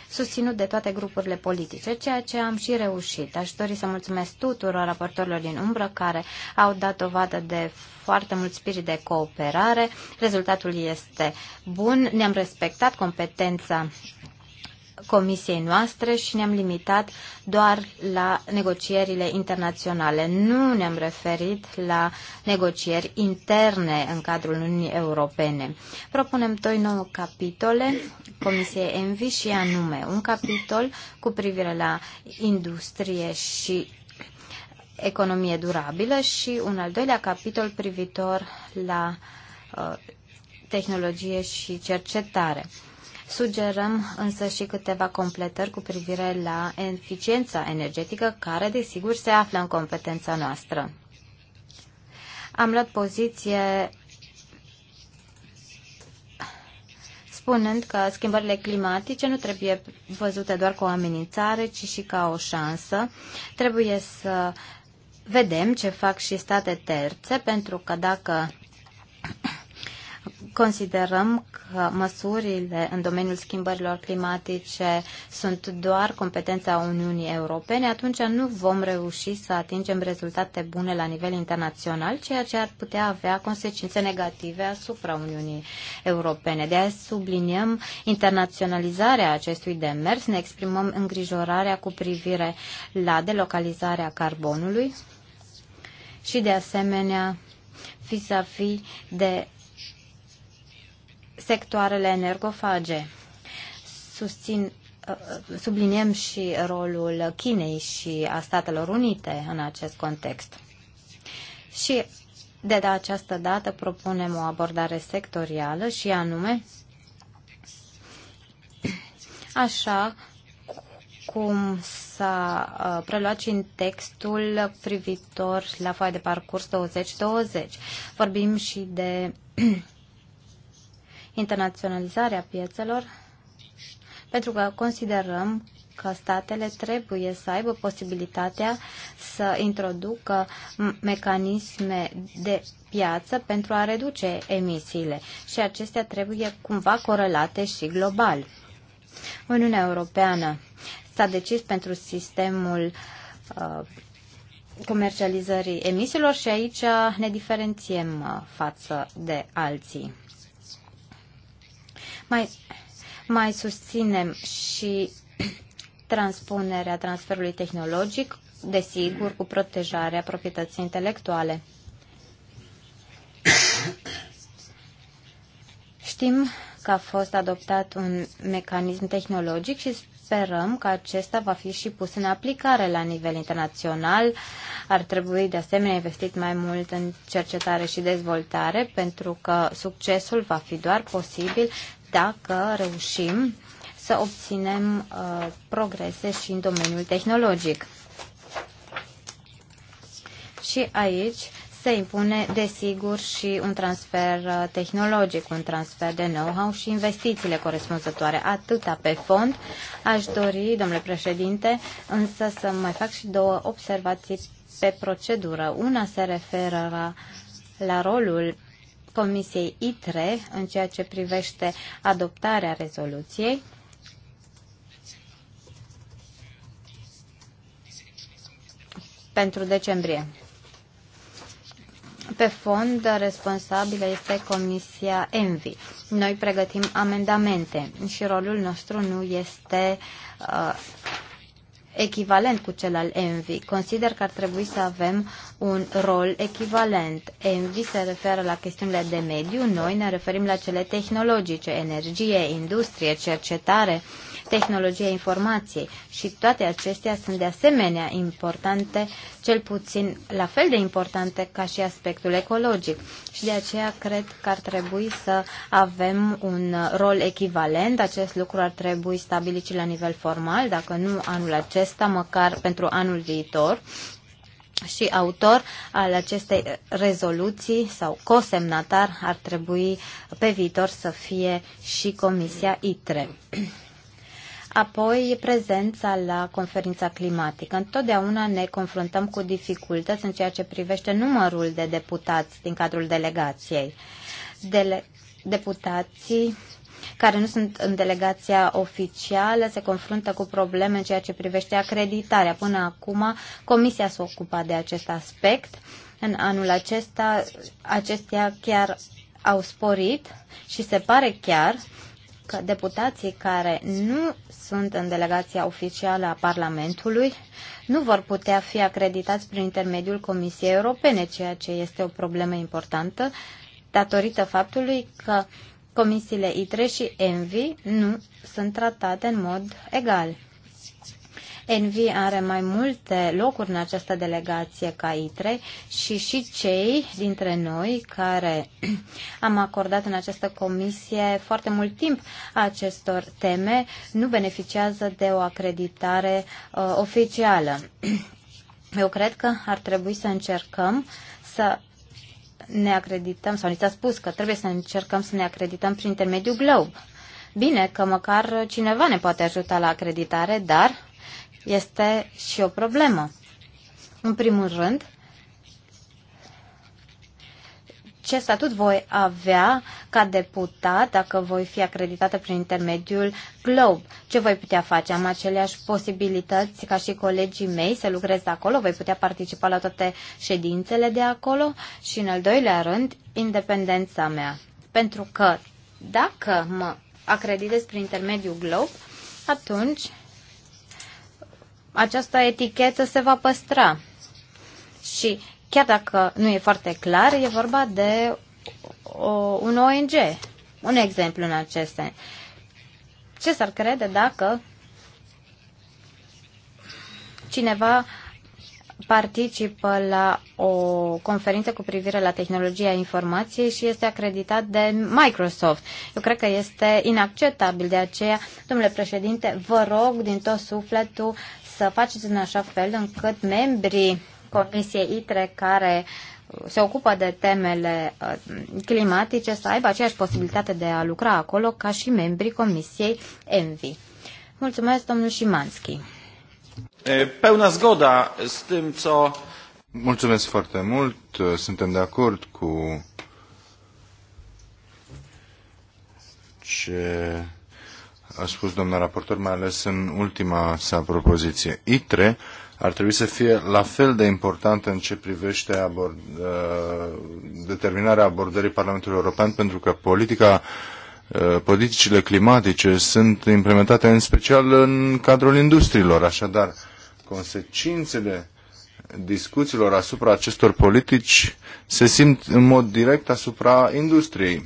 susținut de toate grupurile politice, ceea ce am și reușit. Aș dori să mulțumesc tuturor raportorilor din umbră care au dat dovadă de foarte mult spirit de cooperare. Rezultatul este bun. Ne-am respectat competența comisiei noastre și ne-am limitat doar la negocierile internaționale. Nu ne-am referit la negocieri interne în cadrul Uniunii Europene. Propunem doi nouă capitole Comisiei Envi și anume un capitol cu privire la industrie și economie durabilă și un al doilea capitol privitor la uh, tehnologie și cercetare. Sugerăm însă și câteva completări cu privire la eficiența energetică, care desigur se află în competența noastră. Am luat poziție spunând că schimbările climatice nu trebuie văzute doar ca o amenințare, ci și ca o șansă. Trebuie să vedem ce fac și state terțe, pentru că dacă Considerăm că măsurile în domeniul schimbărilor climatice sunt doar competența Uniunii Europene, atunci nu vom reuși să atingem rezultate bune la nivel internațional, ceea ce ar putea avea consecințe negative asupra Uniunii Europene. De aceea subliniem internaționalizarea acestui demers, ne exprimăm îngrijorarea cu privire la delocalizarea carbonului și, de asemenea, vis-a-vis -vis de sectoarele energofage. Susțin, uh, uh, subliniem și rolul Chinei și a Statelor Unite în acest context. Și de data această dată propunem o abordare sectorială și anume așa cum s-a uh, preluat și în textul privitor la foaia de parcurs 2020. Vorbim și de internaționalizarea piețelor, pentru că considerăm că statele trebuie să aibă posibilitatea să introducă mecanisme de piață pentru a reduce emisiile și acestea trebuie cumva corelate și global. Uniunea Europeană s-a decis pentru sistemul uh, comercializării emisiilor și aici ne diferențiem uh, față de alții. Mai, mai susținem și transpunerea transferului tehnologic, desigur, cu protejarea proprietății intelectuale. Știm că a fost adoptat un mecanism tehnologic și sperăm că acesta va fi și pus în aplicare la nivel internațional. Ar trebui de asemenea investit mai mult în cercetare și dezvoltare pentru că succesul va fi doar posibil dacă reușim să obținem uh, progrese și în domeniul tehnologic. Și aici se impune, desigur, și un transfer uh, tehnologic, un transfer de know-how și investițiile corespunzătoare, atâta pe fond. Aș dori, domnule președinte, însă să mai fac și două observații pe procedură. Una se referă la, la rolul Comisiei ITRE în ceea ce privește adoptarea rezoluției. pentru decembrie. Pe fond, responsabilă este Comisia ENVI. Noi pregătim amendamente și rolul nostru nu este uh, echivalent cu cel al ENVI. Consider că ar trebui să avem un rol echivalent. ENVI se referă la chestiunile de mediu, noi ne referim la cele tehnologice, energie, industrie, cercetare, tehnologie informației și toate acestea sunt de asemenea importante, cel puțin la fel de importante ca și aspectul ecologic. Și de aceea cred că ar trebui să avem un rol echivalent. Acest lucru ar trebui stabilit și la nivel formal, dacă nu anul acesta acesta măcar pentru anul viitor și autor al acestei rezoluții sau cosemnatar ar trebui pe viitor să fie și Comisia ITRE. Apoi, prezența la conferința climatică. Întotdeauna ne confruntăm cu dificultăți în ceea ce privește numărul de deputați din cadrul delegației. Dele- deputații care nu sunt în delegația oficială se confruntă cu probleme în ceea ce privește acreditarea. Până acum, Comisia s-a ocupat de acest aspect. În anul acesta, acestea chiar au sporit și se pare chiar că deputații care nu sunt în delegația oficială a Parlamentului nu vor putea fi acreditați prin intermediul Comisiei Europene, ceea ce este o problemă importantă datorită faptului că comisiile ITRE și ENVI nu sunt tratate în mod egal. ENVI are mai multe locuri în această delegație ca ITRE și și cei dintre noi care am acordat în această comisie foarte mult timp acestor teme nu beneficiază de o acreditare uh, oficială. Eu cred că ar trebui să încercăm să ne acredităm, sau ni s-a spus că trebuie să încercăm să ne acredităm prin intermediul Globe. Bine că măcar cineva ne poate ajuta la acreditare, dar este și o problemă. În primul rând, ce statut voi avea ca deputat dacă voi fi acreditată prin intermediul Globe? Ce voi putea face? Am aceleași posibilități ca și colegii mei să lucrez acolo? Voi putea participa la toate ședințele de acolo? Și în al doilea rând, independența mea. Pentru că dacă mă acreditez prin intermediul Globe, atunci această etichetă se va păstra. Și Chiar dacă nu e foarte clar, e vorba de o, un ONG. Un exemplu în acest sens. Ce s-ar crede dacă cineva participă la o conferință cu privire la tehnologia informației și este acreditat de Microsoft. Eu cred că este inacceptabil, de aceea, domnule președinte, vă rog din tot sufletul să faceți în așa fel încât membrii Comisiei ITRE care se ocupă de temele uh, climatice să aibă aceeași posibilitate de a lucra acolo ca și membrii Comisiei ENVI. Mulțumesc, domnul Șimanski. Peuna zgoda z tym, co... Mulțumesc foarte mult. Suntem de acord cu ce a spus domnul raportor, mai ales în ultima sa propoziție. ITRE ar trebui să fie la fel de importantă în ce privește abord, uh, determinarea abordării Parlamentului European, pentru că politica uh, politicile climatice sunt implementate în special în cadrul industriilor, așadar consecințele discuțiilor asupra acestor politici se simt în mod direct asupra industriei.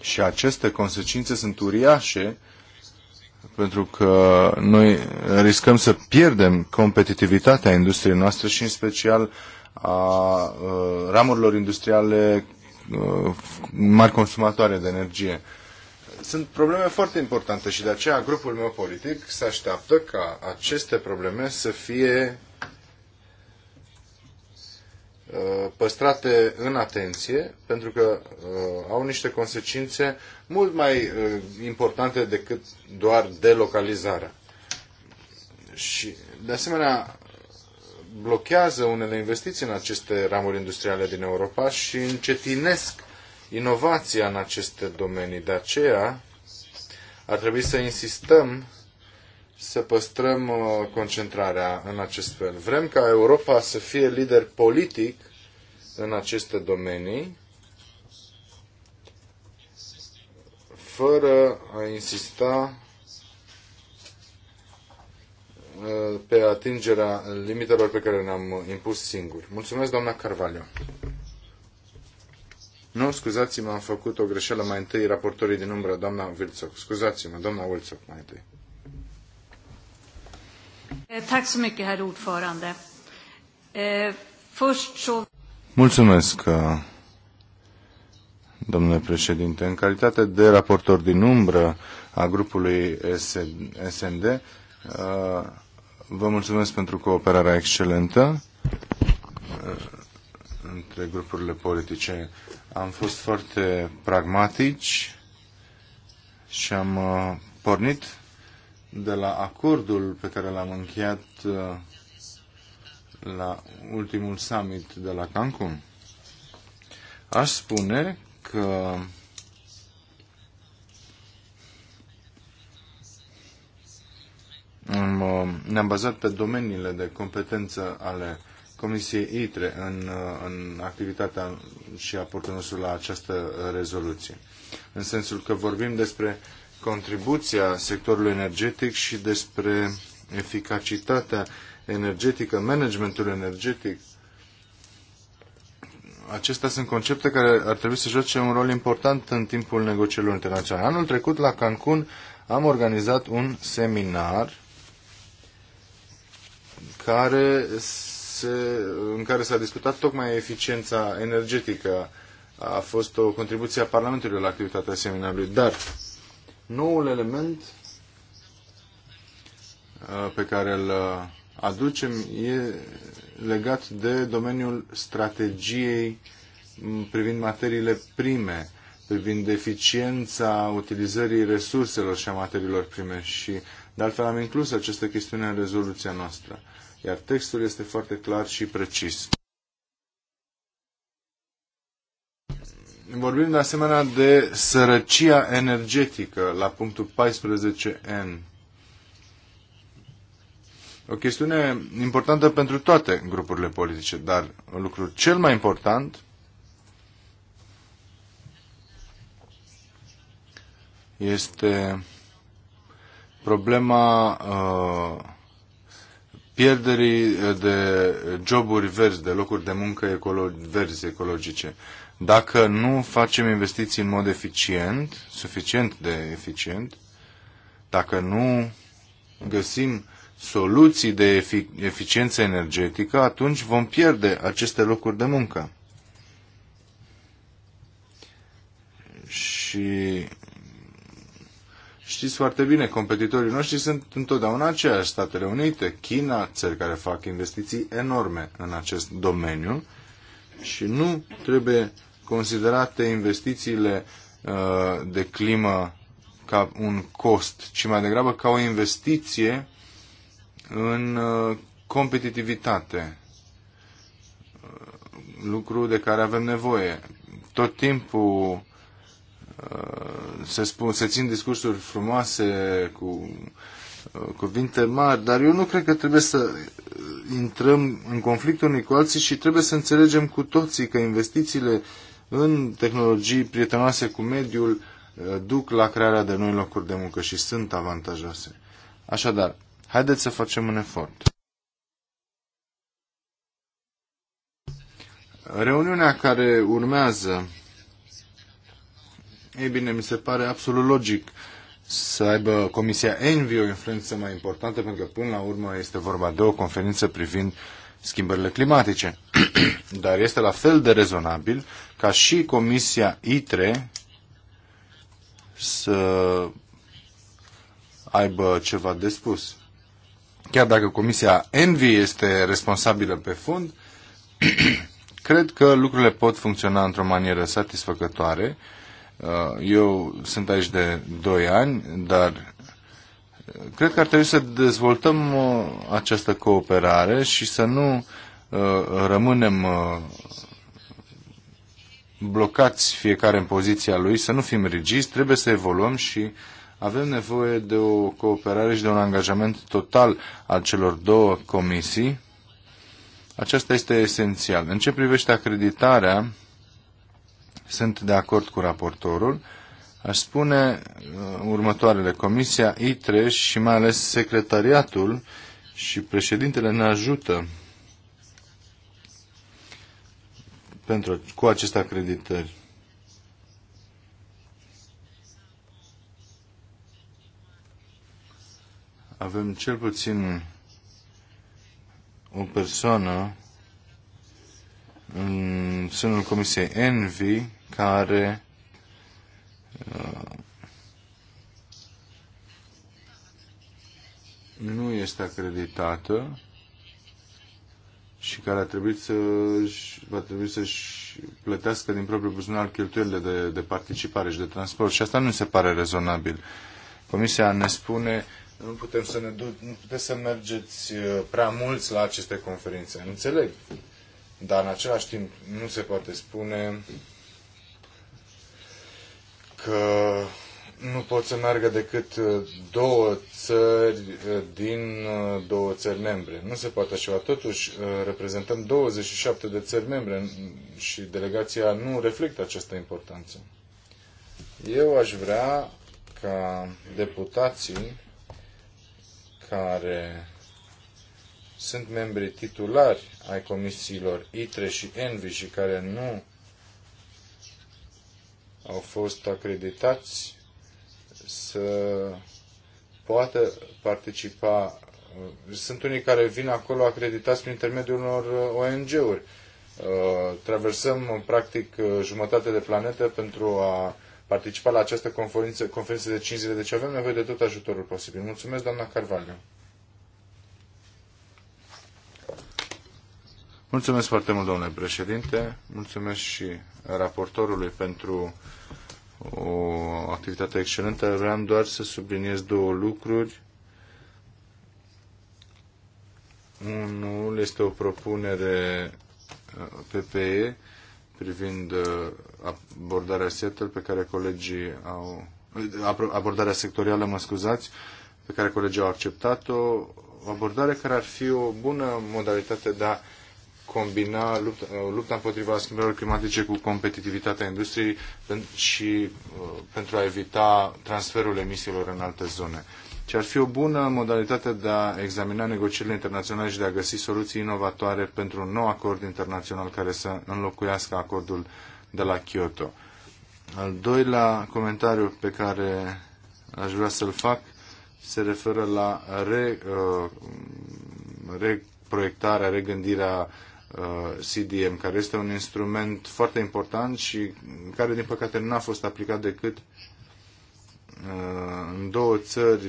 Și aceste consecințe sunt uriașe pentru că noi riscăm să pierdem competitivitatea industriei noastre și în special a ramurilor industriale mari consumatoare de energie. Sunt probleme foarte importante și de aceea grupul meu politic se așteaptă ca aceste probleme să fie Uh, păstrate în atenție, pentru că uh, au niște consecințe mult mai uh, importante decât doar delocalizarea. Și, de asemenea, blochează unele investiții în aceste ramuri industriale din Europa și încetinesc inovația în aceste domenii. De aceea, ar trebui să insistăm să păstrăm uh, concentrarea în acest fel. Vrem ca Europa să fie lider politic în aceste domenii, fără a insista uh, pe atingerea limitelor pe care ne-am impus singuri. Mulțumesc, doamna Carvalho. Nu, scuzați-mă, am făcut o greșeală mai întâi raportorii din umbră, doamna Vilțoc. Scuzați-mă, doamna Vilțoc, mai întâi. Eh, tack så mycket, herr ordförande. Eh, först så... Mulțumesc, eh, domnule președinte. În calitate de raportor din umbră a grupului SND, vă mulțumesc pentru cooperarea excelentă între grupurile politice. Am fost foarte pragmatici și am pornit de la acordul pe care l-am încheiat uh, la ultimul summit de la Cancun. Aș spune că uh, ne-am bazat pe domeniile de competență ale Comisiei ITRE în, uh, în activitatea și aportul nostru la această rezoluție. În sensul că vorbim despre uh, contribuția sectorului energetic și despre eficacitatea energetică, managementul energetic. Acestea sunt concepte care ar trebui să joace un rol important în timpul negocierilor internaționale. Anul trecut, la Cancun, am organizat un seminar care se, în care s-a discutat tocmai eficiența energetică. A fost o contribuție a Parlamentului la activitatea seminarului, dar Noul element uh, pe care îl uh, aducem e legat de domeniul strategiei mm, privind materiile prime, privind eficiența utilizării resurselor și a materiilor prime și de altfel am inclus această chestiune în rezoluția noastră. Iar textul este foarte clar și precis. Vorbim de asemenea de sărăcia energetică la punctul 14n. O chestiune importantă pentru toate grupurile politice, dar un lucru cel mai important este problema uh, pierderii de joburi verzi, de locuri de muncă ecolo- verzi ecologice. Uh, dacă nu facem investiții în mod eficient, suficient de eficient, dacă nu găsim soluții de efic- eficiență energetică, atunci vom pierde aceste locuri de muncă. Și știți foarte bine, competitorii noștri sunt întotdeauna aceiași, Statele Unite, China, țări care fac investiții enorme în acest domeniu și nu trebuie considerate investițiile uh, de climă ca un cost, ci mai degrabă ca o investiție în uh, competitivitate. Uh, lucru de care avem nevoie. Tot timpul se, spun, se țin discursuri frumoase cu cuvinte mari, dar eu nu cred că trebuie să intrăm în conflictul unii cu alții și trebuie să înțelegem cu toții că investițiile uh, în tehnologii prietenoase cu mediul uh, duc la crearea de noi locuri de muncă și sunt avantajoase. Așadar, haideți să facem un efort. Reuniunea care urmează, ei bine, mi se pare absolut logic să aibă Comisia Envi o influență mai importantă, pentru că până la urmă este vorba de o conferință privind uh, schimbările climatice. Dar este la fel de rezonabil ca și Comisia ITRE să aibă ceva de spus. Chiar dacă Comisia ENVI este responsabilă pe fond, cred că lucrurile pot funcționa într-o manieră satisfăcătoare. Uh, eu sunt aici de 2 ani, dar Cred că ar trebui să dezvoltăm uh, această cooperare și să nu uh, rămânem uh, blocați fiecare în poziția lui, să nu fim rigizi, trebuie să evoluăm și avem nevoie de o cooperare și de un angajament total al celor două comisii. Aceasta este esențial. În ce privește acreditarea, sunt de acord cu raportorul. Aș spune uh, următoarele. Comisia ITRE și mai ales secretariatul și președintele ne ajută pentru, cu aceste acreditări. Avem cel puțin o persoană în sânul Comisiei Envi care nu este acreditată și care a trebuit să va trebui să-și plătească din propriul buzunar cheltuielile de, de participare și de transport. Și asta nu se pare rezonabil. Comisia ne spune nu putem să ne du- nu puteți să mergeți uh, prea mulți la aceste conferințe. Înțeleg. Dar în același timp nu se poate spune că nu pot să meargă decât uh, două țări uh, din uh, două țări membre. Nu se poate așa. Totuși, reprezentăm 27 de țări membre și delegația nu reflectă această importanță. Eu aș vrea ca deputații care sunt membri titulari ai comisiilor ITRE și ENVI și care nu au fost acreditați să poată participa. Sunt unii care vin acolo acreditați prin intermediul unor uh, ONG-uri. Uh, traversăm, uh, practic, jumătate de planetă pentru a participa la această conferință, conferință de 5 zile, deci avem nevoie de tot ajutorul posibil. Mulțumesc, doamna Carvalho. Mulțumesc foarte mult, domnule președinte. Mulțumesc și raportorului pentru o activitate excelentă. Vreau doar să subliniez două lucruri. Unul este o propunere uh, PPE privind uh, abordarea setel pe care colegii au abordarea sectorială, mă scuzați, pe care colegii au acceptat-o, o abordare care ar fi o bună modalitate de a combina lupta, uh, lupta împotriva schimbărilor climatice cu competitivitatea industriei și uh, pentru a evita transferul emisiilor în alte zone. Ce ar fi o bună modalitate de a examina negocierile internaționale și de a găsi soluții inovatoare pentru un nou acord internațional care să înlocuiască acordul de la Kyoto. Al doilea comentariu pe care aș vrea să-l fac se referă la re, uh, reproiectarea, regândirea Uh, CDM, care este un instrument foarte important și care, din păcate, n-a fost aplicat decât uh, în două țări,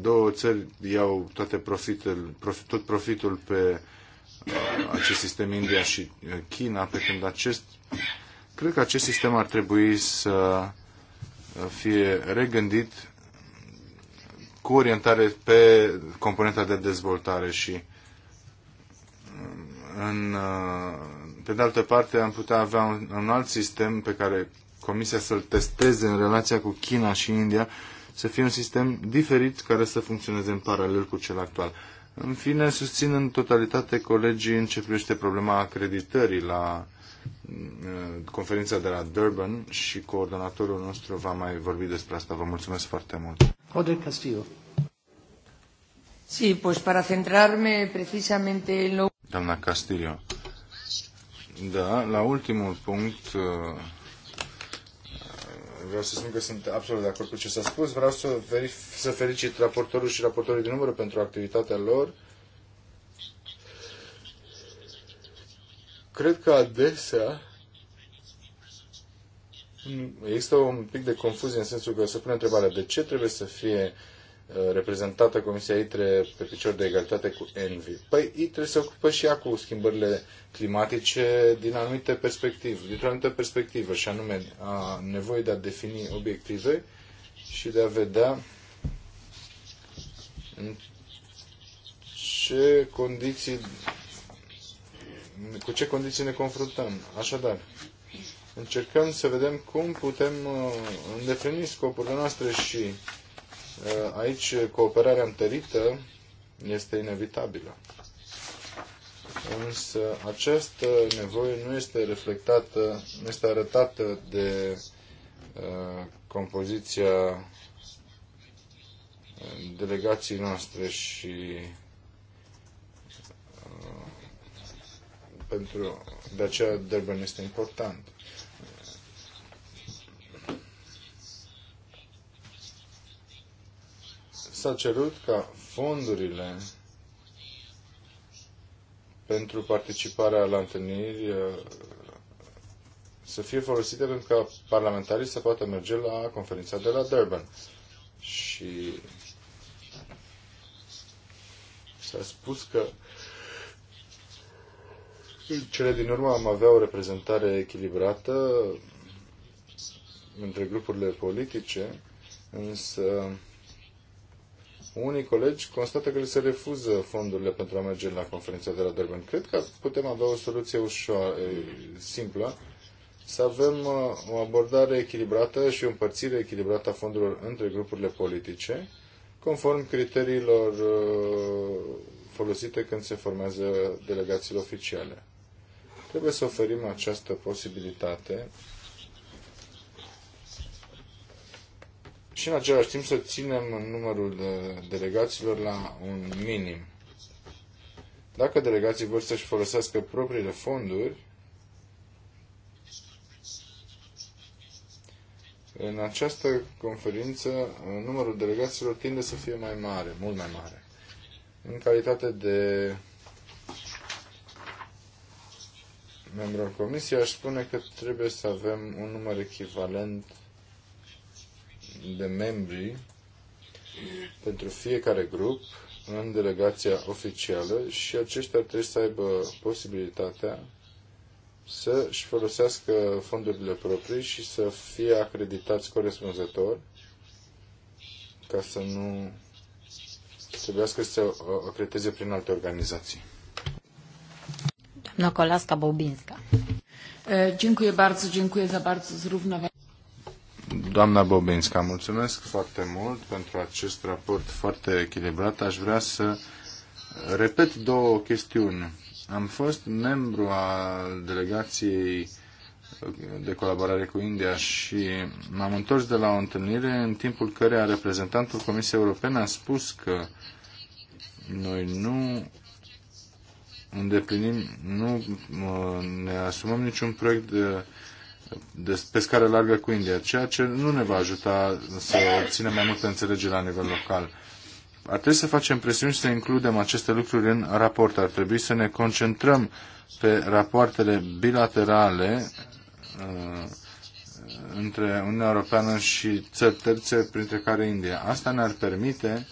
două țări iau toate profitul, profit, tot profitul pe uh, acest sistem India și China, pe când acest, cred că acest sistem ar trebui să fie regândit cu orientare pe componenta de dezvoltare și în, uh, pe de altă parte, am putea avea un, un alt sistem pe care Comisia să-l testeze în relația cu China și India, să fie un sistem diferit care să funcționeze în paralel cu cel actual. În fine, susțin în totalitate colegii în ce privește problema acreditării la uh, conferința de la Durban și coordonatorul nostru va mai vorbi despre asta. Vă mulțumesc foarte mult. Hodel Castillo. Sí, pues para centrarme precisamente en lo doamna Castillo. Da, la ultimul punct uh, vreau să spun că sunt absolut de acord cu ce s-a spus. Vreau să, verif- să felicit raportorul și raportorii din număr pentru activitatea lor. Cred că adesea există un pic de confuzie în sensul că se pune întrebarea de ce trebuie să fie uh, reprezentată Comisia ITRE pe picior de egalitate cu ENVI. Păi ITRE se ocupă și ea cu schimbările climatice din anumite perspective, dintr-o anumită perspectivă, și anume a nevoie de a defini obiective și de a vedea în ce condiții cu ce condiții ne confruntăm. Așadar, încercăm să vedem cum putem uh, îndeplini scopurile noastre și Eh, aici cooperarea întărită este inevitabilă. Însă această nevoie nu este reflectată, nu este arătată de uh, compoziția delegației noastre și uh, pentru, de aceea Durban este important. s-a cerut ca fondurile pentru participarea la întâlniri uh, să fie folosite pentru ca parlamentarii să poată merge la conferința de la Durban. Și s-a spus că cele din urmă am avea o reprezentare echilibrată între grupurile politice, însă unii colegi constată că le se refuză fondurile pentru a merge la conferința de la Durban. Cred că putem avea o soluție ușoară, simplă, să avem uh, o abordare echilibrată și o împărțire echilibrată a fondurilor între grupurile politice, conform criteriilor uh, folosite când se formează delegațiile oficiale. Trebuie să oferim această posibilitate și în același timp să ținem numărul de delegaților la un minim. Dacă delegații vor să-și folosească propriile fonduri, în această conferință numărul delegaților tinde să fie mai mare, mult mai mare. În calitate de membru al comisiei, aș spune că trebuie să avem un număr echivalent de membri pentru fiecare grup în delegația oficială și aceștia trebuie să aibă posibilitatea să-și folosească fondurile proprii și să fie acreditați corespunzător ca să nu trebuiască să se acrediteze prin alte organizații. Doamna Colasca Bobinska. Dziękuję bardzo, dziękuję za bardzo zrównoważone. Doamna Bobinska, mulțumesc foarte mult pentru acest raport foarte echilibrat. Aș vrea să repet două chestiuni. Am fost membru al delegației de colaborare cu India și m-am întors de la o întâlnire în timpul căreia reprezentantul Comisiei Europene a spus că noi nu îndeplinim, nu uh, ne asumăm niciun proiect de pe scară largă cu India, ceea ce nu ne va ajuta să obținem mai multă înțelegere la nivel local. Ar trebui să facem presiuni și să includem aceste lucruri în raport. Ar trebui să ne concentrăm pe rapoartele bilaterale uh, între Uniunea Europeană și țări terțe, printre care India. Asta ne-ar permite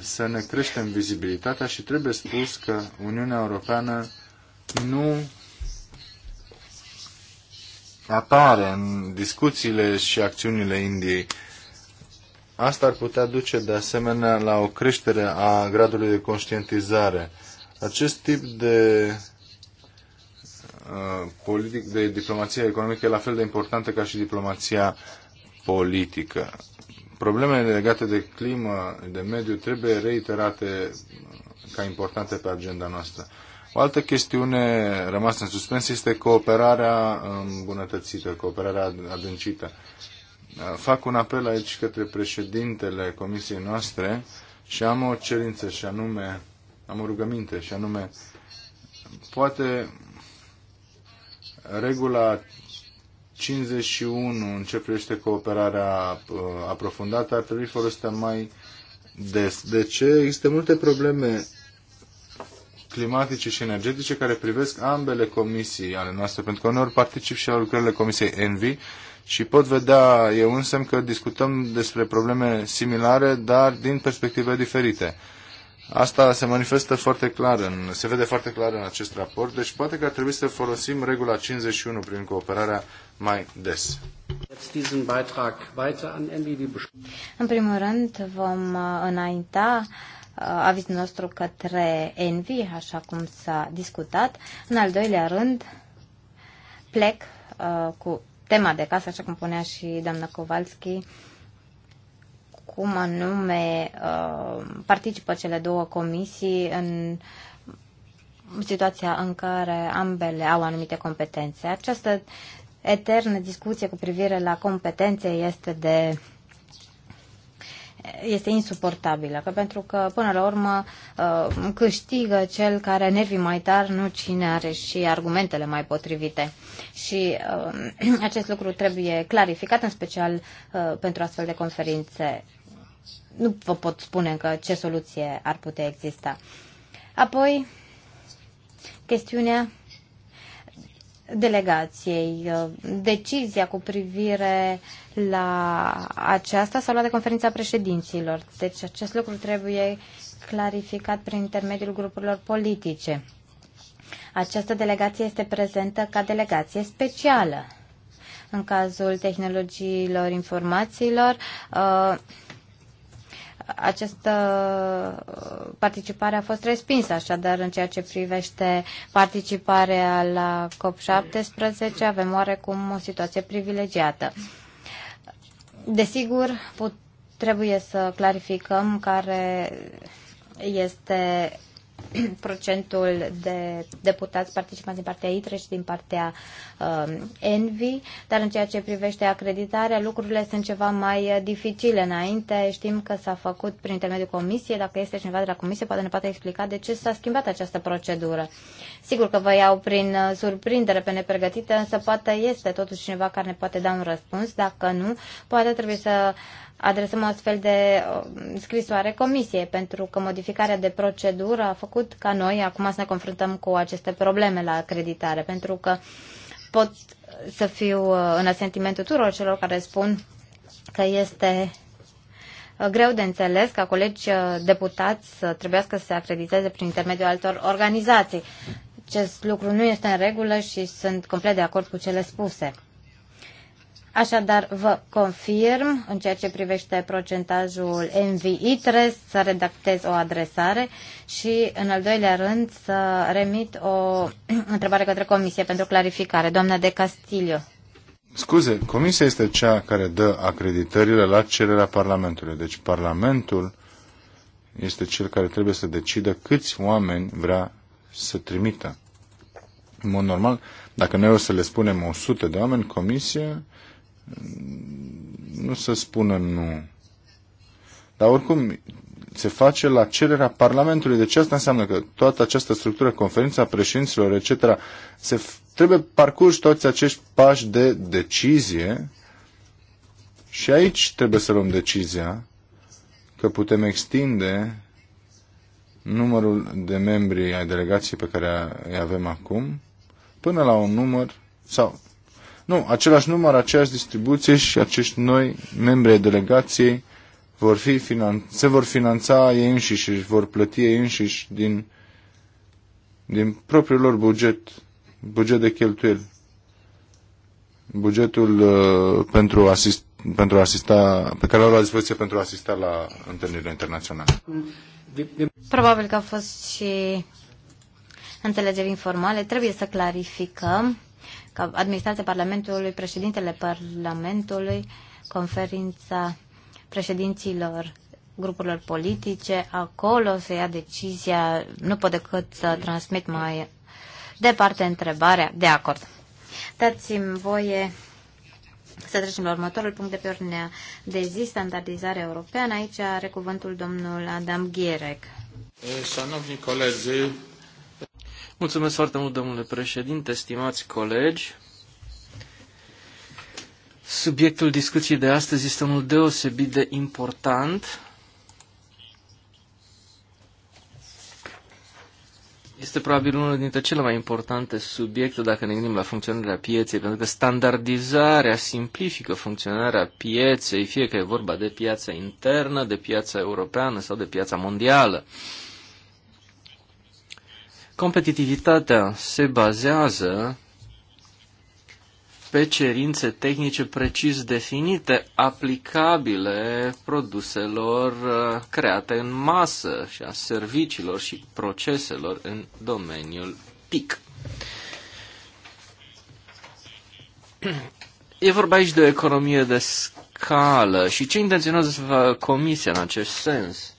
să ne creștem vizibilitatea și trebuie spus că Uniunea Europeană nu apare în discuțiile și acțiunile Indiei. Asta ar putea duce de asemenea la o creștere a gradului de conștientizare. Acest tip de uh, politic, de diplomație economică e la fel de importantă ca și diplomația politică. Problemele legate de climă, de mediu, trebuie reiterate ca importante pe agenda noastră. O altă chestiune rămasă în suspens este cooperarea îmbunătățită, cooperarea adâncită. Fac un apel aici către președintele comisiei noastre și am o cerință și anume, am o rugăminte și anume, poate regula 51 în ce privește cooperarea uh, aprofundată ar trebui folosită mai des. De ce? Există multe probleme climatice și energetice care privesc ambele comisii ale noastre, pentru că uneori particip și la lucrările Comisiei Envi și pot vedea eu însem că discutăm despre probleme similare, dar din perspective diferite. Asta se manifestă foarte clar, în, se vede foarte clar în acest raport, deci poate că ar trebui să folosim regula 51 prin cooperarea mai des. În primul rând vom uh, înainta Uh, avizul nostru către Envi, așa cum s-a discutat. În al doilea rând, plec uh, cu tema de casă, așa cum punea și doamna Kowalski, cum anume uh, participă cele două comisii în situația în care ambele au anumite competențe. Această eternă discuție cu privire la competențe este de este insuportabilă, că pentru că până la urmă uh, câștigă cel care are nervii mai tari, nu cine are și argumentele mai potrivite. Și uh, acest lucru trebuie clarificat, în special uh, pentru astfel de conferințe. Nu vă pot spune că ce soluție ar putea exista. Apoi, chestiunea delegației. Uh, decizia cu privire la aceasta s-a luat de conferința președinților. Deci acest lucru trebuie clarificat prin intermediul grupurilor politice. Această delegație este prezentă ca delegație specială. În cazul tehnologiilor informațiilor, uh, această uh, participare a fost respinsă, așadar în ceea ce privește participarea la COP17 avem oarecum o situație privilegiată. Desigur, put, trebuie să clarificăm care este procentul de deputați participanți din partea ITRE și din partea uh, um, ENVI, dar în ceea ce privește acreditarea, lucrurile sunt ceva mai uh, dificile înainte. Știm că s-a făcut prin intermediul comisiei, dacă este cineva de la comisie, poate ne poate explica de ce s-a schimbat această procedură. Sigur că vă iau prin uh, surprindere pe nepregătite, însă poate este totuși cineva care ne poate da un răspuns. Dacă nu, poate trebuie să uh, adresăm o astfel de uh, scrisoare comisie pentru că modificarea de procedură a făcut ca noi acum să ne confruntăm cu aceste probleme la acreditare, pentru că pot să fiu uh, în asentimentul tuturor celor care spun că este uh, greu de înțeles ca colegi deputați să trebuiască să se acrediteze prin intermediul altor organizații. Acest lucru nu este în regulă și sunt complet de acord cu cele spuse. Așadar, vă confirm, în ceea ce privește procentajul MVI, trebuie să redactez o adresare și, în al doilea rând, să remit o întrebare către Comisie pentru clarificare. Doamna de Castilio. Scuze, Comisia este cea care dă acreditările la cererea Parlamentului. Deci Parlamentul este cel care trebuie să decidă câți oameni vrea să trimită. În mod normal, dacă noi o să le spunem 100 de oameni, Comisia nu să spună nu. Dar oricum, se face la cererea Parlamentului. Deci asta înseamnă că toată această structură, conferința președinților, etc., se trebuie parcurs toți acești pași de decizie și aici trebuie să luăm decizia că putem extinde numărul de membri ai delegației pe care îi avem acum până la un număr sau nu, același număr, aceeași distribuție și acești noi membri ai delegației vor fi finan- se vor finanța ei înșiși, și vor plăti ei înșiși din, din propriul lor buget, buget de cheltuieli. Bugetul uh, pentru, asist, pentru asista, pe care l-au la dispoziție pentru a asista la întâlnirile internaționale. Probabil că a fost și înțelegeri informale. Trebuie să clarificăm ca administrația Parlamentului, președintele Parlamentului, conferința președinților grupurilor politice, acolo se ia decizia, nu pot decât să transmit mai departe întrebarea, de acord. Dați-mi voie să trecem la următorul punct de pe ordinea de zi, standardizarea europeană. Aici are cuvântul domnul Adam Ghierec. Szanowni eh, colegi. Mulțumesc foarte mult, domnule președinte, stimați colegi. Subiectul discuției de astăzi este unul deosebit de important. Este probabil unul dintre cele mai importante subiecte dacă ne gândim la funcționarea pieței, pentru că standardizarea simplifică funcționarea pieței, fie că e vorba de piața internă, de piața europeană sau de piața mondială. Uh, Competitivitatea se bazează pe cerințe tehnice precis definite, aplicabile produselor uh, create în masă și a serviciilor și proceselor în domeniul TIC. E vorba aici de o economie de scală și ce intenționează să facă Comisia în acest sens?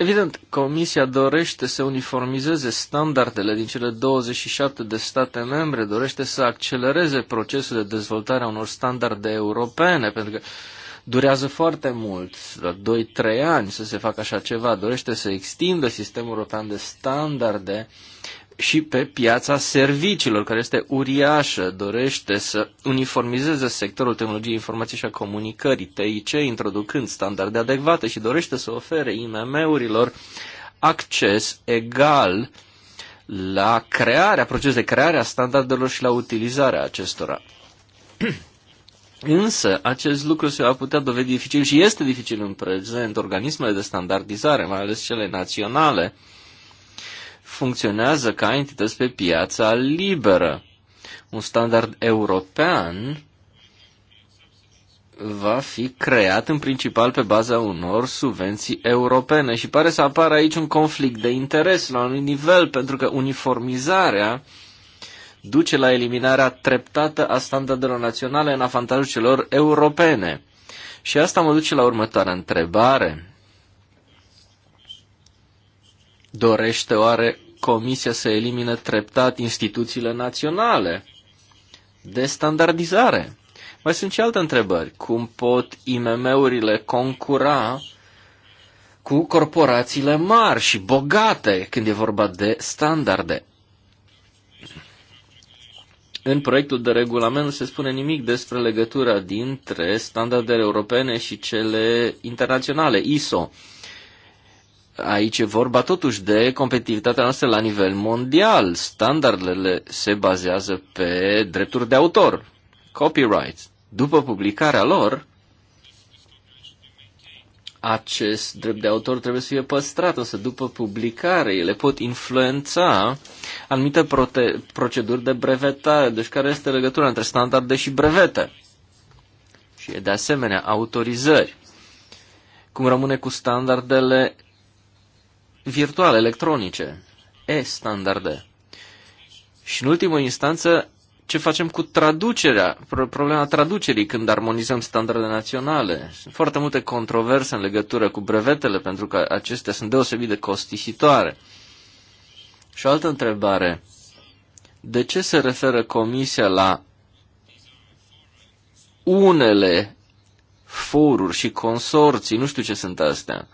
Evident, Comisia dorește să uniformizeze standardele din cele 27 de state membre, dorește să accelereze procesul de dezvoltare a unor standarde europene, pentru că durează foarte mult, 2-3 ani să se facă așa ceva, dorește să extindă sistemul european de standarde și pe piața serviciilor, care este uriașă, dorește să uniformizeze sectorul tehnologiei informației și a comunicării, TIC, introducând standarde adecvate și dorește să ofere IMM-urilor acces egal la crearea, proces de creare a standardelor și la utilizarea acestora. Însă, acest lucru se va putea dovedi dificil și este dificil în prezent. Organismele de standardizare, mai ales cele naționale, funcționează ca entități pe piața liberă. Un standard european va fi creat în principal pe baza unor subvenții europene și pare să apară aici un conflict de interes la un nivel, pentru că uniformizarea duce la eliminarea treptată a standardelor naționale în avantajul celor europene. Și asta mă duce la următoarea întrebare. Dorește oare Comisia să elimine treptat instituțiile naționale de standardizare? Mai sunt și alte întrebări. Cum pot IMM-urile concura cu corporațiile mari și bogate când e vorba de standarde? În proiectul de regulament nu se spune nimic despre legătura dintre standardele europene și cele internaționale, ISO aici e vorba totuși de competitivitatea noastră la nivel mondial. Standardele se bazează pe drepturi de autor, copyright. După publicarea lor, acest drept de autor trebuie să fie păstrat, însă după publicare ele pot influența anumite proceduri de brevetare. Deci care este legătura între standarde și brevete? Și de asemenea autorizări. Cum rămâne cu standardele virtuale, electronice, e-standarde. Și în ultimă instanță, ce facem cu traducerea, problema traducerii când armonizăm standarde naționale. Sunt foarte multe controverse în legătură cu brevetele, pentru că acestea sunt deosebit de costisitoare. Și o altă întrebare. De ce se referă Comisia la unele foruri și consorții, nu știu ce sunt astea?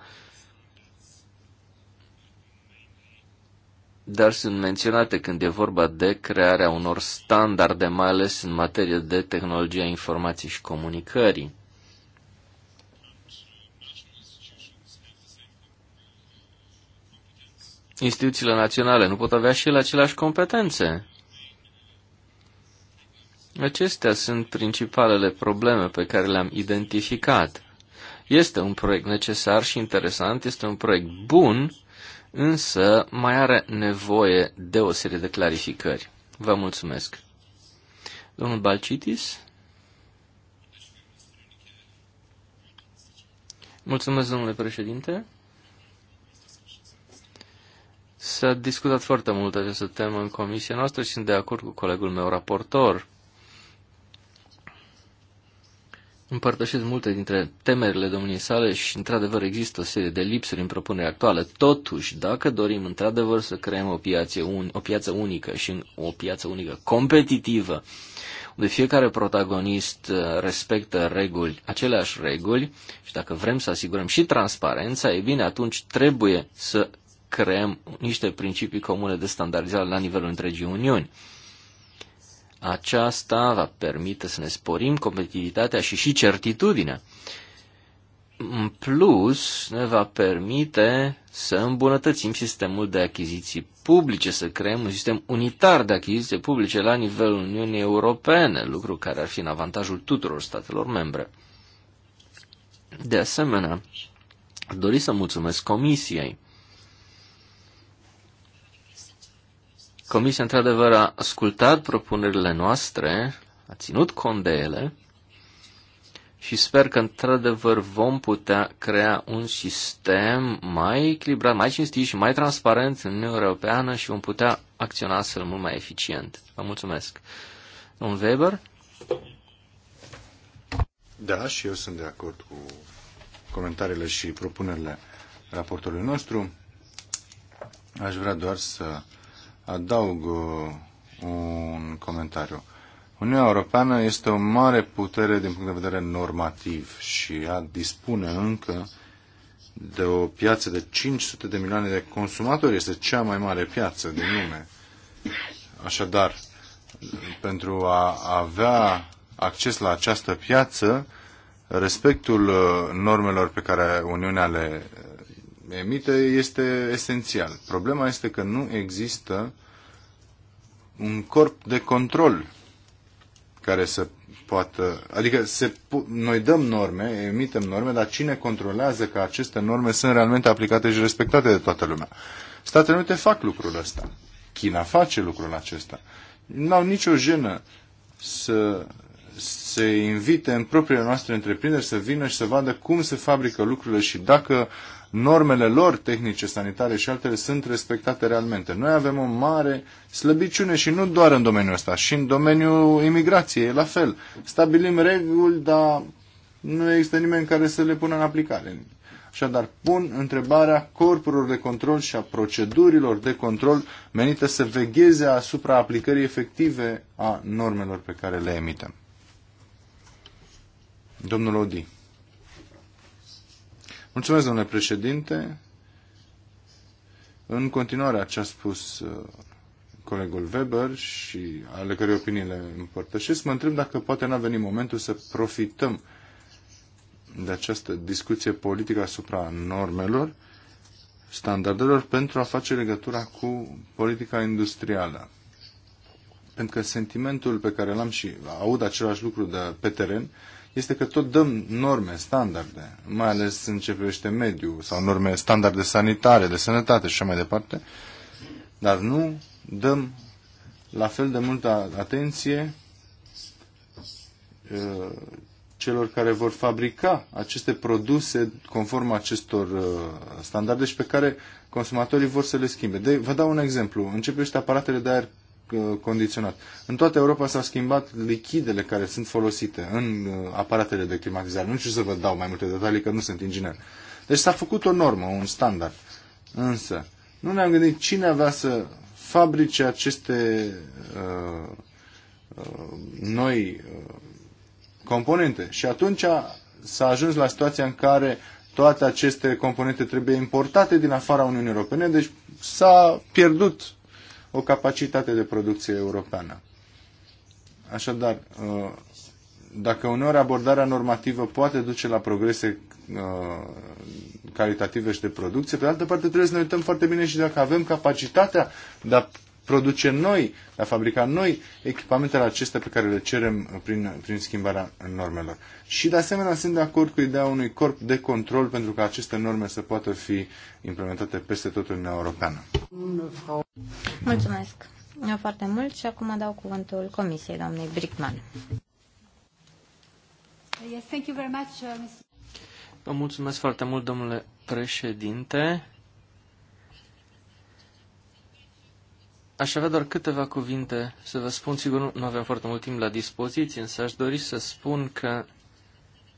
dar sunt menționate când e vorba de crearea unor standarde, mai ales în materie de tehnologia informației și comunicării. Instituțiile naționale nu pot avea și ele aceleași competențe. Acestea sunt principalele probleme pe care le-am identificat. Este un proiect necesar și interesant, este un proiect bun, însă mai are nevoie de o serie de clarificări. Vă mulțumesc. Domnul Balcitis? Mulțumesc, domnule președinte. S-a discutat foarte mult această temă în comisia noastră și sunt de acord cu colegul meu raportor. împărtășesc multe dintre temerile domniei sale și, într-adevăr, există o serie de lipsuri în propunerea actuală. Totuși, dacă dorim, într-adevăr, să creăm o piață, un, o piață unică și o piață unică competitivă, unde fiecare protagonist uh, respectă reguli, aceleași reguli și dacă vrem să asigurăm și transparența, e bine, atunci trebuie să creăm niște principii comune de standardizare la nivelul întregii Uniuni. Aceasta va permite să ne sporim competitivitatea și și certitudinea. În plus, ne va permite să îmbunătățim sistemul de achiziții publice, să creăm un sistem unitar de achiziții publice la nivelul Uniunii Europene, lucru care ar fi în avantajul tuturor statelor membre. De asemenea, dori să mulțumesc Comisiei Comisia, într-adevăr, a ascultat propunerile noastre, a ținut cont de ele și sper că, într-adevăr, vom putea crea un sistem mai echilibrat, mai cinstit și mai transparent în Uniunea Europeană și vom putea acționa astfel mult mai eficient. Vă mulțumesc. Domnul Weber? Da, și eu sunt de acord cu comentariile și propunerile raportului nostru. Aș vrea doar să adaug uh, un comentariu. Uniunea Europeană este o mare putere din punct de vedere normativ și ea dispune încă de o piață de 500 de milioane de consumatori. Este cea mai mare piață din lume. Așadar, pentru a avea acces la această piață, respectul uh, normelor pe care Uniunea le emite este esențial. Problema este că nu există un corp de control care să poată, adică se, noi dăm norme, emitem norme, dar cine controlează că aceste norme sunt realmente aplicate și respectate de toată lumea? Statele Unite fac lucrul ăsta. China face lucrul acesta. Nu au nicio jenă să se invite în propriile noastre întreprinderi să vină și să vadă cum se fabrică lucrurile și dacă normele lor tehnice, sanitare și altele sunt respectate realmente. Noi avem o mare slăbiciune și nu doar în domeniul ăsta, și în domeniul imigrației, la fel. Stabilim reguli, dar nu există nimeni care să le pună în aplicare. Așadar, pun întrebarea corpurilor de control și a procedurilor de control menite să vegheze asupra aplicării efective a normelor pe care le emitem. Domnul Odi. Mulțumesc, domnule președinte. În continuare ce a spus uh, colegul Weber și ale cărei opinii le împărtășesc, mă întreb dacă poate n-a venit momentul să profităm de această discuție politică asupra normelor, standardelor, pentru a face legătura cu politica industrială. Pentru că sentimentul pe care l-am și aud același lucru de pe teren, este că tot dăm norme, standarde, mai ales în ce privește mediu sau norme, standarde sanitare, de sănătate și așa mai departe, dar nu dăm la fel de multă atenție uh, celor care vor fabrica aceste produse conform acestor uh, standarde și pe care consumatorii vor să le schimbe. De, vă dau un exemplu. Începește aparatele de aer Uh, condiționat. În toată Europa s-au schimbat lichidele care sunt folosite în uh, aparatele de climatizare. Nu știu să vă dau mai multe detalii, că nu sunt inginer. Deci s-a făcut o normă, un standard. Însă, nu ne-am gândit cine avea să fabrice aceste uh, uh, noi uh, componente. Și atunci s-a ajuns la situația în care toate aceste componente trebuie importate din afara Uniunii Europene, deci s-a pierdut o capacitate de producție europeană. Așadar, uh, dacă uneori abordarea normativă poate duce la progrese uh, calitative și de producție, pe de altă parte trebuie să ne uităm foarte bine și dacă avem capacitatea de a produce noi, de a fabrica noi echipamentele acestea pe care le cerem prin, prin schimbarea normelor. Și de asemenea sunt de acord cu ideea unui corp de control pentru ca aceste norme să poată fi implementate peste tot în Europeană. Mulțumesc foarte mult și acum dau cuvântul Comisiei doamnei Brickman. Yes, thank you very much, uh, Vă mulțumesc foarte mult, domnule președinte. Aș avea doar câteva cuvinte să vă spun. Sigur, nu, nu avem foarte mult timp la dispoziție, însă aș dori să spun că,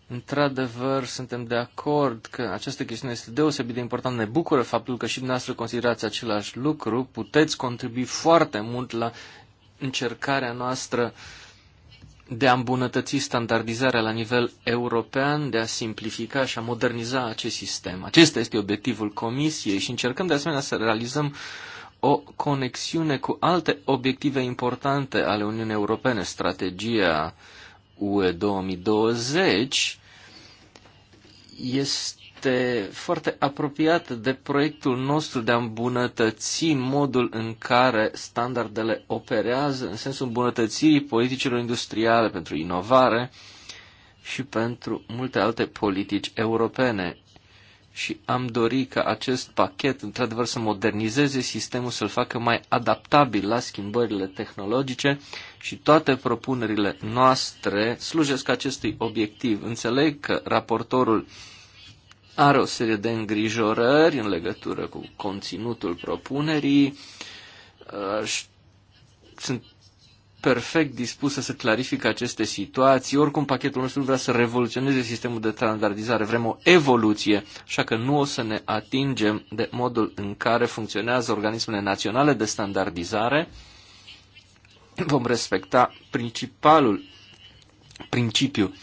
într-adevăr, suntem de acord că această chestiune este deosebit de importantă. Ne bucură faptul că și dumneavoastră considerați același lucru. Puteți contribui foarte mult la încercarea noastră de a îmbunătăți standardizarea la nivel european, de a simplifica și a moderniza acest sistem. Acesta este obiectivul Comisiei și încercăm de asemenea să realizăm o conexiune cu alte obiective importante ale Uniunii Europene, strategia UE 2020, este foarte apropiată de proiectul nostru de a îmbunătăți modul în care standardele operează, în sensul îmbunătățirii politicilor industriale pentru inovare și pentru multe alte politici europene și am dori ca acest pachet, într-adevăr, să modernizeze sistemul, să-l facă mai adaptabil la schimbările tehnologice și toate propunerile noastre slujesc acestui obiectiv. Înțeleg că raportorul are o serie de îngrijorări în legătură cu conținutul propunerii. Sunt perfect dispusă să clarifice aceste situații. Oricum, pachetul nostru vrea să revoluționeze sistemul de standardizare. Vrem o evoluție, așa că nu o să ne atingem de modul în care funcționează organismele naționale de standardizare. Vom respecta principalul principiu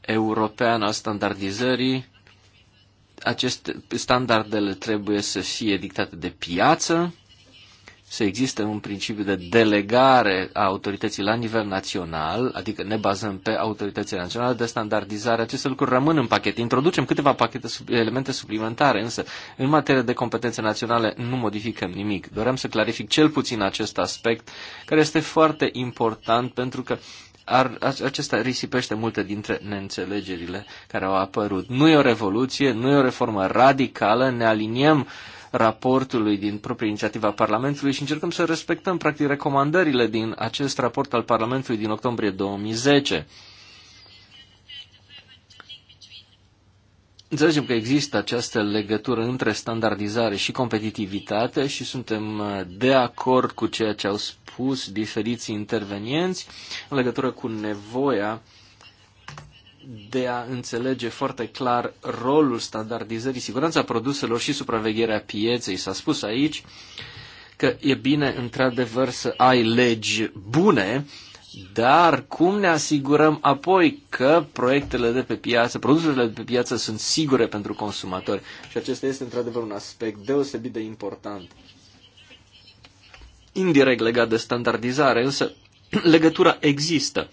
european al standardizării. Aceste standardele trebuie să fie dictate de piață, să existe un principiu de delegare a autorității la nivel național, adică ne bazăm pe autoritățile naționale de standardizare, aceste lucruri rămân în pachet. Introducem câteva pachete, elemente suplimentare, însă în materie de competențe naționale nu modificăm nimic. Doream să clarific cel puțin acest aspect, care este foarte important pentru că ar, acesta risipește multe dintre neînțelegerile care au apărut. Nu e o revoluție, nu e o reformă radicală, ne aliniem uh, raportului din propria inițiativa Parlamentului și încercăm să respectăm, practic, recomandările din acest raport al Parlamentului din octombrie 2010. Înțelegem că există această legătură între standardizare și competitivitate și suntem uh, de acord cu ceea ce au spus diferiții intervenienți în legătură cu nevoia de a înțelege foarte clar rolul standardizării, siguranța produselor și supravegherea pieței. S-a spus aici că e bine, într-adevăr, să ai legi bune, dar cum ne asigurăm apoi că proiectele de pe piață, produsele de pe piață sunt sigure pentru consumatori? Și acesta este, într-adevăr, un aspect deosebit de important. Indirect legat de standardizare, însă legătura există.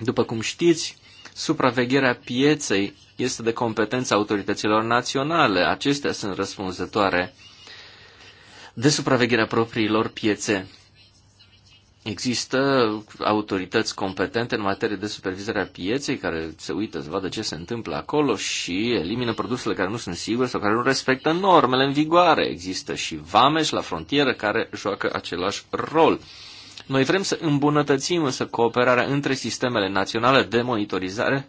După cum știți, Supravegherea pieței este de competența autorităților naționale. Acestea sunt răspunzătoare de supravegherea propriilor piețe. Există autorități competente în materie de supervizare a pieței care se uită să vadă ce se întâmplă acolo și elimină produsele care nu sunt sigure sau care nu respectă normele în vigoare. Există și vameș la frontieră care joacă același rol. Noi vrem să îmbunătățim însă cooperarea între sistemele naționale de monitorizare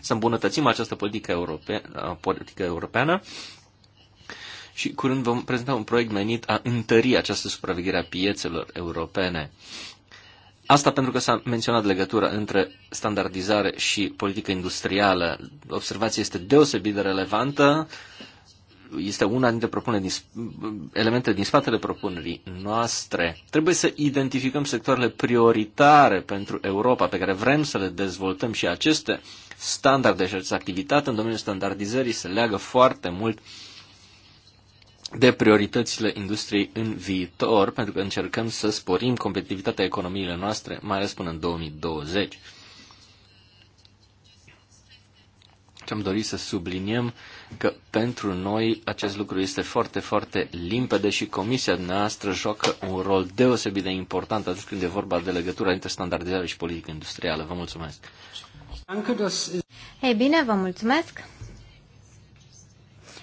să îmbunătățim această politică, europe, politică europeană și curând vom prezenta un proiect menit a întări această supraveghere a piețelor europene. Asta pentru că s-a menționat legătura între standardizare și politică industrială. Observația este deosebit de relevantă este una dintre propuneri din, elemente din spatele propunerii noastre. Trebuie să identificăm sectoarele prioritare pentru Europa pe care vrem să le dezvoltăm și aceste standarde și această activitate în domeniul standardizării se leagă foarte mult de prioritățile industriei în viitor, pentru că încercăm să sporim competitivitatea economiilor noastre, mai ales până în 2020. Ce am dorit să subliniem că pentru noi acest lucru este foarte, foarte limpede și comisia noastră joacă un rol deosebit de important atunci când e vorba de legătura între standardizare și politică industrială. Vă mulțumesc! Ei bine, vă mulțumesc!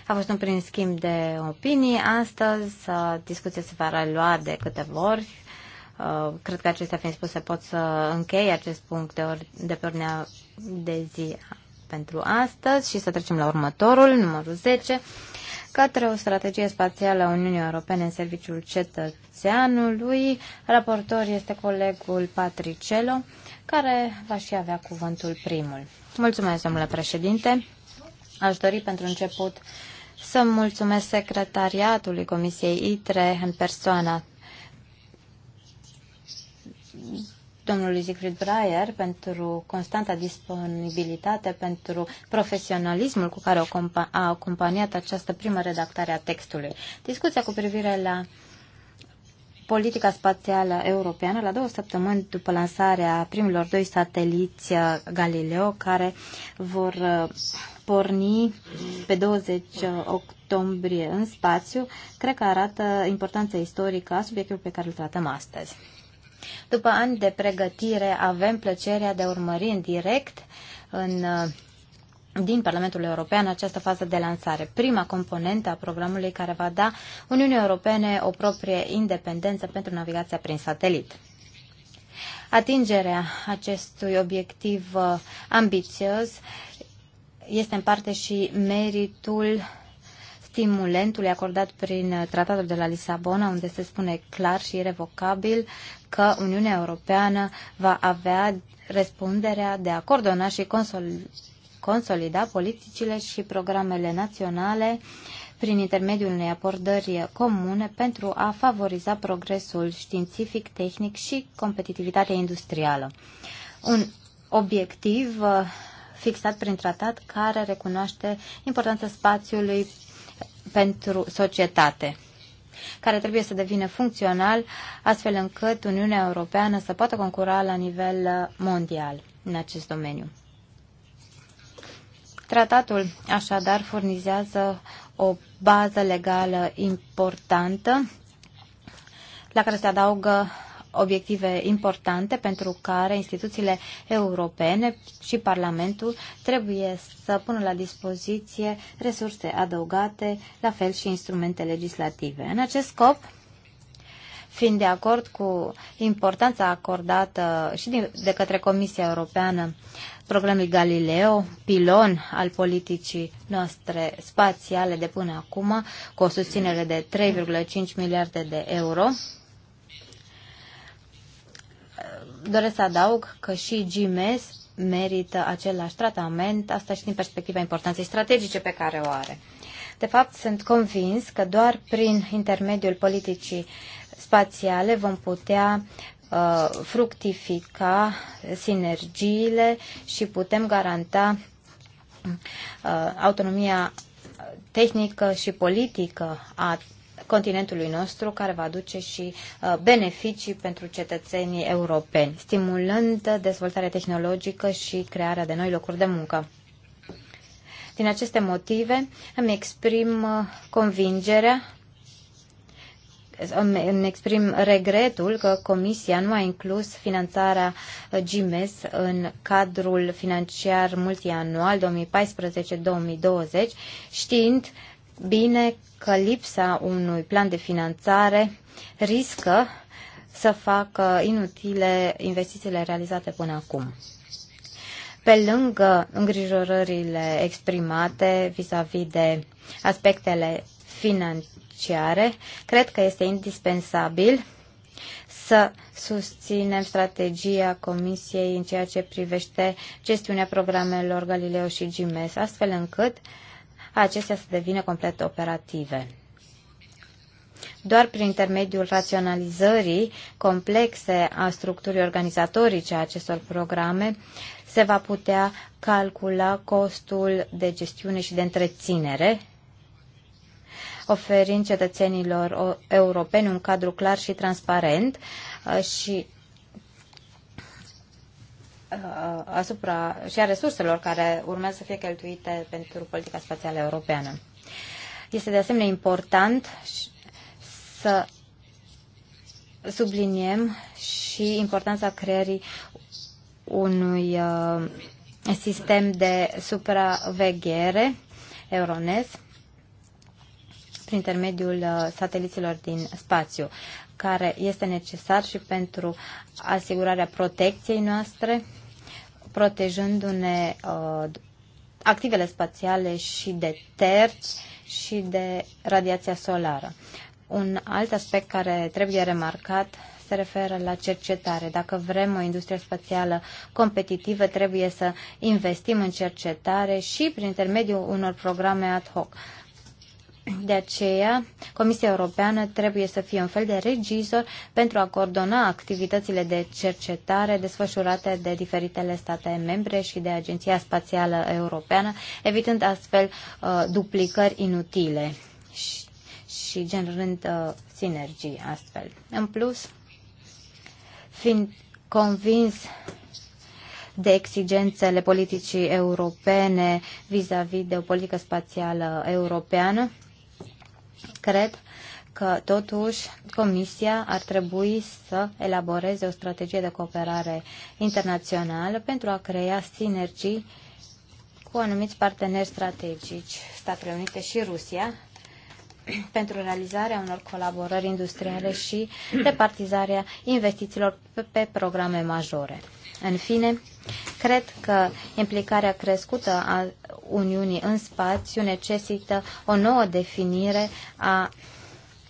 A fost un prim schimb de opinii astăzi. Uh, discuția se va relua de câteva ori. Uh, cred că acestea fiind spuse pot să închei acest punct de, ori, de pe ordinea de zi pentru astăzi și să trecem la următorul, numărul 10, către o strategie spațială a Uniunii Europene în serviciul cetățeanului. Raportor este colegul Patricello, care va și avea cuvântul primul. Mulțumesc, domnule președinte. Aș dori pentru început să mulțumesc secretariatului Comisiei ITRE în persoana domnului Siegfried Breyer pentru constanta disponibilitate, pentru profesionalismul cu care a acompaniat această primă redactare a textului. Discuția cu privire la politica spațială europeană la două săptămâni după lansarea primilor doi sateliți uh, Galileo care vor uh, porni pe 20 uh, octombrie în spațiu, cred că arată importanța istorică a subiectului pe care îl tratăm astăzi. După ani de pregătire, avem plăcerea de a urmări în direct în uh, din Parlamentul European această fază de lansare. Prima componentă a programului care va da Uniunii Europene o proprie independență pentru navigația prin satelit. Atingerea acestui obiectiv uh, ambițios este în parte și meritul stimulentului acordat prin uh, tratatul de la Lisabona, unde se spune clar și irrevocabil că Uniunea Europeană va avea răspunderea de a coordona și consolida politicile și programele naționale prin intermediul unei abordări comune pentru a favoriza progresul științific, tehnic și competitivitatea industrială. Un obiectiv uh, fixat prin tratat care recunoaște importanța spațiului pentru societate care trebuie să devină funcțional, astfel încât Uniunea Europeană să poată concura la nivel mondial în acest domeniu. Tratatul, așadar, furnizează o bază legală importantă la care se adaugă obiective importante pentru care instituțiile europene și Parlamentul trebuie să pună la dispoziție resurse adăugate, la fel și instrumente legislative. În acest scop, fiind de acord cu importanța acordată și de către Comisia Europeană programului Galileo, pilon al politicii noastre spațiale de până acum, cu o susținere de 3,5 miliarde de euro, doresc să adaug că și GMS merită același tratament, asta și din perspectiva importanței strategice pe care o are. De fapt, sunt convins că doar prin intermediul politicii spațiale vom putea uh, fructifica sinergiile și putem garanta uh, autonomia tehnică și politică a continentului nostru, care va aduce și uh, beneficii pentru cetățenii europeni, stimulând dezvoltarea tehnologică și crearea de noi locuri de muncă. Din aceste motive îmi exprim uh, convingerea îmi exprim regretul că Comisia nu a inclus finanțarea uh, GIMES în cadrul financiar multianual 2014-2020, știind bine că lipsa unui plan de finanțare riscă să facă inutile investițiile realizate până acum. Pe lângă îngrijorările exprimate vis-a-vis -vis de aspectele financiare, cred că este indispensabil să susținem strategia Comisiei în ceea ce privește gestiunea programelor Galileo și GMS, astfel încât uh, acestea să devină complet operative. Doar prin intermediul raționalizării complexe a structurii organizatorice a acestor programe se va putea calcula costul de gestiune și de întreținere, oferind cetățenilor europeni un cadru clar și transparent uh, și Uh, asupra și a resurselor care urmează să fie cheltuite pentru politica spațială europeană. Este de asemenea important să subliniem și importanța creării unui uh, sistem de supraveghere euronez prin intermediul uh, sateliților din spațiu, care este necesar și pentru asigurarea protecției noastre protejându-ne uh, activele spațiale și de terți și de radiația solară. Un alt aspect care trebuie remarcat se referă la cercetare. Dacă vrem o industrie spațială competitivă, trebuie să investim în cercetare și prin intermediul unor programe ad hoc. De aceea, Comisia Europeană trebuie să fie un fel de regizor pentru a coordona activitățile de cercetare desfășurate de diferitele state membre și de Agenția Spațială Europeană, evitând astfel uh, duplicări inutile și, și generând uh, sinergii astfel. În plus, fiind convins de exigențele politicii europene vis-a-vis -vis de o politică spațială europeană, cred că totuși Comisia ar trebui să elaboreze o strategie de cooperare internațională pentru a crea sinergii cu anumiți parteneri strategici, Statele Unite și Rusia, pentru realizarea unor colaborări industriale și repartizarea investițiilor pe programe majore. În fine, cred că implicarea crescută a Uniunii în spațiu necesită o nouă definire a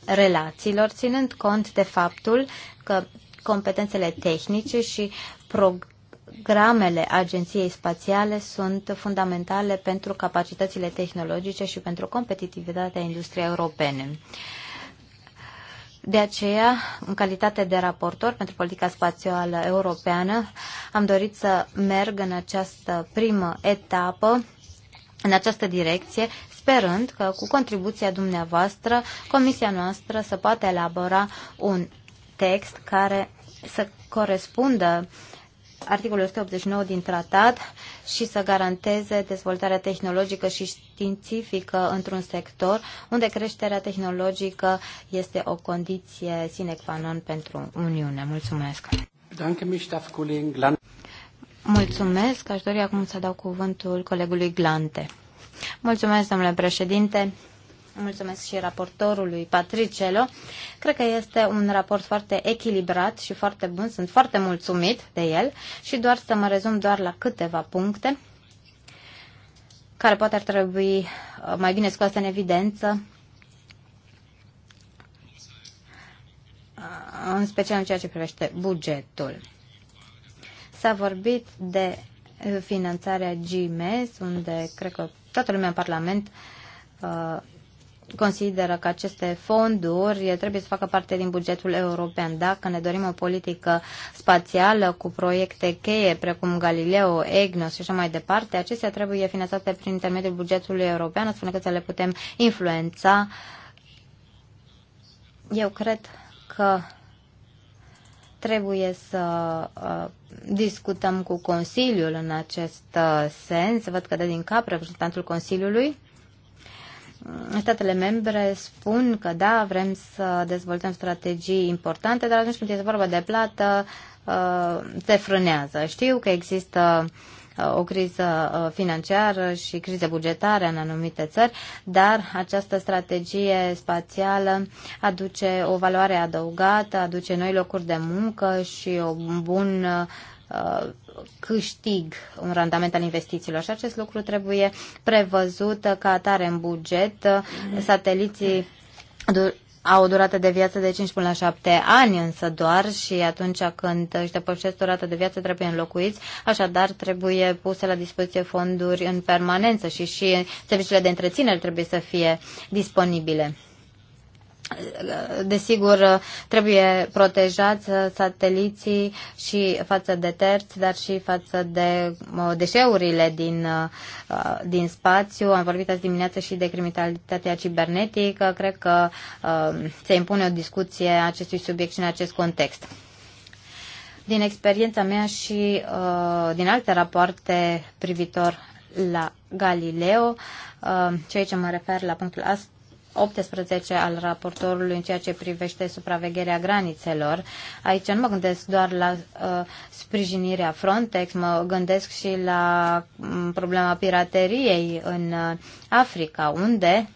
relațiilor, ținând cont de faptul că competențele tehnice și programele Agenției Spațiale sunt fundamentale pentru capacitățile tehnologice și pentru competitivitatea industriei europene. De aceea, în calitate de raportor pentru politica spațială europeană, am dorit să merg în această primă etapă, în această direcție, sperând că cu contribuția dumneavoastră, comisia noastră să poată elabora un text care să corespundă uh, articolul 189 din tratat și să garanteze dezvoltarea tehnologică și științifică într-un sector unde creșterea tehnologică este o condiție sine qua non pentru Uniune. Mulțumesc! Mulțumesc! Aș dori acum să dau cuvântul colegului Glante. Mulțumesc, domnule președinte! Mulțumesc și raportorului Patricelo. Cred că este un raport foarte echilibrat și foarte bun. Sunt foarte mulțumit de el și doar să mă rezum doar la câteva puncte care poate ar trebui uh, mai bine scoase în evidență, uh, în special în ceea ce privește bugetul. S-a vorbit de finanțarea GMS, unde cred că toată lumea în Parlament uh, consideră că aceste fonduri trebuie să facă parte din bugetul european. Dacă ne dorim o politică spațială cu proiecte cheie precum Galileo, EGNOS și așa mai departe, acestea trebuie finanțate prin intermediul bugetului european, astfel încât să le putem influența. Eu cred că trebuie să uh, discutăm cu Consiliul în acest uh, sens. Văd că dă din cap reprezentantul Consiliului statele membre spun că da, vrem să dezvoltăm strategii importante, dar atunci când este vorba de plată, uh, se frânează. Știu că există uh, o criză uh, financiară și crize bugetare în anumite țări, dar această strategie spațială aduce o valoare adăugată, aduce noi locuri de muncă și o bun câștig un randament al investițiilor și acest lucru trebuie prevăzut ca atare în buget. Sateliții au o durată de viață de 5 până la 7 ani însă doar și atunci când își depășesc durata de viață trebuie înlocuiți, așadar trebuie puse la dispoziție fonduri în permanență și și serviciile de întreținere trebuie să fie disponibile. Desigur, trebuie protejați sateliții și față de terți, dar și față de deșeurile din, uh, din spațiu. Am vorbit azi dimineață și de criminalitatea cibernetică. Cred că uh, se impune o discuție a acestui subiect și în acest context. Din experiența mea și uh, din alte rapoarte privitor la Galileo, ceea ce mă refer la punctul 18 al raportorului în ceea ce privește supravegherea granițelor. Aici nu mă gândesc doar la uh, sprijinirea Frontex, mă gândesc și la um, problema pirateriei în uh, Africa, unde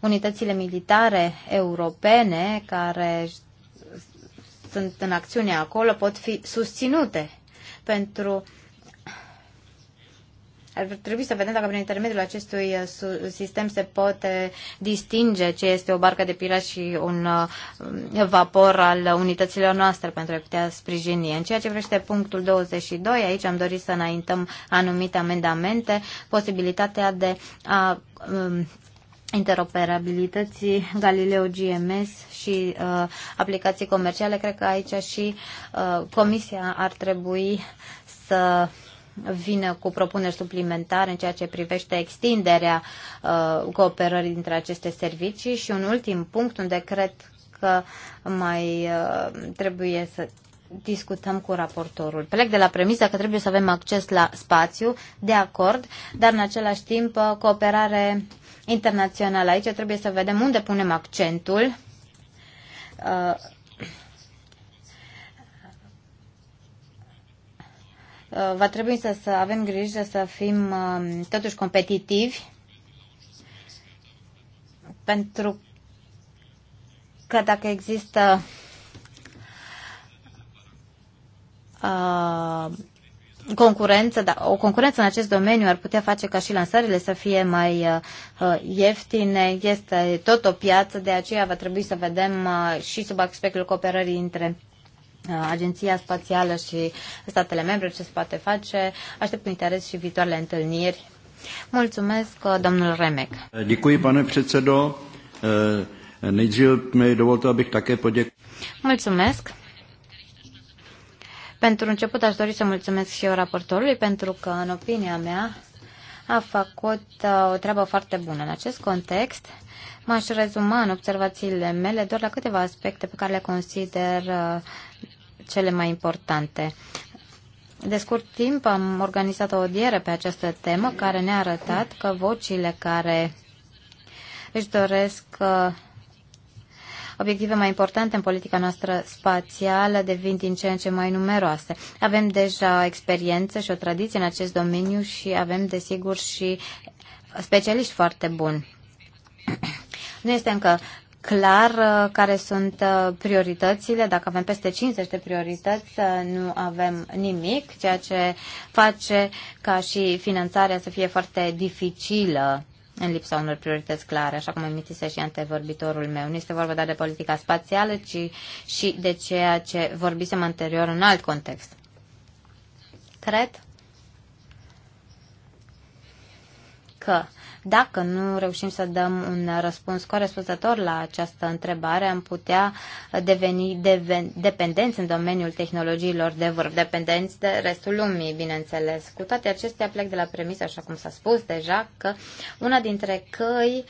unitățile militare europene care sunt în acțiune acolo pot fi susținute pentru ar trebui să vedem dacă prin intermediul acestui uh, sistem se poate distinge ce este o barcă de pirați și un uh, vapor al unităților noastre pentru a putea sprijini. În ceea ce vrește punctul 22, aici am dorit să înaintăm anumite amendamente, posibilitatea de a um, interoperabilității Galileo GMS și uh, aplicații comerciale. Cred că aici și uh, Comisia ar trebui să uh, vină cu propuneri suplimentare în ceea ce privește extinderea uh, cooperării dintre aceste servicii și un ultim punct unde cred că mai uh, trebuie să discutăm cu raportorul. Plec de la premisa că trebuie să avem acces la spațiu, de acord, dar în același timp uh, cooperare internațională. Aici trebuie să vedem unde punem accentul. Uh, Uh, va trebui să, să avem grijă să fim uh, totuși competitivi pentru că dacă există uh, concurență, da, o concurență în acest domeniu ar putea face ca și lansările să fie mai uh, uh ieftine. Este tot o piață, de aceea va trebui să vedem uh, și sub aspectul cooperării între Agenția Spațială și statele membre ce se poate face. Aștept cu interes și viitoarele întâlniri. Mulțumesc, domnul Remek. Dicui, pane předsedo. Eh, Nejdříve mi dovolte, abych také poděkoval. Mulțumesc. Pentru început aș dori să mulțumesc și eu raportorului pentru că, în opinia mea, a făcut uh, o treabă foarte bună. În acest context, m-aș rezuma în observațiile mele doar la câteva aspecte pe care le consider uh, cele mai importante. De scurt timp am organizat o audiere pe această temă care ne-a arătat că vocile care își doresc uh, obiective mai importante în politica noastră spațială devin din ce în ce mai numeroase. Avem deja experiență și o tradiție în acest domeniu și avem, desigur, și specialiști foarte buni. Nu este încă clar uh, care sunt uh, prioritățile. Dacă avem peste 50 de priorități, uh, nu avem nimic, ceea ce face ca și finanțarea să fie foarte dificilă în lipsa unor priorități clare, așa cum emitise și antevorbitorul meu. Nu este vorba doar de politica spațială, ci și de ceea ce vorbisem anterior în alt context. Cred că dacă nu reușim să dăm un răspuns corespunzător la această întrebare, am putea deveni dependenți în domeniul tehnologiilor de vârf, dependenți de restul lumii, bineînțeles. Cu toate acestea, plec de la premisă, așa cum s-a spus deja, că una dintre căi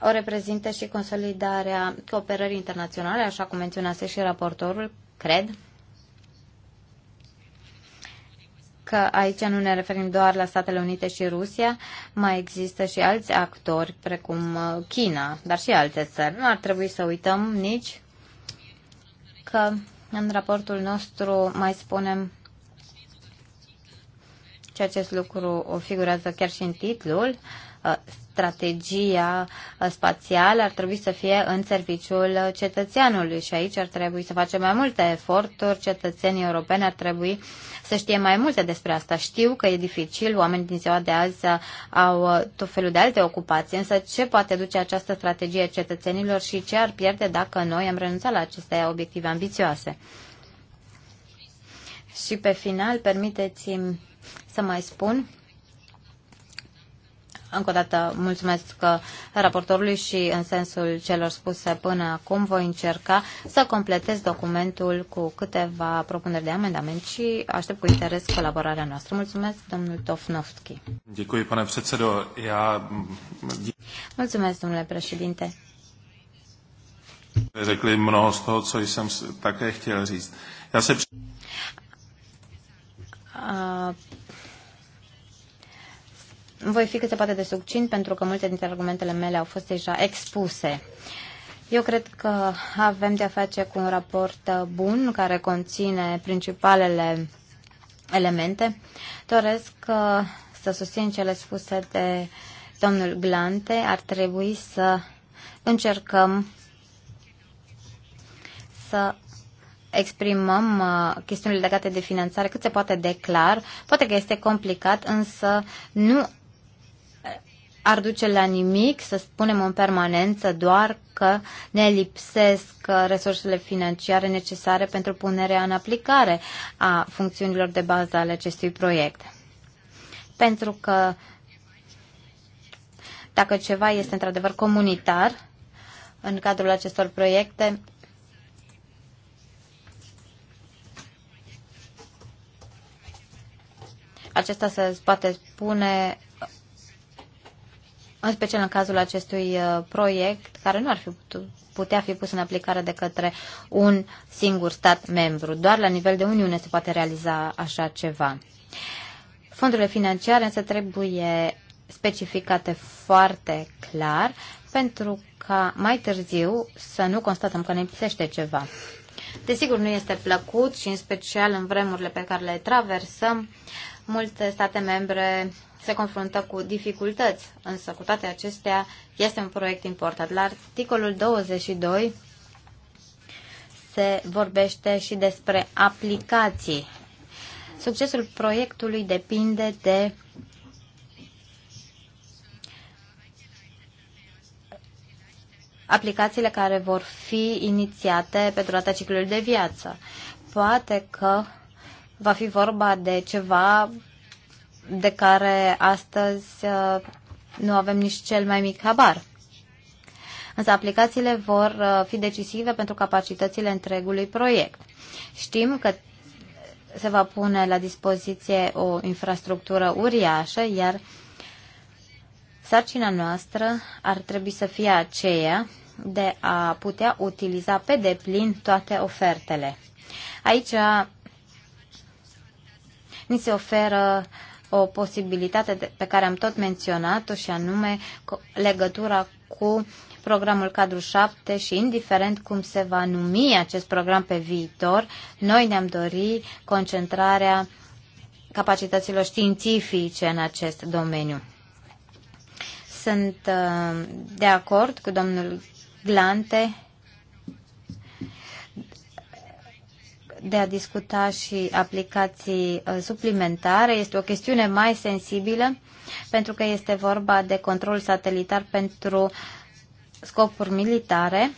o reprezintă și consolidarea cooperării internaționale, așa cum menționase și raportorul, cred, că aici nu ne referim doar la Statele Unite și Rusia, mai există și alți actori, precum uh, China, dar și alte țări. Nu ar trebui să uităm nici că în raportul nostru mai spunem și acest lucru o figurează chiar și în titlul uh, strategia uh, spațială ar trebui să fie în serviciul cetățeanului și aici ar trebui să facem mai multe eforturi. Cetățenii europeni ar trebui să știe mai multe despre asta. Știu că e dificil, oamenii din ziua de azi au uh, tot felul de alte ocupații, însă ce poate duce această strategie cetățenilor și ce ar pierde dacă noi am renunțat la aceste obiective ambițioase? Și pe final, permiteți-mi să mai spun încă o dată mulțumesc uh, raportorului și în sensul celor spuse până acum voi încerca să completez documentul cu câteva propuneri de amendament și aștept cu interes colaborarea noastră. Mulțumesc, domnul Tofnovski. Děkuji, pane předsedo. Já... Mulțumesc, domnule președinte. Řekli mnoho z toho, co jsem také chtěl říct. Já se... Uh voi fi cât se poate de succint pentru că multe dintre argumentele mele au fost deja expuse. Eu cred că avem de-a face cu un raport bun care conține principalele elemente. Doresc uh, să susțin cele spuse de domnul Glante. Ar trebui să încercăm să exprimăm uh, chestiunile legate de finanțare cât se poate de clar. Poate că este complicat, însă nu ar duce la nimic să spunem în permanență doar că ne lipsesc resursele financiare necesare pentru punerea în aplicare a funcțiunilor de bază ale acestui proiect. Pentru că dacă ceva este într-adevăr comunitar în cadrul acestor proiecte, acesta se poate spune în special în cazul acestui uh, proiect, care nu ar fi putea fi pus în aplicare de către un singur stat membru. Doar la nivel de Uniune se poate realiza așa ceva. Fondurile financiare însă trebuie specificate foarte clar pentru ca mai târziu să nu constatăm că ne lipsește ceva. Desigur, nu este plăcut și în special în vremurile pe care le traversăm, uh, Multe state membre se confruntă cu dificultăți, însă cu toate acestea este un proiect important. La articolul 22 se vorbește și despre aplicații. Succesul proiectului depinde de aplicațiile care vor fi inițiate pe durata ciclului de viață. Poate că va fi vorba de ceva de care astăzi uh, nu avem nici cel mai mic habar. Însă aplicațiile vor uh, fi decisive pentru capacitățile întregului proiect. Știm că se va pune la dispoziție o infrastructură uriașă, iar sarcina noastră ar trebui să fie aceea de a putea utiliza pe deplin toate ofertele. Aici ni se oferă o posibilitate pe care am tot menționat-o și anume legătura cu programul cadru 7 și indiferent cum se va numi acest program pe viitor, noi ne-am dorit concentrarea capacităților științifice în acest domeniu. Sunt uh, de acord cu domnul Glante de a discuta și aplicații uh, suplimentare. Este o chestiune mai sensibilă pentru că este vorba de control satelitar pentru scopuri militare,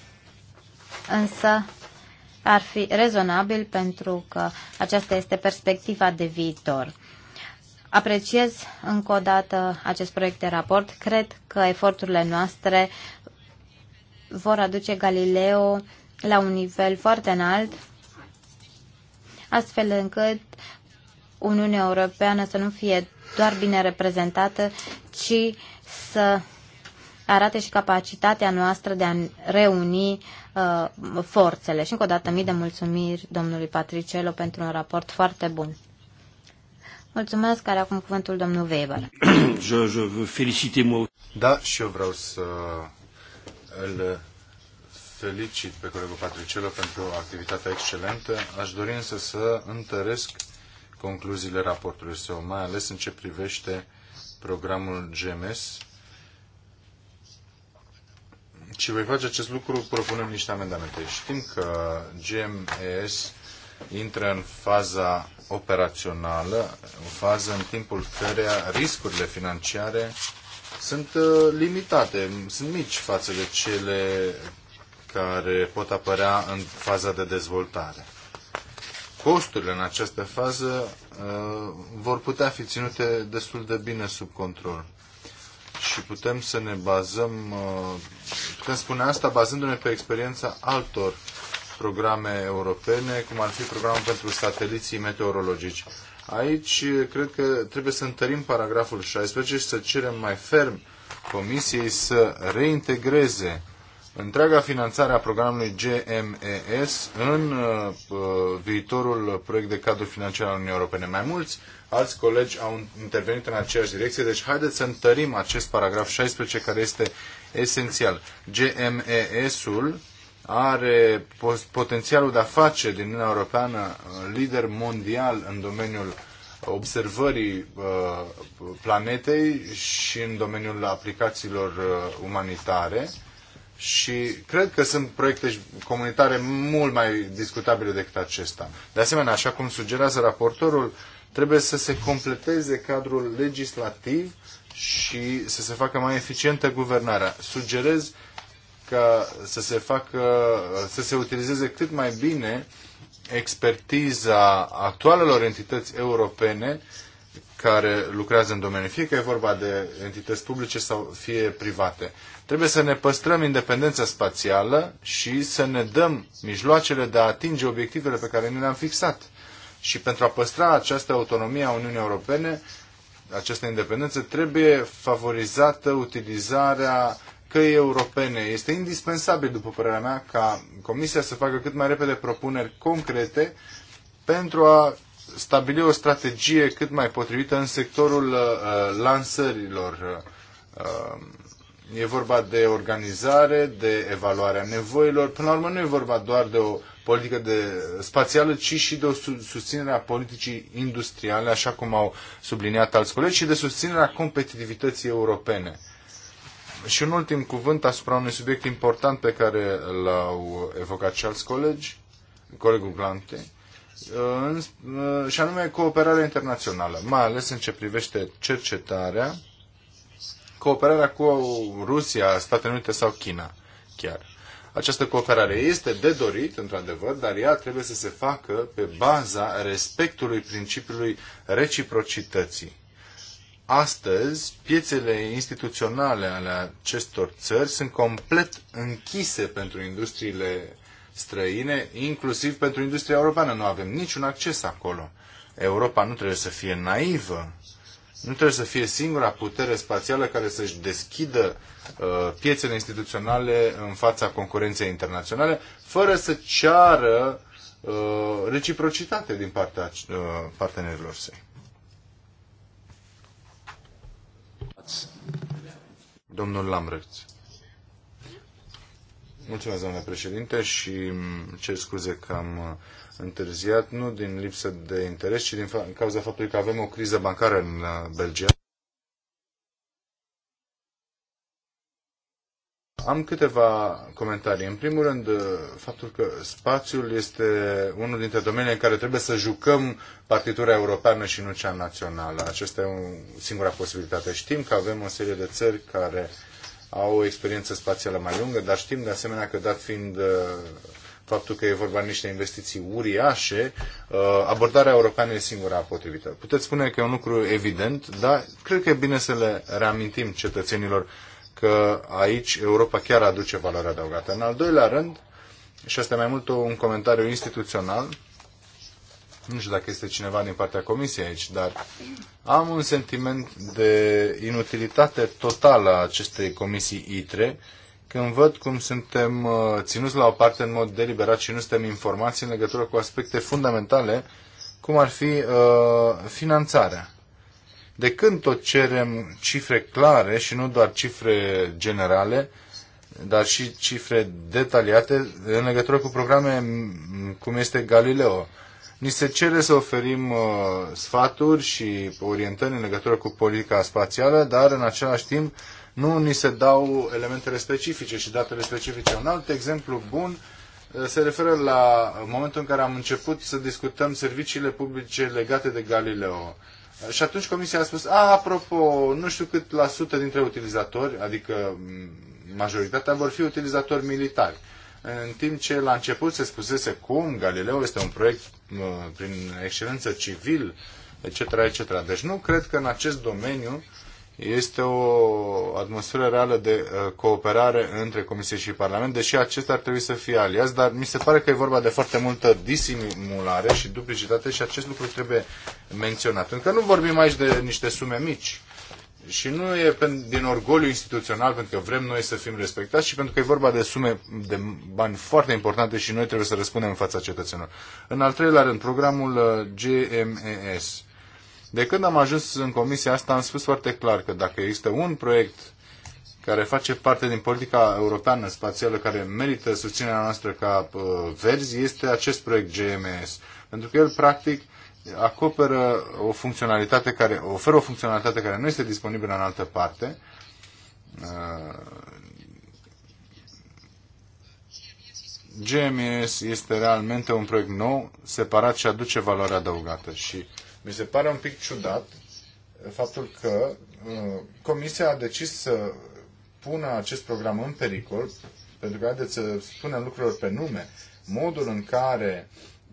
însă ar fi rezonabil pentru că aceasta este perspectiva de viitor. Apreciez încă o dată acest proiect de raport. Cred că eforturile noastre vor aduce Galileo la un nivel foarte înalt astfel încât Uniunea Europeană să nu fie doar bine reprezentată, ci să arate și capacitatea noastră de a reuni uh, forțele. Și încă o dată mii de mulțumiri domnului Patricello pentru un raport foarte bun. Mulțumesc, care acum cuvântul domnul Weber. Je, je moi. Da, și eu vreau să îl felicit pe colegul Patricelo pentru activitatea excelentă. Aș dori însă să întăresc concluziile raportului său, mai ales în ce privește programul GMS. Și voi face acest lucru Propunem niște amendamente. Știm că GMS intră în faza operațională, o fază în timpul căreia riscurile financiare sunt uh, limitate, sunt mici față de cele care pot apărea în faza de dezvoltare. Costurile în această fază uh, vor putea fi ținute destul de bine sub control și putem să ne bazăm, uh, putem spune asta bazându-ne pe experiența altor programe europene, cum ar fi programul pentru sateliții meteorologici. Aici uh, cred că trebuie să întărim paragraful 16 și să cerem mai ferm Comisiei să reintegreze întreaga finanțare a programului GMES în uh, uh, viitorul proiect de cadru financiar al Uniunii Europene. Mai mulți alți colegi au intervenit în aceeași direcție, deci haideți să întărim acest paragraf 16 care este esențial. GMES-ul are potențialul de a face din Uniunea Europeană uh, lider mondial în domeniul observării uh, planetei și în domeniul aplicațiilor uh, umanitare și cred că sunt proiecte comunitare mult mai discutabile decât acesta. De asemenea, așa cum sugerează raportorul, trebuie să se completeze cadrul legislativ și să se facă mai eficientă guvernarea. Sugerez ca să se facă, să se utilizeze cât mai bine expertiza actualelor entități europene care lucrează în domeniu, fie că e vorba de entități publice sau fie private. Trebuie să ne păstrăm independența spațială și să ne dăm mijloacele de a atinge obiectivele pe care ni le-am fixat. Și pentru a păstra această autonomie a Uniunii Europene, această independență, trebuie favorizată utilizarea căi europene. Este indispensabil, după părerea mea, ca Comisia să facă cât mai repede propuneri concrete pentru a stabili o strategie cât mai potrivită în sectorul uh, lansărilor. Uh, e vorba de organizare, de evaluarea nevoilor. Până la urmă nu e vorba doar de o politică de spațială, ci și de o susținere a politicii industriale, așa cum au subliniat alți colegi, și de susținerea competitivității europene. Și un ultim cuvânt asupra unui subiect important pe care l-au evocat și alți colegi, colegul Glante, Uh, și anume cooperarea internațională, mai ales în ce privește cercetarea, cooperarea cu Rusia, Statele Unite sau China chiar. Această cooperare este de dorit, într-adevăr, dar ea trebuie să se facă pe baza respectului principiului reciprocității. Astăzi, piețele instituționale ale acestor țări sunt complet închise pentru industriile străine, inclusiv pentru industria europeană. Nu avem niciun acces acolo. Europa nu trebuie să fie naivă. Nu trebuie să fie singura putere spațială care să-și deschidă uh, piețele instituționale în fața concurenței internaționale, fără să ceară uh, reciprocitate din partea uh, partenerilor săi. Domnul Lambrecht. Mulțumesc, domnule președinte, și cer scuze că am uh, întârziat, nu din lipsă de interes, ci din fa- cauza faptului că avem o criză bancară în uh, Belgia. Am câteva comentarii. În primul rând, uh, faptul că spațiul este unul dintre domeniile în care trebuie să jucăm partitura europeană și nu cea națională. Aceasta e o singura posibilitate. Știm că avem o serie de țări care uh, au o experiență spațială mai lungă, dar știm de asemenea că dat fiind uh, faptul că e vorba de niște investiții uriașe, uh, abordarea europeană e singura potrivită. Puteți spune că e un lucru evident, dar cred că e bine să le reamintim cetățenilor că aici Europa chiar aduce valoare adăugată. În al doilea rând, și asta e mai mult un comentariu instituțional, nu știu dacă este cineva din partea comisiei aici, dar am un sentiment de inutilitate totală a acestei comisii ITRE când văd cum suntem uh, ținuți la o parte în mod deliberat și nu suntem informați în legătură cu aspecte fundamentale, cum ar fi uh, finanțarea. De când tot cerem cifre clare și nu doar cifre generale, dar și cifre detaliate în legătură cu programe cum este Galileo, Ni se cere să oferim uh, sfaturi și orientări în legătură cu politica spațială, dar în același timp nu ni se dau elementele specifice și datele specifice. Un alt exemplu bun uh, se referă la momentul în care am început să discutăm serviciile publice legate de Galileo. Uh, și atunci Comisia a spus, a, apropo, nu știu cât la sută dintre utilizatori, adică mm, majoritatea vor fi utilizatori militari în timp ce la început se spusese cum Galileo este un proiect prin excelență civil, etc., etc. Deci nu cred că în acest domeniu este o atmosferă reală de uh, cooperare între Comisie și Parlament, deși acesta ar trebui să fie aliați, dar mi se pare că e vorba de foarte multă disimulare și duplicitate și acest lucru trebuie menționat. Încă nu vorbim aici de niște sume mici. Și nu e din orgoliu instituțional, pentru că vrem noi să fim respectați, și pentru că e vorba de sume de bani foarte importante și noi trebuie să răspundem în fața cetățenilor. În al treilea rând, programul uh, GMES. De când am ajuns în comisia asta, am spus foarte clar că dacă există un proiect care face parte din politica europeană spațială, care merită susținerea noastră ca uh, verzi, este acest proiect GMS. Pentru că el, practic, acoperă o funcționalitate care, oferă o funcționalitate care nu este disponibilă în altă parte. Uh, GMS este realmente un proiect nou, separat și aduce valoare adăugată și mi se pare un pic ciudat faptul că uh, Comisia a decis să pună acest program în pericol, pentru că haideți să spunem lucrurilor pe nume, modul în care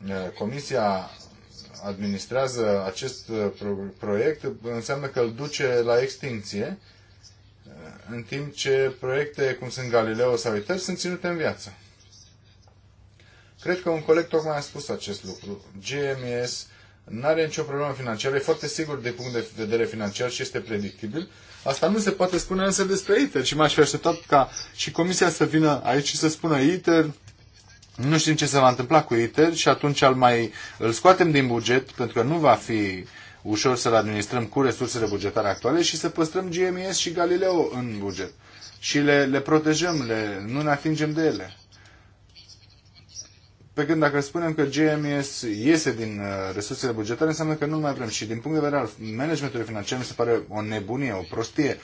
uh, Comisia administrează acest uh, proiect înseamnă că îl duce la extinție, uh, în timp ce proiecte cum sunt Galileo sau ITER sunt ținute în viață. Cred că un coleg tocmai a spus acest lucru. GMS nu are nicio problemă financiară, e foarte sigur de punct de vedere financiar și este predictibil. Asta nu se poate spune însă despre ITER și m-aș fi așteptat ca și comisia să vină aici și să spună ITER nu știm ce se va întâmpla cu ITER și atunci îl mai îl scoatem din buget, pentru că nu va fi ușor să-l administrăm cu resursele bugetare actuale și să păstrăm GMS și Galileo în buget. Și le, le protejăm, le, nu ne atingem de ele. Pe când dacă spunem că GMS iese din uh, resursele bugetare, înseamnă că nu mai vrem. Și din punct de vedere al managementului financiar, mi se pare o nebunie, o prostie. Uh,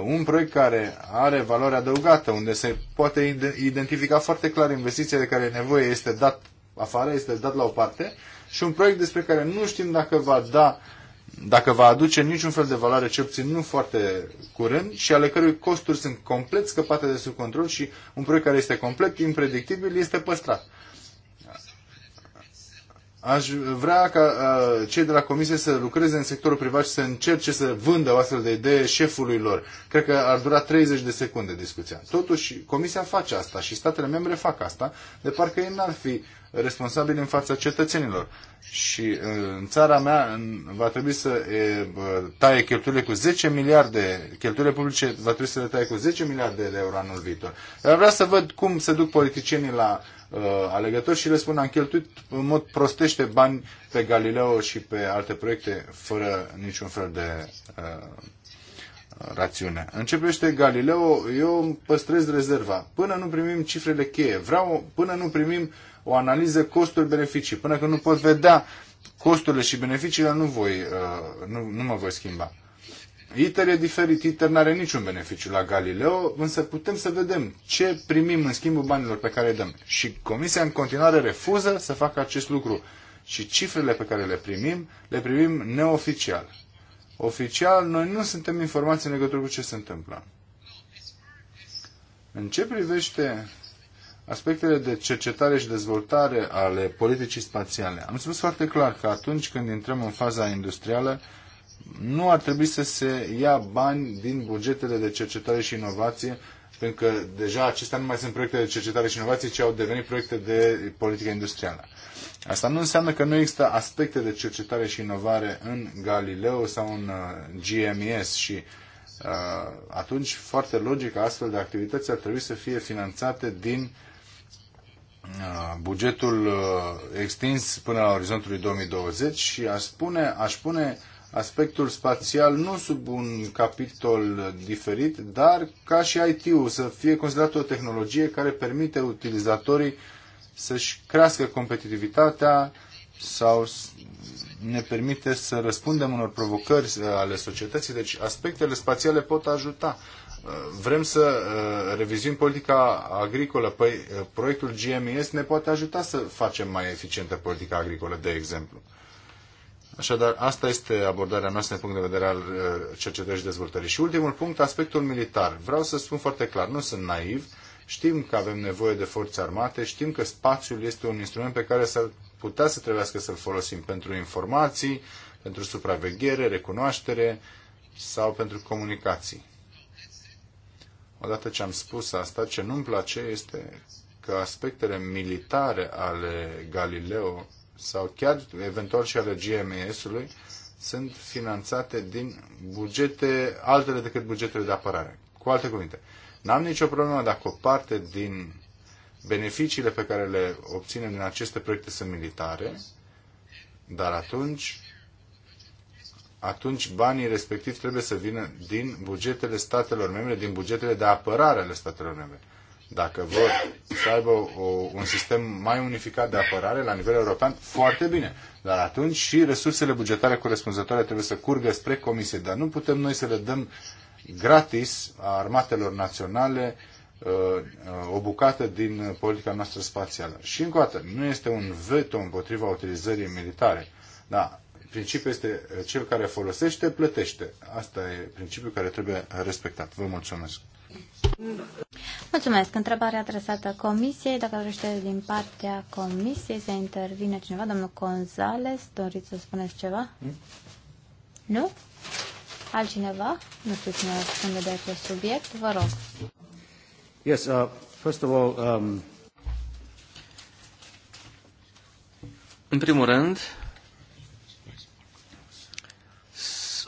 un proiect care are valoare adăugată, unde se poate identifica foarte clar investiția de care e nevoie, este dat afară, este dat la o parte, și un proiect despre care nu știm dacă va da dacă va aduce niciun fel de valoare, ce obțin nu foarte curând, și ale cărui costuri sunt complet scăpate de sub control și un proiect care este complet impredictibil este păstrat. Aș vrea ca uh, cei de la comisie să lucreze în sectorul privat și să încerce să vândă o astfel de idee șefului lor. Cred că ar dura 30 de secunde discuția. Totuși, comisia face asta și statele membre fac asta, de parcă ei n-ar fi responsabili în fața cetățenilor. Și uh, în țara mea în, va trebui să e, uh, taie cheltuielile cu 10 miliarde, cheltuielile publice va trebui să le taie cu 10 miliarde de euro anul viitor. Dar vreau să văd cum se duc politicienii la uh, alegători și le spun am cheltuit în mod prostește bani pe Galileo și pe alte proiecte fără niciun fel de uh, rațiune. Începește Galileo, eu îmi păstrez rezerva. Până nu primim cifrele cheie, vreau până nu primim o analiză costuri-beneficii, până când nu pot vedea costurile și beneficiile, nu, voi, uh, nu, nu mă voi schimba. ITER e diferit, ITER nu are niciun beneficiu la Galileo, însă putem să vedem ce primim în schimbul banilor pe care îi dăm. Și Comisia în continuare refuză să facă acest lucru. Și cifrele pe care le primim, le primim neoficial. Oficial, noi nu suntem informați în legătură cu ce se întâmplă. În ce privește aspectele de cercetare și dezvoltare ale politicii spațiale, am spus foarte clar că atunci când intrăm în faza industrială, nu ar trebui să se ia bani din bugetele de cercetare și inovație, pentru că deja acestea nu mai sunt proiecte de cercetare și inovație, ci au devenit proiecte de politică industrială. Asta nu înseamnă că nu există aspecte de cercetare și inovare în Galileo sau în uh, GMS și uh, atunci foarte logic astfel de activități ar trebui să fie finanțate din uh, bugetul uh, extins până la orizontul 2020 și aș spune, aș pune aspectul spațial nu sub un capitol diferit, dar ca și IT-ul să fie considerat o tehnologie care permite utilizatorii să-și crească competitivitatea sau ne permite să răspundem unor provocări ale societății. Deci aspectele spațiale pot ajuta. Vrem să uh, revizuim politica agricolă. Păi uh, proiectul GMES ne poate ajuta să facem mai eficientă politica agricolă, de exemplu. Așadar, asta este abordarea noastră din punct de vedere al uh, cercetării și dezvoltării. Și ultimul punct, aspectul militar. Vreau să spun foarte clar, nu sunt naiv, știm că avem nevoie de forțe armate, știm că spațiul este un instrument pe care s-ar putea să trebuiască să-l folosim pentru informații, pentru supraveghere, recunoaștere sau pentru comunicații. Odată ce am spus asta, ce nu-mi place este că aspectele militare ale Galileo sau chiar eventual și ale GMS-ului sunt finanțate din bugete altele decât bugetele de apărare. Cu alte cuvinte, n-am nicio problemă dacă o parte din beneficiile pe care le obținem din aceste proiecte sunt militare, dar atunci atunci banii respectivi trebuie să vină din bugetele statelor membre, din bugetele de apărare ale statelor membre. Dacă vor să aibă o, un sistem mai unificat de apărare la nivel european, foarte bine. Dar atunci și resursele bugetare corespunzătoare trebuie să curgă spre comisie. Dar nu putem noi să le dăm gratis a armatelor naționale uh, uh, o bucată din politica noastră spațială. Și încă o dată, nu este un veto împotriva utilizării militare. Da, principiul este uh, cel care folosește, plătește. Asta e principiul care trebuie respectat. Vă mulțumesc. Mulțumesc. Întrebarea adresată Comisiei. Dacă vrește din partea Comisiei să intervine cineva, domnul Gonzales, doriți să spuneți ceva? Mm? Nu? Altcineva? Nu știu cine răspunde de acest subiect. Vă rog. Yes, uh, first of all, um... În primul rând,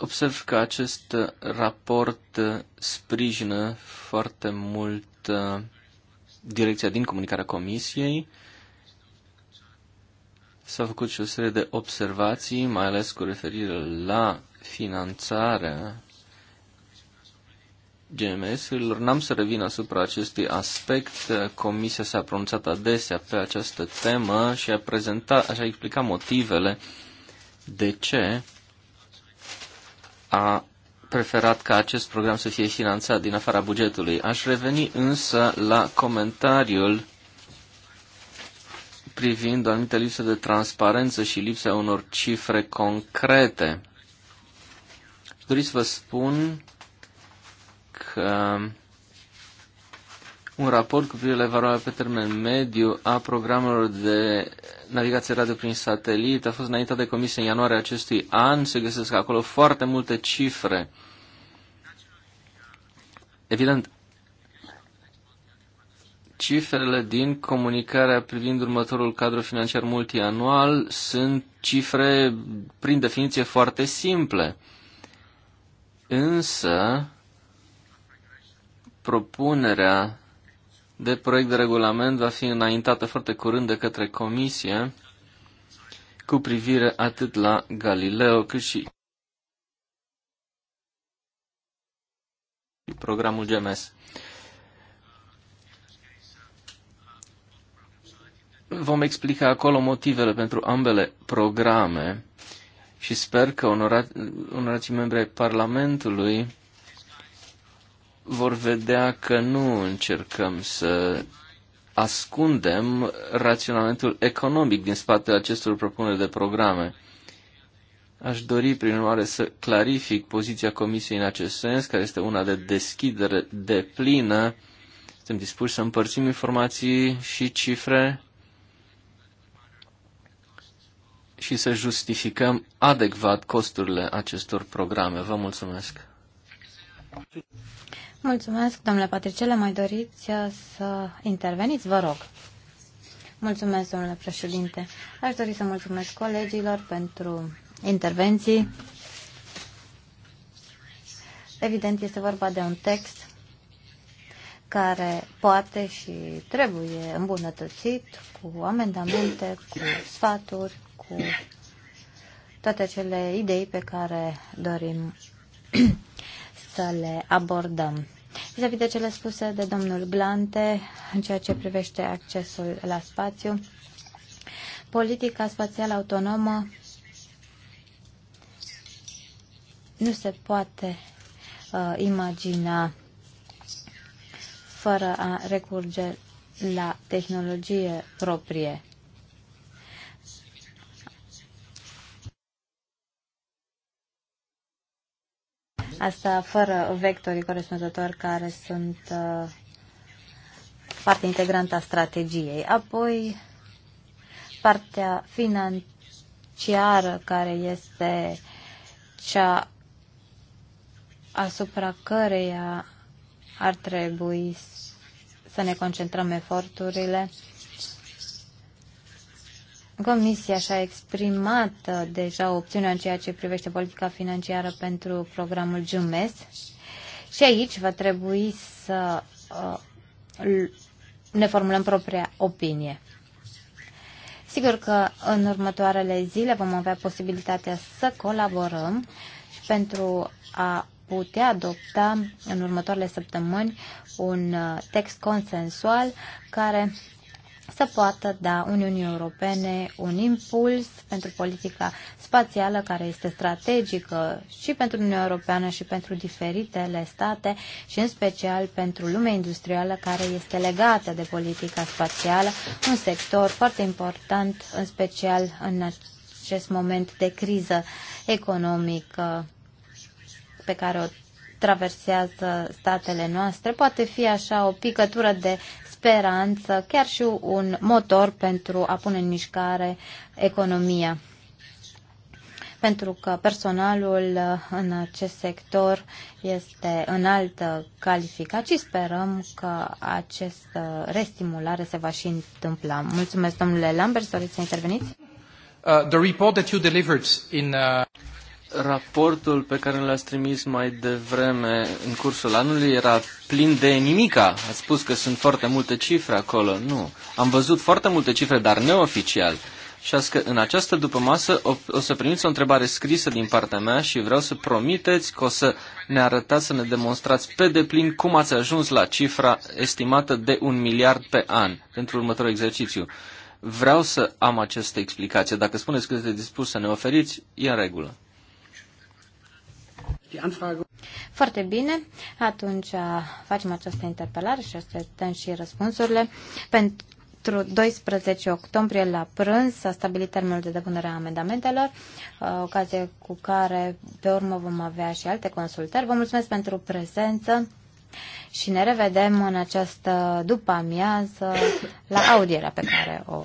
observ că acest raport sprijină foarte mult uh, direcția din comunicarea comisiei. S-a făcut și o serie de observații, mai ales cu referire la finanțarea GMS-urilor. N-am să revin asupra acestui aspect. Comisia s-a pronunțat adesea pe această temă și a prezentat, așa explica motivele de ce a preferat ca acest program să fie finanțat din afara bugetului. Aș reveni însă la comentariul privind o anumită lipsă de transparență și lipsa unor cifre concrete. Doriți să vă spun că un raport cu privire la evaluarea pe termen mediu a programelor de navigație radio prin satelit. A fost înaintat de comisie în ianuarie acestui an. Se găsesc acolo foarte multe cifre. Evident, cifrele din comunicarea privind următorul cadru financiar multianual sunt cifre, prin definiție, foarte simple. Însă, propunerea de proiect de regulament va fi înaintată foarte curând de către Comisie cu privire atât la Galileo cât și programul GMS. Vom explica acolo motivele pentru ambele programe și sper că onorat, onorații membri ai Parlamentului vor vedea că nu încercăm să ascundem raționamentul economic din spatele acestor propuneri de programe. Aș dori, prin urmare, să clarific poziția Comisiei în acest sens, care este una de deschidere de plină. Suntem dispuși să împărțim informații și cifre și să justificăm adecvat costurile acestor programe. Vă mulțumesc! Mulțumesc, domnule Patricele. Mai doriți uh, să interveniți? Vă rog. Mulțumesc, domnule președinte. Aș dori să mulțumesc colegilor pentru intervenții. Evident, este vorba de un text care poate și trebuie îmbunătățit cu amendamente, cu sfaturi, cu toate acele idei pe care dorim să le abordăm. Vis-a-vis de cele spuse de domnul Blante în ceea ce privește accesul la spațiu, politica spațială autonomă nu se poate uh, imagina fără a recurge la tehnologie proprie. Asta fără vectorii corespunzători care sunt uh, parte integrantă a strategiei. Apoi, partea financiară care este cea asupra căreia ar trebui să ne concentrăm eforturile Comisia și-a exprimat uh, deja opțiunea în ceea ce privește politica financiară pentru programul GMS și aici va trebui să uh, ne formulăm propria opinie. Sigur că în următoarele zile vom avea posibilitatea să colaborăm și pentru a putea adopta în următoarele săptămâni un uh, text consensual care să poată da Uniunii Europene un impuls pentru politica spațială care este strategică și pentru Uniunea Europeană și pentru diferitele state și în special pentru lumea industrială care este legată de politica spațială, un sector foarte important, în special în acest moment de criză economică pe care o traversează statele noastre, poate fi așa o picătură de speranță, chiar și un motor pentru a pune în mișcare economia. Pentru că personalul în acest sector este înalt calificat și sperăm că această restimulare se va și întâmpla. Mulțumesc, domnule Lambert, să interveniți? Uh, the report that you delivered in, uh raportul pe care l-ați trimis mai devreme în cursul anului era plin de nimica. Ați spus că sunt foarte multe cifre acolo. Nu. Am văzut foarte multe cifre, dar neoficial. Și că în această dupămasă o, o să primiți o întrebare scrisă din partea mea și vreau să promiteți că o să ne arătați, să ne demonstrați pe deplin cum ați ajuns la cifra estimată de un miliard pe an pentru următorul exercițiu. Vreau să am această explicație. Dacă spuneți că sunteți dispus să ne oferiți, e în regulă. Foarte bine, atunci uh, facem această interpelare și așteptăm și răspunsurile. Pentru 12 octombrie la prânz s-a stabilit termenul de depunere a amendamentelor, uh, ocazie cu care pe urmă vom avea și alte consultări. Vă mulțumesc pentru prezență și ne revedem în această după amiază la audierea pe care o